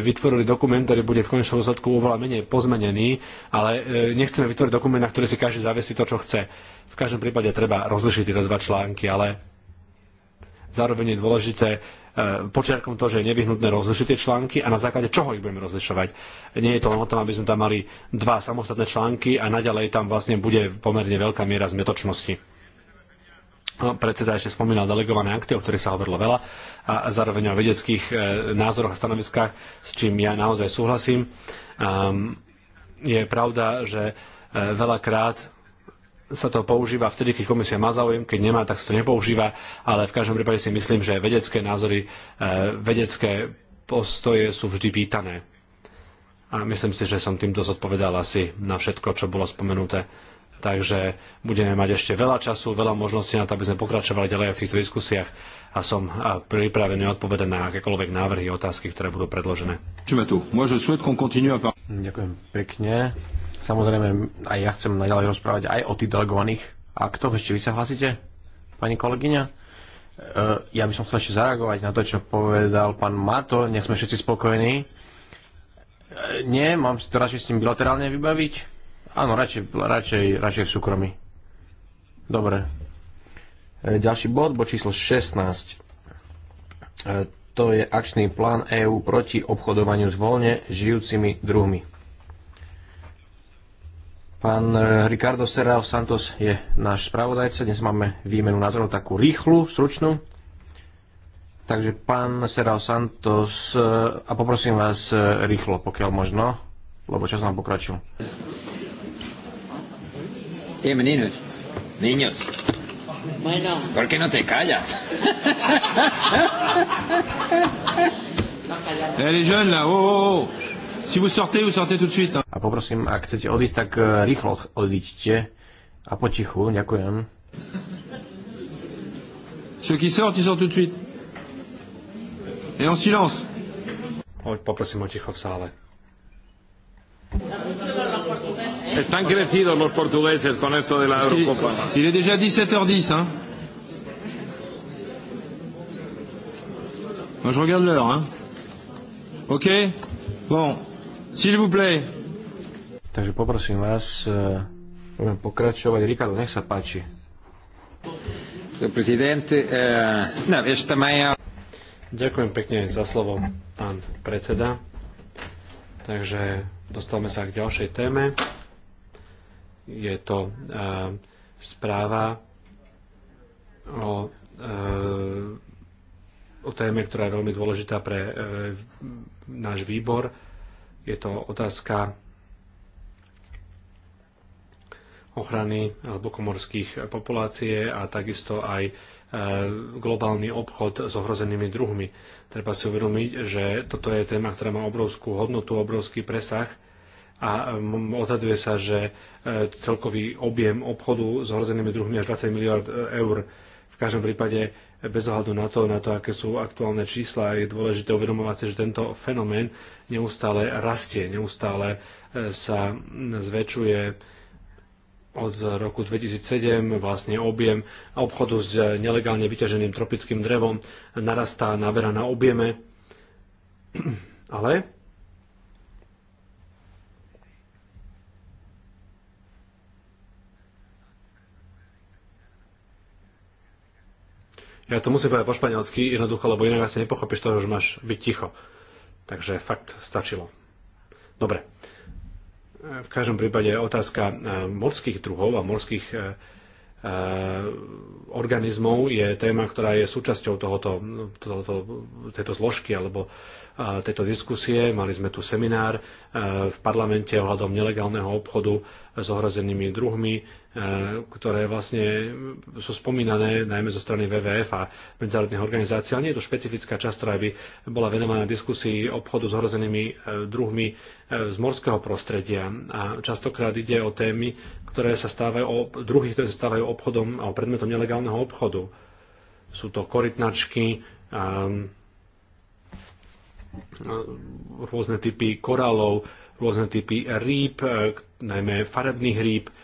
vytvorili dokument, ktorý bude v konečnom dôsledku oveľa menej pozmenený, ale e, nechceme vytvoriť dokument, na ktorý si každý zavesí to, čo chce. V každom prípade treba rozlišiť tieto dva články, ale Zároveň je dôležité e, počiarkom to, že je nevyhnutné rozlišiť tie články a na základe čoho ich budeme rozlišovať. Nie je to len o tom, aby sme tam mali dva samostatné články a naďalej tam vlastne bude pomerne veľká miera zmetočnosti. No, predseda ešte spomínal delegované akty, o ktorých sa hovorilo veľa, a zároveň o vedeckých e, názoroch a stanoviskách, s čím ja naozaj súhlasím. je pravda, že e, veľakrát sa to používa vtedy, keď komisia má záujem, keď nemá, tak sa to nepoužíva, ale v každom prípade si myslím, že vedecké názory, e, vedecké postoje sú vždy vítané. A myslím si, že som týmto zodpovedal asi na všetko, čo bolo spomenuté. Takže budeme mať ešte veľa času, veľa možností na to, aby sme pokračovali ďalej v týchto diskusiách a som e, pripravený odpovedať na akékoľvek návrhy, otázky, ktoré budú predložené. Ďakujem pekne. Samozrejme, aj ja chcem naďalej rozprávať aj o tých delegovaných aktoch. Ešte vy sa hlasíte, pani kolegyňa? E, ja by som chcel ešte zareagovať na to, čo povedal pán Mato. Nech sme všetci spokojní. E, nie, mám si to radšej s ním bilaterálne vybaviť. Áno, radšej, radšej, radšej v súkromí. Dobre. E, ďalší bod, bod číslo 16. E, to je akčný plán EÚ proti obchodovaniu s voľne žijúcimi druhmi. Pán eh, Ricardo Serrao Santos je náš spravodajca. Dnes máme výmenu názorov takú rýchlu, stručnú. Takže pán Serrao Santos, eh, a poprosím vás eh, rýchlo, pokiaľ možno, lebo čas nám pokračuje. Dime, niños. Niños. Bueno. ¿Por qué no te callas? Eres yo en la voz. Si vous sortez, vous sortez tout de suite. A poprosím, ak chcete odísť, tak eh, rýchlo odíďte a potichu, ďakujem. Ceux qui sortent, ils sortent tout de suite. Et en silence. Oj, Poprosím o ticho v sále. Están crecidos los portugueses con esto de la Eurocopa. Il est déjà 17h10, hein. Moi, je regarde l'heure, hein. Ok Bon, S'il vous plaît. Takže poprosím vás, e, budem pokračovať. Ricardo, nech sa páči. E, no, Ďakujem pekne za slovo, pán predseda. Takže dostávame sa k ďalšej téme. Je to e, správa o, o téme, ktorá je veľmi dôležitá pre náš výbor je to otázka ochrany alebo komorských populácie a takisto aj e, globálny obchod s ohrozenými druhmi. Treba si uvedomiť, že toto je téma, ktorá má obrovskú hodnotu, obrovský presah a odhaduje sa, že e, celkový objem obchodu s ohrozenými druhmi až 20 miliard eur. V každom prípade bez ohľadu na to, na to, aké sú aktuálne čísla, je dôležité uvedomovať si, že tento fenomén neustále rastie, neustále e, sa zväčšuje od roku 2007 vlastne objem obchodu s nelegálne vyťaženým tropickým drevom narastá, naberá na objeme. Ale Ja to musím povedať po španielsky jednoducho, lebo inak asi nepochopíš to, že máš byť ticho. Takže fakt stačilo. Dobre. V každom prípade otázka e, morských druhov a morských e, e, organizmov je téma, ktorá je súčasťou tohoto, tohoto, tejto zložky alebo tejto diskusie. Mali sme tu seminár e, v parlamente ohľadom nelegálneho obchodu s ohrozenými druhmi, e, ktoré vlastne sú spomínané najmä zo strany WWF a medzinárodných organizácií. Ale nie je to špecifická časť, ktorá by bola venovaná diskusii obchodu s ohrozenými e, druhmi z morského prostredia. A častokrát ide o témy, ktoré sa stávajú, o druhy, ktoré sa stávajú obchodom a predmetom nelegálneho obchodu. Sú to korytnačky, um, No, rôzne typy koralov, rôzne typy rýb, e, najmä farebných rýb, e,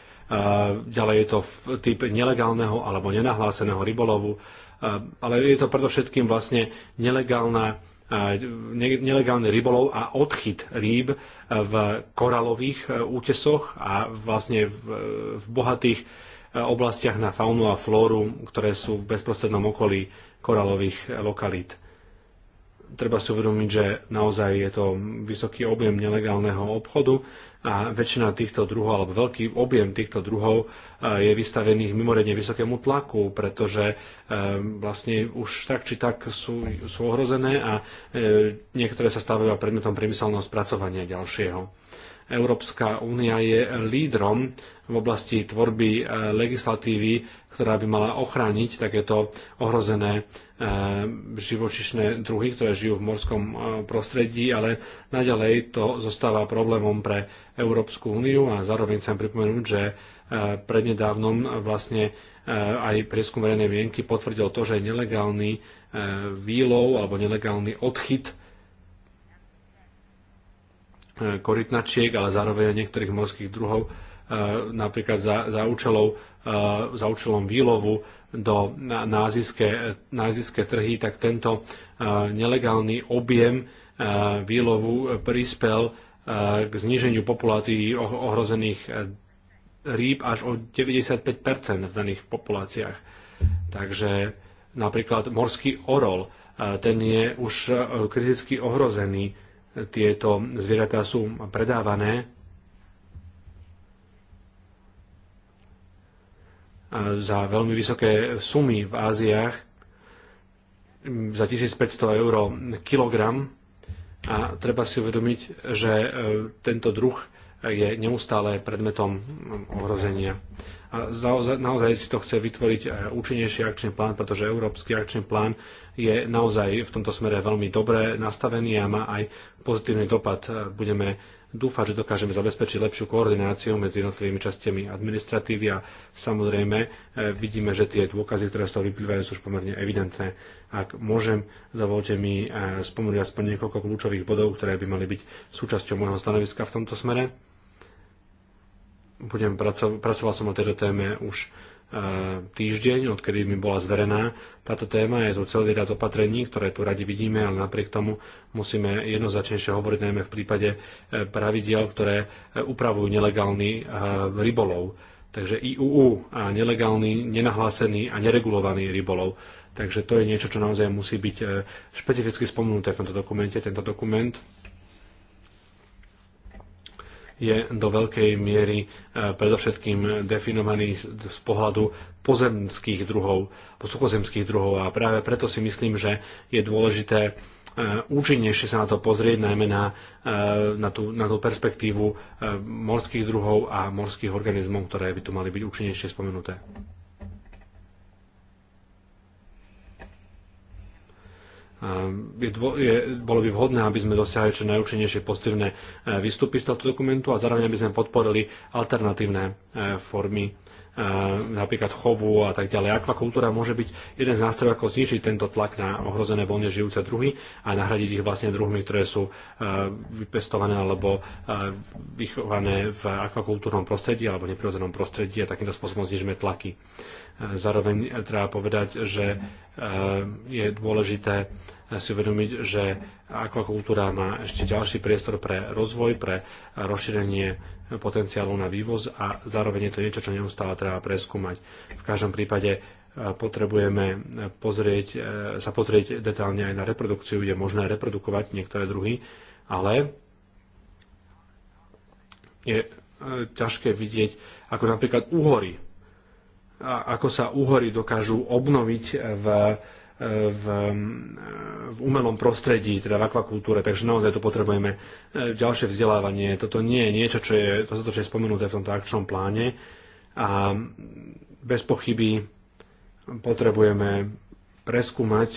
ďalej je to typ nelegálneho alebo nenahláseného rybolovu, e, ale je to predovšetkým vlastne nelegálna nelegálny rybolov a odchyt rýb v koralových útesoch a vlastne v, v bohatých oblastiach na faunu a flóru, ktoré sú v bezprostrednom okolí koralových lokalít treba si uvedomiť, že naozaj je to vysoký objem nelegálneho obchodu a väčšina týchto druhov, alebo veľký objem týchto druhov eh, je vystavených mimoriadne vysokému tlaku, pretože eh, vlastne už tak či tak sú, sú ohrozené a eh, niektoré sa stávajú predmetom priemyselného spracovania ďalšieho. Európska únia je lídrom v oblasti tvorby e, legislatívy, ktorá by mala ochrániť takéto ohrozené e, živočišné druhy, ktoré žijú v morskom e, prostredí, ale naďalej to zostáva problémom pre Európsku úniu a zároveň chcem pripomenúť, že prednedávnom vlastne aj prieskum verejnej mienky potvrdil to, že nelegálny výlov alebo nelegálny odchyt E, korytnačiek, ale zároveň aj niektorých morských druhov, e, napríklad za, za, účelov, e, za účelom výlovu do, na, na, azijské, trhy, tak tento nelegálny objem výlovu prispel k zníženiu populácií oh-, ohrozených rýb až o 95 v daných populáciách. Takže napríklad morský orol, ten je už kriticky ohrozený tieto zvieratá sú predávané za veľmi vysoké sumy v Áziách, za 1500 eur kilogram. A treba si uvedomiť, že e, tento druh je neustále predmetom ohrozenia. A naozaj, si to chce vytvoriť e, účinnejší akčný plán, pretože Európsky akčný plán je naozaj v tomto smere veľmi dobre nastavený a má aj pozitívny dopad. E, budeme dúfať, že dokážeme zabezpečiť lepšiu koordináciu medzi jednotlivými častiami administratívy a samozrejme e, vidíme, že tie dôkazy, ktoré z toho vyplývajú, sú už pomerne evidentné. Ak môžem, dovolte mi spomenúť aspoň niekoľko kľúčových bodov, ktoré by mali byť súčasťou môjho stanoviska v tomto smere budem pracov- pracoval som na tejto téme už e, týždeň, odkedy mi bola zverená. Táto téma je tu celý rad opatrení, ktoré tu radi vidíme, ale napriek tomu musíme jednoznačnejšie hovoriť najmä v prípade e, pravidiel, ktoré e, upravujú nelegálny rybolov. Takže IUU a nelegálny, nenahlásený a neregulovaný rybolov. Takže to je niečo, čo naozaj musí byť špecificky spomenuté v tomto dokumente. Tento dokument je do veľkej miery e, predovšetkým definovaný z pohľadu pozemských druhov, suchozemských druhov a práve preto si myslím, že je dôležité e, účinnejšie sa na to pozrieť, najmä na, e, na, tú, na tú perspektívu morských druhov a morských organizmov, ktoré by tu mali byť účinnejšie spomenuté. Ehm, je, je, bolo by vhodné, aby sme dosiahli čo najúčinnejšie pozitívne eh, výstupy z tohto dokumentu a zároveň aby sme podporili alternatívne eh, formy eh, napríklad chovu a tak ďalej. Akvakultúra môže byť jeden z nástrojov, ako znižiť tento tlak na ohrozené voľne žijúce druhy a nahradiť ich vlastne druhmi, ktoré sú vypestované alebo vychované v akvakultúrnom prostredí alebo neprirodzenom prostredí a takýmto spôsobom znižíme tlaky. Zároveň treba povedať, že e, je dôležité si uvedomiť, že akvakultúra má ešte ďalší priestor pre rozvoj, pre rozšírenie potenciálu na vývoz a zároveň je to niečo, čo neustále treba preskúmať. V každom prípade e, potrebujeme pozrieť, e, sa pozrieť detálne aj na reprodukciu, je možné reprodukovať niektoré druhy, ale je ťažké vidieť, ako napríklad úhory ako sa úhory dokážu obnoviť v, v, v umelom prostredí, teda v akvakultúre, takže naozaj tu potrebujeme e, ďalšie vzdelávanie. Toto nie je niečo, čo je, to, čo je spomenuté v tomto akčnom pláne a bez pochyby potrebujeme preskúmať,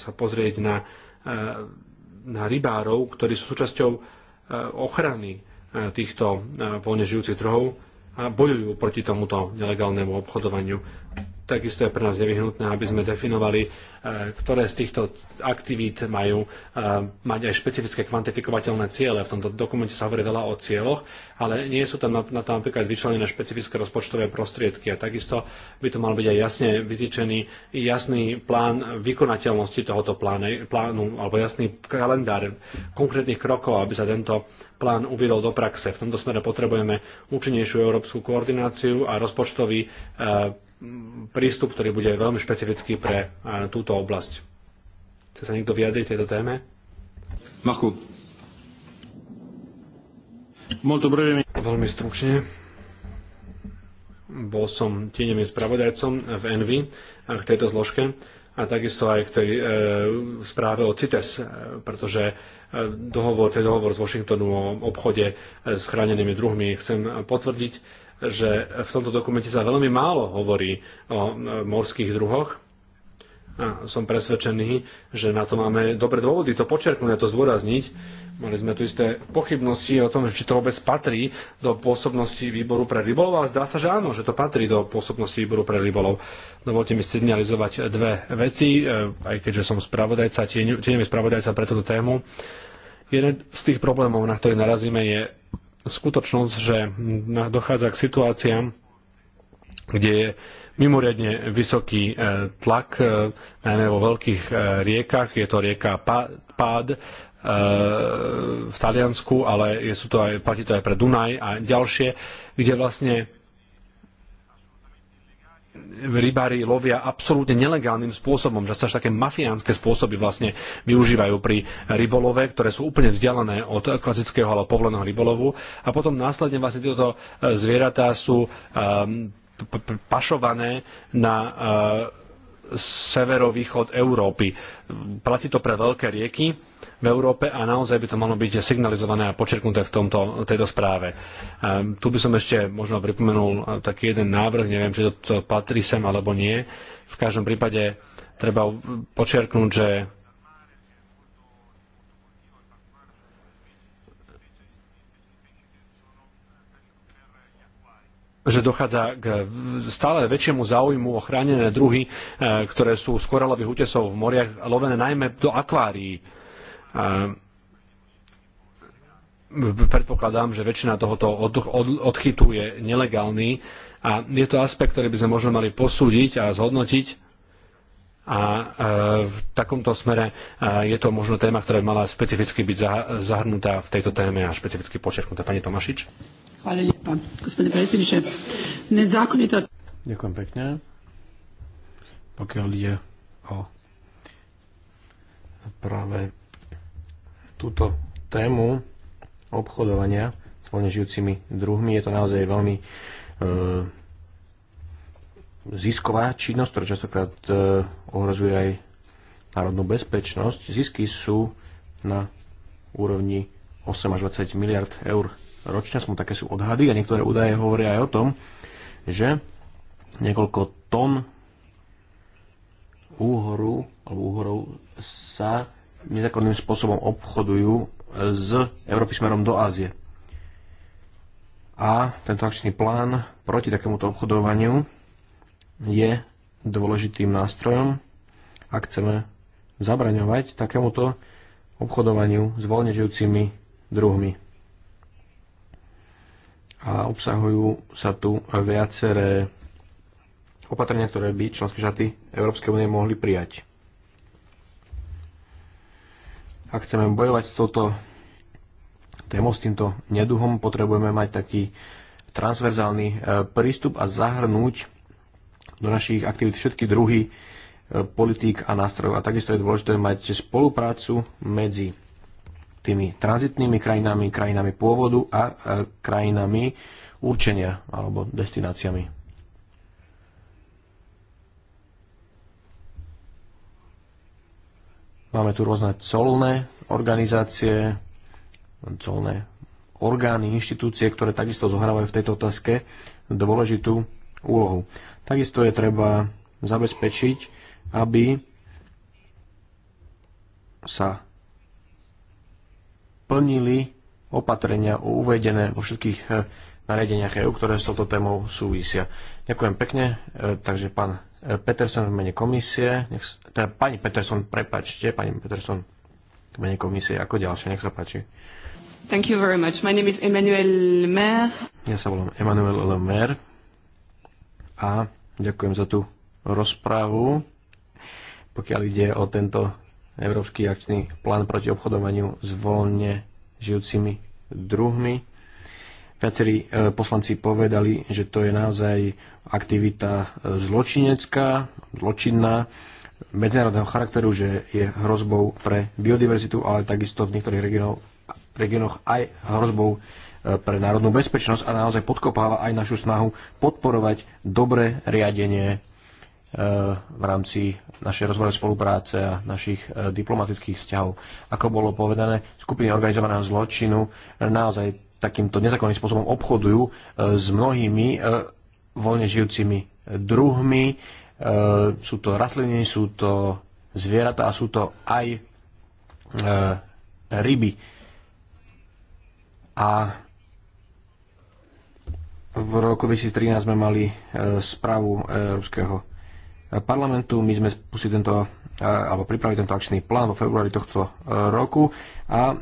sa pozrieť na, e, na rybárov, ktorí sú súčasťou e, ochrany týchto voľne žijúcich druhov bojujú proti tomuto nelegálnemu obchodovaniu takisto je pre nás nevyhnutné, aby sme definovali, e, ktoré z týchto aktivít majú e, mať aj špecifické kvantifikovateľné ciele. V tomto dokumente sa hovorí veľa o cieľoch, ale nie sú tam na to napríklad vyčlenené špecifické rozpočtové prostriedky. A takisto by to mal byť aj jasne vytýčený jasný plán vykonateľnosti tohoto pláne, plánu alebo jasný kalendár konkrétnych krokov, aby sa tento plán uviedol do praxe. V tomto smere potrebujeme účinnejšiu európsku koordináciu a rozpočtový e, prístup, ktorý bude veľmi špecifický pre e, túto oblasť. Chce sa niekto vyjadriť tejto téme? Machu. Veľmi stručne. Bol som tieňovým spravodajcom v Envy k tejto zložke a takisto aj k tej e, správe o CITES, e, pretože e, dohovor, ten dohovor z Washingtonu o obchode s chránenými druhmi chcem potvrdiť že v tomto dokumente sa veľmi málo hovorí o e, morských druhoch. A som presvedčený, že na to máme dobre dôvody to počerknúť a to zdôrazniť. Mali sme tu isté pochybnosti o tom, či to vôbec patrí do pôsobnosti výboru pre rybolov, ale zdá sa, že áno, že to patrí do pôsobnosti výboru pre rybolov. Dovolte mi signalizovať dve veci, e, aj keďže som spravodajca, tieňový spravodajca pre túto tému. Jeden z tých problémov, na ktorý narazíme, je skutočnosť, že dochádza k situáciám, kde je mimoriadne vysoký e, tlak, e, najmä vo veľkých e, riekach. Je to rieka Pád v Taliansku, ale sú to aj, platí to aj pre Dunaj a ďalšie, kde vlastne rybári lovia absolútne nelegálnym spôsobom, že sa až také mafiánske spôsoby vlastne využívajú pri rybolove, ktoré sú úplne vzdialené od klasického alebo povoleného rybolovu. A potom následne vlastne tieto e, zvieratá sú e, pašované na e, severovýchod Európy. Platí to pre veľké rieky, v Európe a naozaj by to malo byť signalizované a počerknuté v tomto, tejto správe. Tu by som ešte možno pripomenul e, taký jeden návrh, neviem, či to patrí sem alebo nie. V každom prípade treba počerknúť, že že dochádza k stále väčšiemu záujmu o chránené druhy, e, ktoré sú koralových útesov v moriach lovené najmä do akvárií predpokladám, že väčšina tohoto odchytu je nelegálny a je to aspekt, ktorý by sme možno mali posúdiť a zhodnotiť a e, v takomto smere e, je to možno téma, ktorá by mala špecificky byť zahrnutá v tejto téme a špecificky počerknutá. Pani Tomašič. Hvala lijepa, gospodine predsjedniče. Nezakonito... Ďakujem pekne. Pokiaľ je o práve túto tému obchodovania s voľne žijúcimi druhmi. Je to naozaj veľmi e, zisková činnosť, ktorá častokrát e, ohrozuje aj národnú bezpečnosť. Zisky sú na úrovni 8 až 20 miliard eur ročne, sú také sú odhady a niektoré údaje hovoria aj o tom, že niekoľko tón úhoru alebo úhorov sa nezákonným spôsobom obchodujú z Európy smerom do Ázie. A tento akčný plán proti takémuto obchodovaniu je dôležitým nástrojom, ak chceme zabraňovať takémuto obchodovaniu s voľne žijúcimi druhmi. A obsahujú sa tu viaceré opatrenia, ktoré by členské štáty Európskej únie mohli prijať ak chceme bojovať s touto témou, s týmto neduhom, potrebujeme mať taký transverzálny e, prístup a zahrnúť do našich aktivít všetky druhy e, politík a nástrojov. A takisto je dôležité mať spoluprácu medzi tými tranzitnými krajinami, krajinami pôvodu a e, krajinami určenia alebo destináciami. Máme tu rôzne colné organizácie, colné orgány, inštitúcie, ktoré takisto zohrávajú v tejto otázke dôležitú úlohu. Takisto je treba zabezpečiť, aby sa plnili opatrenia uvedené vo všetkých eh, nariadeniach EU, ktoré s touto témou súvisia. Ďakujem pekne, e, takže pán e, Peterson v mene komisie, nech, teda pani Peterson, prepačte, pani Peterson v mene komisie ako ďalšie, nech sa páči. Thank you very much. My name is Emmanuel Lemaire. Ja sa volám Emmanuel Lemaire a ďakujem za tú rozprávu, pokiaľ ide o tento Európsky akčný plán proti obchodovaniu s voľne žijúcimi druhmi Viacerí e, poslanci povedali, že to je naozaj aktivita e, zločinecká, zločinná, medzinárodného charakteru, že je hrozbou pre biodiverzitu, ale takisto v niektorých regiónoch, aj hrozbou e, pre národnú bezpečnosť a naozaj podkopáva aj našu snahu podporovať dobré riadenie v rámci našej rozvojovej spolupráce a našich diplomatických vzťahov. Ako bolo povedané, skupiny organizovaného zločinu naozaj takýmto nezákonným spôsobom obchodujú e, s mnohými e, voľne žijúcimi e, druhmi. Sú to rastliny, sú to zvieratá a sú to aj ryby. A v roku 2013 sme mali správu Európskeho parlamentu. My sme spustili tento, alebo pripravili tento akčný plán vo februári tohto roku a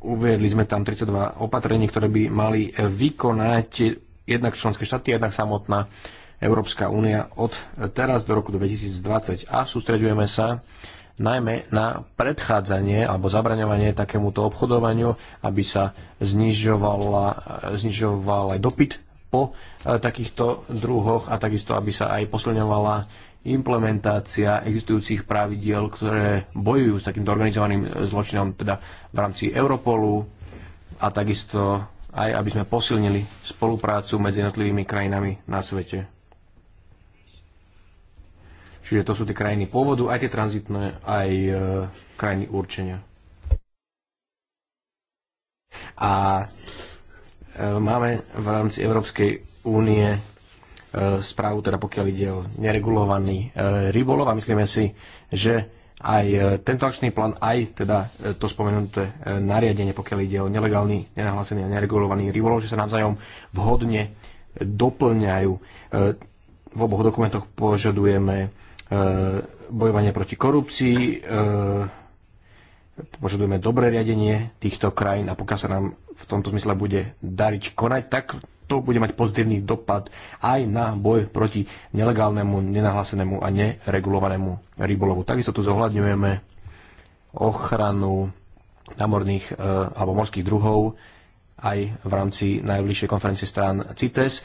Uvedli sme tam 32 opatrení, ktoré by mali vykonať jednak členské štáty, jednak samotná Európska únia od teraz do roku 2020 a sústredujeme sa najmä na predchádzanie alebo zabraňovanie takémuto obchodovaniu, aby sa znižoval aj dopyt po e, takýchto druhoch a takisto, aby sa aj posilňovala implementácia existujúcich pravidiel, ktoré bojujú s takýmto organizovaným zločinom, teda v rámci Europolu a takisto aj aby sme posilnili spoluprácu medzi jednotlivými krajinami na svete. Čiže to sú tie krajiny pôvodu, aj tie tranzitné, aj e, krajiny určenia. A e, máme v rámci Európskej únie E, správu, teda pokiaľ ide o neregulovaný e, rybolov a myslíme si, že aj e, tento akčný plán, aj teda to spomenuté nariadenie, pokiaľ ide o nelegálny, nenahlásený a neregulovaný rybolov, že sa navzájom vhodne doplňajú. V oboch dokumentoch požadujeme bojovanie proti korupcii, požadujeme dobré riadenie týchto krajín a pokiaľ sa nám v tomto zmysle bude dariť konať, tak to bude mať pozitívny dopad aj na boj proti nelegálnemu, nenahlásenému a neregulovanému rybolovu. Takisto tu zohľadňujeme ochranu námorných e, alebo morských druhov aj v rámci najbližšej konferencie strán CITES. E,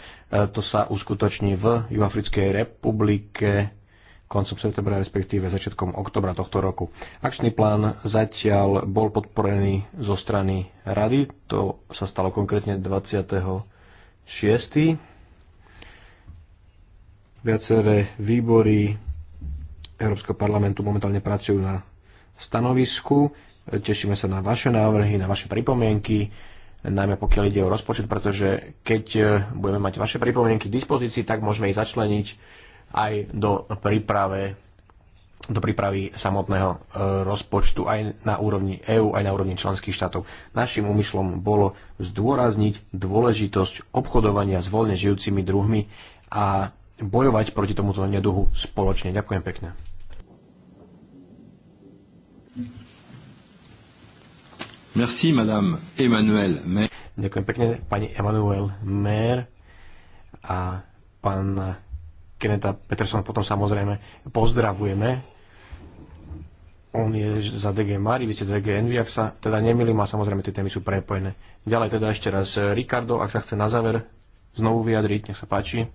to sa uskutoční v Juhafrickej republike koncom septembra, respektíve začiatkom oktobra tohto roku. Akčný plán zatiaľ bol podporený zo strany rady, to sa stalo konkrétne 20. 6. Viaceré výbory Európskeho parlamentu momentálne pracujú na stanovisku. Tešíme sa na vaše návrhy, na vaše pripomienky, najmä pokiaľ ide o rozpočet, pretože keď eh, budeme mať vaše pripomienky k dispozícii, tak môžeme ich začleniť aj do príprave do prípravy samotného e, rozpočtu aj na úrovni EÚ, aj na úrovni členských štátov. Našim úmyslom bolo zdôrazniť dôležitosť obchodovania s voľne žijúcimi druhmi a bojovať proti tomuto neduhu spoločne. Ďakujem pekne. Merci, madame Emmanuel Mer. Ďakujem pekne, pani Emmanuel Mer a pán Keneta Peterson potom samozrejme pozdravujeme on je za DG Mari, vy ste DG Envy, ak sa teda nemýlim a samozrejme tie témy sú prepojené. Ďalej teda ešte raz eh, Ricardo, ak sa chce na záver znovu vyjadriť, nech sa páči.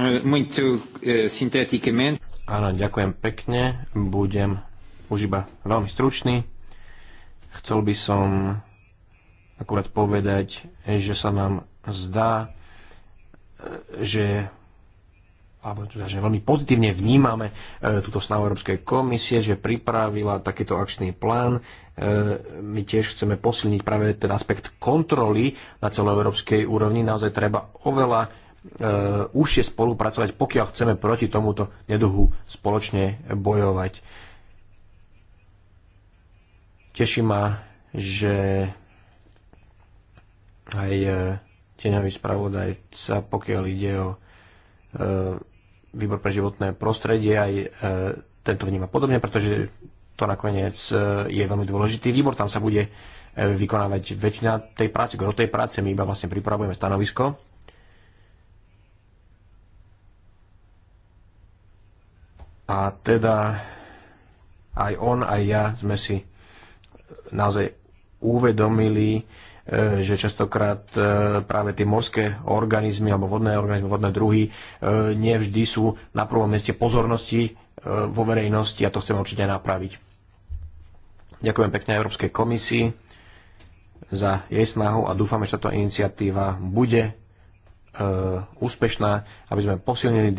Eh, muito eh, Áno, ďakujem pekne, budem už iba veľmi stručný. Chcel by som akurát povedať, že sa nám zdá, že alebo teda, že veľmi pozitívne vnímame e, túto snahu Európskej komisie, že pripravila takýto akčný plán. E, my tiež chceme posilniť práve ten aspekt kontroly na európskej úrovni. Naozaj treba oveľa e, užšie spolupracovať, pokiaľ chceme proti tomuto neduhu spoločne bojovať. Teší ma, že aj e, tieňový spravodajca, pokiaľ ide o e, výbor pre životné prostredie aj e, tento vníma podobne, pretože to nakoniec e, je veľmi dôležitý výbor, tam sa bude e, vykonávať väčšina tej práce, gro tej práce, my iba vlastne pripravujeme stanovisko. A teda aj on, aj ja sme si naozaj uvedomili, E, že častokrát e, práve tie morské organizmy alebo vodné organizmy, vodné druhy e, nevždy sú na prvom meste pozornosti vo verejnosti a to chceme určite napraviť. Ďakujem pekne Európskej komisii za jej snahu a dúfame, že táto iniciatíva bude úspešná, aby sme posilnili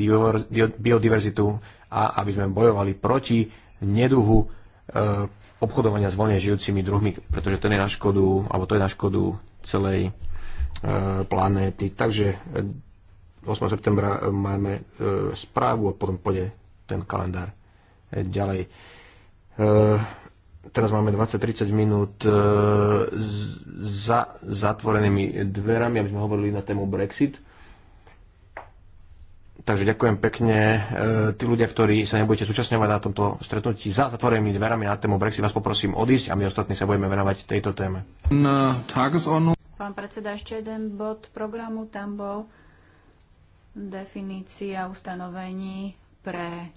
biodiverzitu a aby sme bojovali proti neduhu, obchodovania s voľne žijúcimi druhmi, pretože ten je na škodu, alebo to je na škodu celej e, planéty. Takže 8. E, septembra e, máme e, správu a potom pôjde ten kalendár e, ďalej. E, teraz máme 20-30 minút e, za zatvorenými dverami, aby sme hovorili na tému Brexit. Takže ďakujem pekne. E, tí ľudia, ktorí sa nebudete súčasňovať na tomto stretnutí za zatvorenými dverami na tému Brexit, vás poprosím odísť a my ostatní sa budeme venovať tejto téme. Pán predseda, ešte jeden bod programu, tam bol definícia ustanovení pre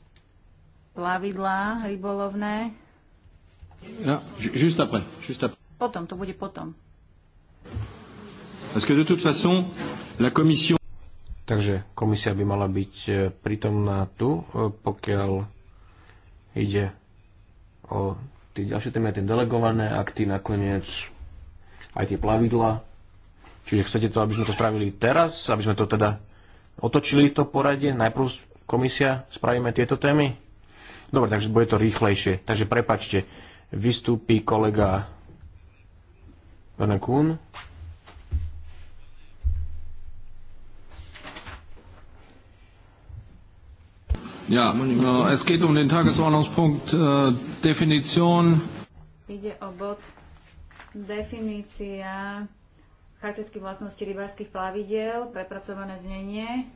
plavidlá rybolovné. Ja, just après, just après. Potom, to bude potom. Parce que de toute façon, la commission... Takže komisia by mala byť e, prítomná tu, e, pokiaľ ide o tie ďalšie témy, tie delegované akty nakoniec, aj tie plavidla. Čiže chcete to, aby sme to spravili teraz, aby sme to teda otočili to poradie, najprv komisia spravíme tieto témy? Dobre, takže bude to rýchlejšie. Takže prepačte, vystúpi kolega Renekún. Ja, äh, es geht um den Tagesordnungspunkt äh, Definition. Ide o bod definícia charakteristických vlastností rybárskych plavidiel, prepracované znenie.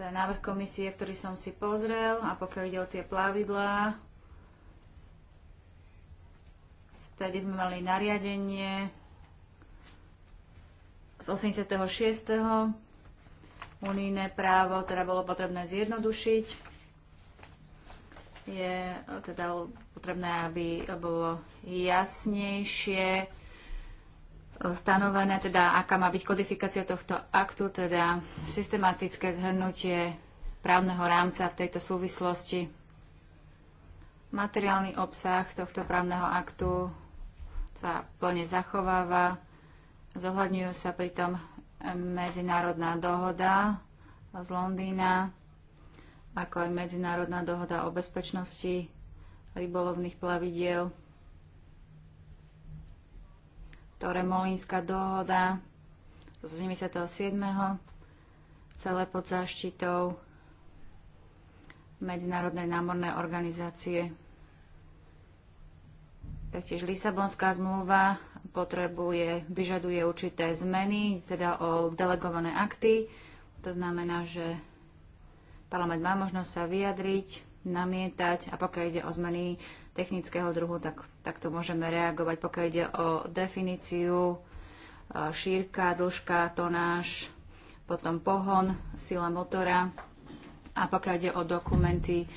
To je návrh komisie, ktorý som si pozrel a pokiaľ ide o tie plavidlá, vtedy sme mali nariadenie z 86. Unijné právo teda bolo potrebné zjednodušiť je teda potrebné, aby bolo jasnejšie stanovené, teda aká má byť kodifikácia tohto aktu, teda systematické zhrnutie právneho rámca v tejto súvislosti. Materiálny obsah tohto právneho aktu sa plne zachováva, zohľadňujú sa pritom medzinárodná dohoda z Londýna, ako aj medzinárodná dohoda o bezpečnosti rybolovných plavidiel, ktoré dohoda z 77. celé pod záštitou Medzinárodnej námornej organizácie. Taktiež Lisabonská zmluva potrebuje, vyžaduje určité zmeny, teda o delegované akty. To znamená, že Parlament má možnosť sa vyjadriť, namietať a pokiaľ ide o zmeny technického druhu, tak, tak to môžeme reagovať. Pokiaľ ide o definíciu, e, šírka, dĺžka, tonáž, potom pohon, sila motora a pokiaľ ide o dokumenty, e,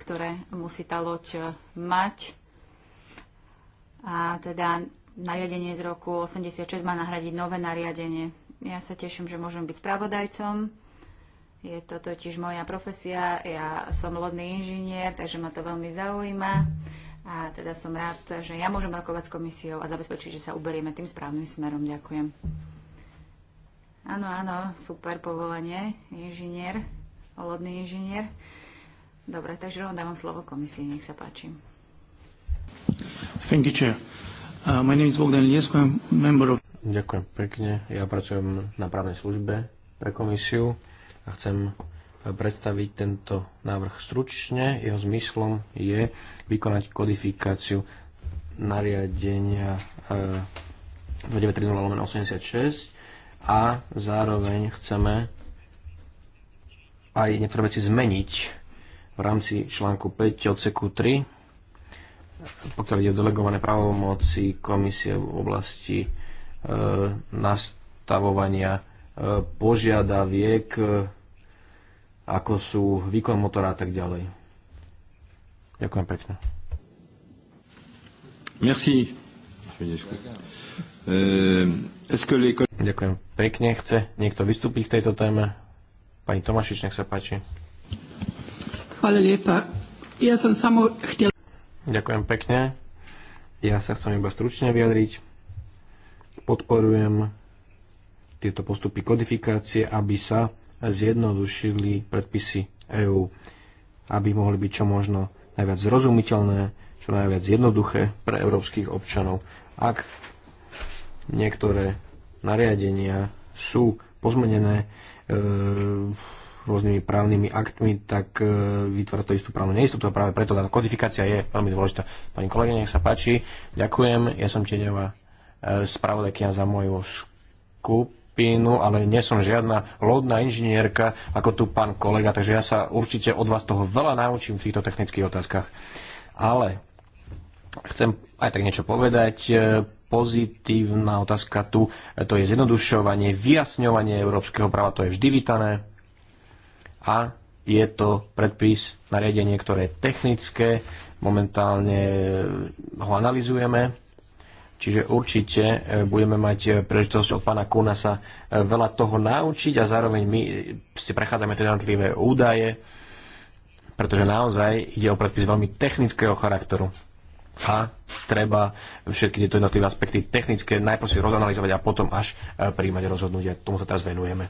ktoré musí tá loď e, mať. A teda nariadenie z roku 86 má nahradiť nové nariadenie. Ja sa teším, že môžem byť spravodajcom. Je to totiž moja profesia, ja som lodný inžinier, takže ma to veľmi zaujíma. A teda som rád, že ja môžem rokovať s komisiou a zabezpečiť, že sa uberieme tým správnym smerom. Ďakujem. Áno, áno, super povolanie, inžinier, lodný inžinier. Dobre, takže rovno dávam slovo komisii, nech sa páči. Thank you, Chair. Uh, my name is Bogdan Liesko, I'm member of... Ďakujem pekne. Ja pracujem na právnej službe pre komisiu a chcem predstaviť tento návrh stručne. Jeho zmyslom je vykonať kodifikáciu nariadenia 2930-86 e, a zároveň chceme aj niektoré veci zmeniť v rámci článku 5 odseku 3, pokiaľ ide o delegované právomoci komisie v oblasti e, nastavovania e, požiadaviek e, ako sú výkon motora a tak ďalej. Ďakujem pekne. Merci. Euh, Ďakujem pekne. Chce niekto vystúpiť v tejto téme? Pani Tomašič, nech sa páči. Hvala lepa. Ja som samo chtjela... Ďakujem pekne. Ja sa chcem iba stručne vyjadriť. Podporujem tieto postupy kodifikácie, aby sa zjednodušili predpisy EÚ, aby mohli byť čo možno najviac zrozumiteľné, čo najviac jednoduché pre európskych občanov. Ak niektoré nariadenia sú pozmenené e, rôznymi právnymi aktmi, tak e, vytvára to istú právnu neistotu a práve preto tá kodifikácia je veľmi dôležitá. Pani kolegyne, nech sa páči. Ďakujem. Ja som tieňová e, spravodajkina za moju skup, špínu, ale nie som žiadna lodná inžinierka, ako tu pán kolega, takže ja sa určite od vás toho veľa naučím v týchto technických otázkach. Ale chcem aj tak niečo povedať. E, pozitívna otázka tu, e, to je zjednodušovanie, vyjasňovanie európskeho práva, to je vždy vítané. A je to predpis, nariadenie, ktoré je technické, momentálne ho analizujeme Čiže určite e, budeme mať e, príležitosť od pána Kuna sa e, veľa toho naučiť a zároveň my si prechádzame tie jednotlivé údaje, pretože naozaj ide o predpis veľmi technického charakteru a treba všetky tieto jednotlivé aspekty technické najprv si rozanalizovať a potom až príjmať rozhodnutia. Tomu sa teraz venujeme.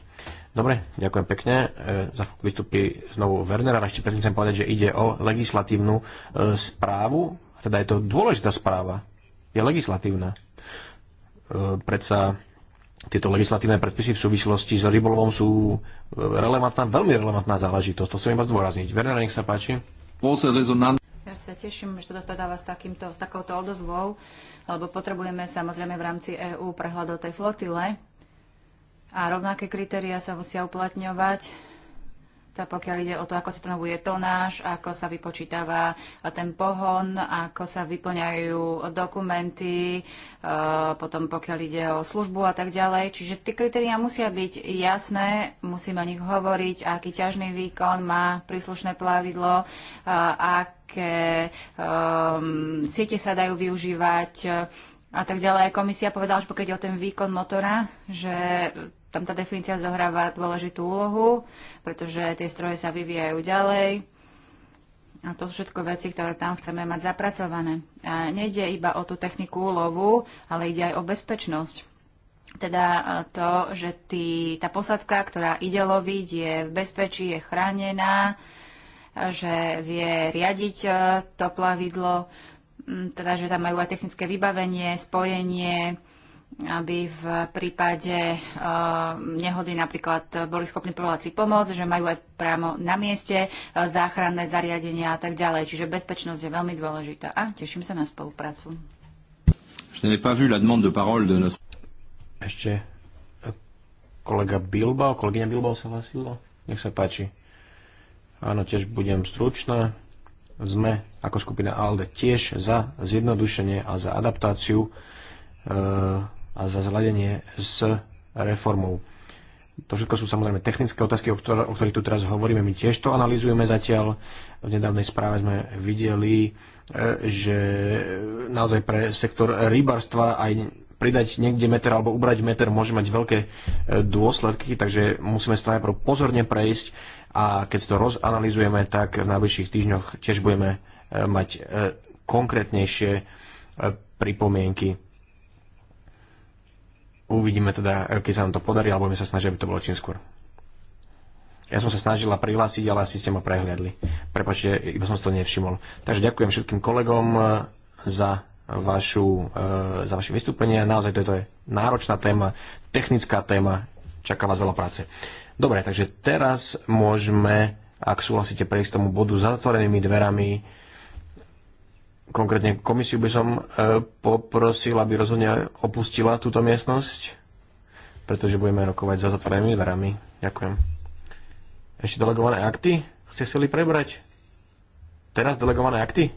Dobre, ďakujem pekne. Za chvíľku vystupí znovu Werner, ale ešte predtým chcem povedať, že ide o legislatívnu správu, teda je to dôležitá správa je legislatívna. E, predsa tieto legislatívne predpisy v súvislosti s rybolovom sú e, relevantná, veľmi relevantná záležitosť. To chcem iba zdôrazniť. Verena, nech sa páči. Ja sa teším, že to dostáva s, takýmto, s takouto odozvou, lebo potrebujeme samozrejme v rámci EÚ prehľad o tej flotile a rovnaké kritéria sa musia uplatňovať pokiaľ ide o to, ako sa stanovuje tonáž, ako sa vypočítava ten pohon, ako sa vyplňajú dokumenty, eh, potom pokiaľ ide o službu a tak ďalej. Čiže tie kritériá musia byť jasné, musíme o nich hovoriť, aký ťažný výkon má príslušné plavidlo, eh, aké um, siete sa dajú využívať a tak ďalej. Komisia povedala, že pokiaľ ide o ten výkon motora, že tam tá definícia zohráva dôležitú úlohu, pretože tie stroje sa vyvíjajú ďalej. A to sú všetko veci, ktoré tam chceme mať zapracované. A nejde iba o tú techniku lovu, ale ide aj o bezpečnosť. Teda to, že tý, tá posadka, ktorá ide loviť, je v bezpečí, je chránená, že vie riadiť to plavidlo, mm, teda že tam majú aj technické vybavenie, spojenie, aby v prípade uh, nehody napríklad boli schopní povolať si pomoc, že majú aj priamo na mieste uh, záchranné zariadenia a tak ďalej. Čiže bezpečnosť je veľmi dôležitá a teším sa na spoluprácu. Ešte eh, kolega Bilbao, kolegyňa Bilbao sa hlasila. Nech sa páči. Áno, tiež budem stručná. Sme ako skupina ALDE tiež za zjednodušenie a za adaptáciu uh, a za zladenie s reformou. To všetko sú samozrejme technické otázky, o, ktor- o ktorých tu teraz hovoríme. My tiež to analýzujeme zatiaľ. V nedávnej správe sme videli, e, že naozaj pre sektor rybarstva aj pridať niekde meter alebo ubrať meter môže mať veľké e, dôsledky, takže musíme to najprv pozorne prejsť a keď to rozanalizujeme, tak v najbližších týždňoch tiež budeme e, mať konkrétnejšie pripomienky. Uvidíme teda, keď sa nám to podarí, alebo budeme sa snažiť, aby to bolo čím skôr. Ja som sa snažila prihlásiť, ale asi ste ma prehliadli. Prepačte, iba som si to nevšimol. Takže ďakujem všetkým kolegom e, za, vašu, e, za vaše vystúpenie. Naozaj toto je náročná téma, technická téma. Čaká vás veľa práce. Dobre, takže teraz môžeme, ak súhlasíte, prejsť k tomu bodu za zatvorenými dverami konkrétne komisiu by som e, poprosil, aby rozhodne opustila túto miestnosť, pretože budeme rokovať za zatvorenými dverami. Ďakujem. Ešte delegované akty? Chce si prebrať? Teraz delegované akty?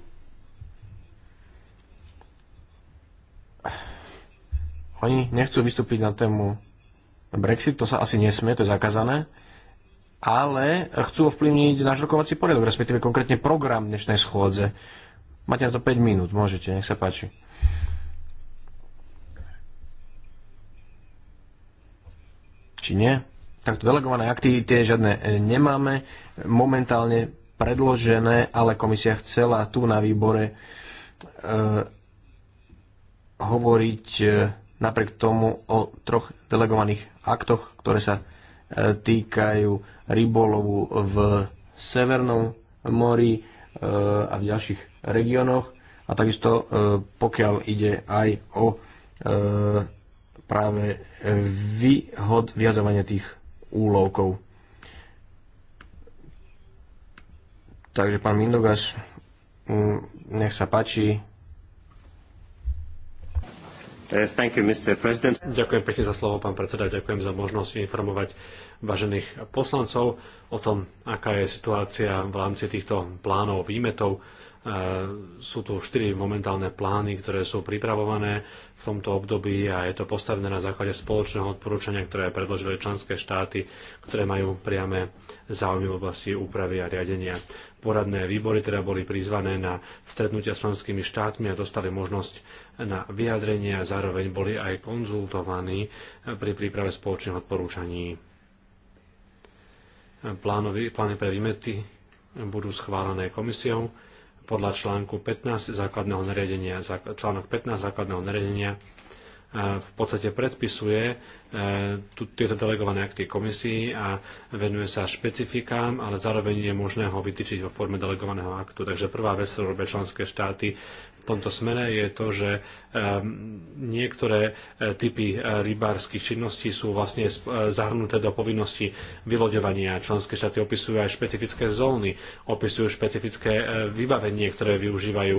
Oni nechcú vystúpiť na tému Brexit, to sa asi nesmie, to je zakázané, ale chcú ovplyvniť náš rokovací poriadok, respektíve konkrétne program dnešnej schôdze. Máte na to 5 minút, môžete, nech sa páči. Či nie? Takto delegované aktivity žiadne e, nemáme. Momentálne predložené, ale komisia chcela tu na výbore e, hovoriť e, napriek tomu o troch delegovaných aktoch, ktoré sa e, týkajú rybolovu v Severnom mori e, a v ďalších regiónoch a takisto e, pokiaľ ide aj o e, práve výhod vyhadzovania tých úlovkov. Takže pán Mindogas, nech sa páči. E, thank you, Mr. President. Ďakujem pekne za slovo, pán predseda. Ďakujem za možnosť informovať vážených poslancov o tom, aká je situácia v rámci týchto plánov výmetov E, sú tu štyri momentálne plány, ktoré sú pripravované v tomto období a je to postavené na základe spoločného odporúčania, ktoré predložili členské štáty, ktoré majú priame záujmy v oblasti úpravy a riadenia. Poradné výbory teda boli prizvané na stretnutia s členskými štátmi a dostali možnosť na vyjadrenie a zároveň boli aj konzultovaní pri príprave spoločných odporúčaní. plány pre výmety budú schválené komisiou podľa článku 15 základného nariadenia. Článok 15 základného nariadenia e, v podstate predpisuje e, tieto delegované akty komisii a venuje sa špecifikám, ale zároveň je možné ho vytýčiť vo forme delegovaného aktu. Takže prvá vec, ktorú robia členské štáty v tomto smere je to, že ehm, niektoré e, typy e, rybárskych činností sú vlastne e, zahrnuté do povinnosti vyloďovania. Členské štáty opisujú aj špecifické zóny, opisujú špecifické vybavenie, ktoré využívajú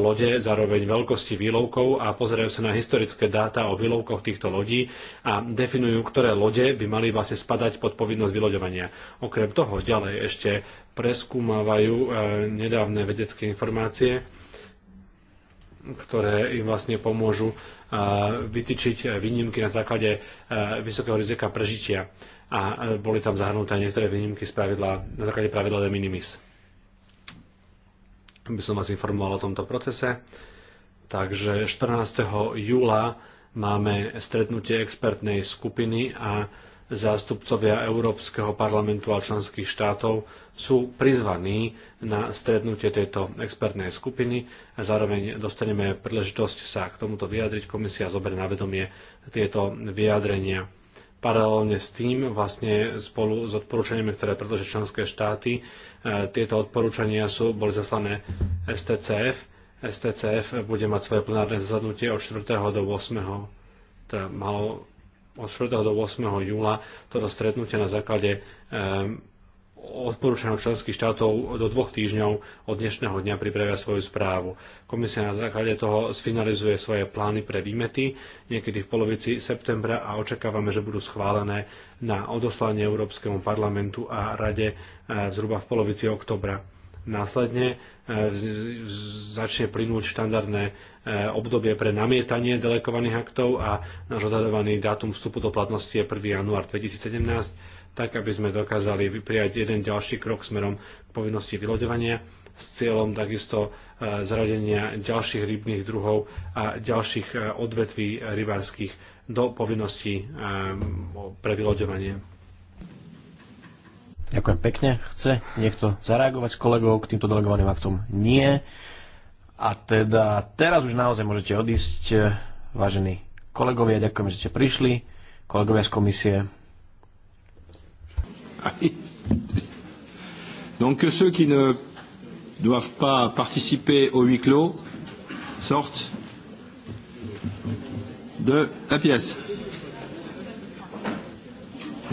lode, zároveň veľkosti výlovkov a pozerajú sa na historické dáta o výlovkoch týchto lodí a definujú, ktoré lode by mali vlastne spadať pod povinnosť vyloďovania. Okrem toho ďalej ešte preskúmavajú nedávne vedecké informácie, ktoré im vlastne pomôžu vytýčiť e, výnimky na základe e, vysokého rizika prežitia. A e, boli tam zahrnuté niektoré výnimky z pravidla, na základe pravidla de minimis. By som vás informoval o tomto procese. Takže 14. júla máme stretnutie expertnej skupiny a zástupcovia Európskeho parlamentu a členských štátov sú prizvaní na strednutie tejto expertnej skupiny a zároveň dostaneme príležitosť sa k tomuto vyjadriť. Komisia zoberie na vedomie tieto vyjadrenia. Paralelne s tým, vlastne spolu s odporúčaniami, ktoré predložia členské štáty, e, tieto odporúčania sú, boli zaslané STCF. STCF bude mať svoje plenárne zasadnutie od 4. do 8. Teda malo od 4. do 8. júla toto stretnutie na základe odporúčania členských štátov do dvoch týždňov od dnešného dňa pripravia svoju správu. Komisia na základe toho sfinalizuje svoje plány pre výmety niekedy v polovici septembra a očakávame, že budú schválené na odoslanie Európskemu parlamentu a Rade eh, zhruba v polovici oktobra. Následne eh, začne plynúť štandardné E, obdobie pre namietanie delegovaných aktov a náš odhadovaný dátum vstupu do platnosti je 1. január 2017, tak aby sme dokázali prijať jeden ďalší krok smerom k povinnosti vyloďovania s cieľom takisto e, zradenia ďalších rybných druhov a ďalších e, odvetví rybárskych do povinností pre vyloďovanie. Ďakujem pekne. Chce niekto zareagovať s kolegov k týmto delegovaným aktom? Nie. A teda teraz už naozaj môžete odísť, eh, vážení kolegovia, ďakujem, že ste prišli, kolegovia z komisie. Donc ceux qui ne doivent pas participer au huis clos sortent de la pièce.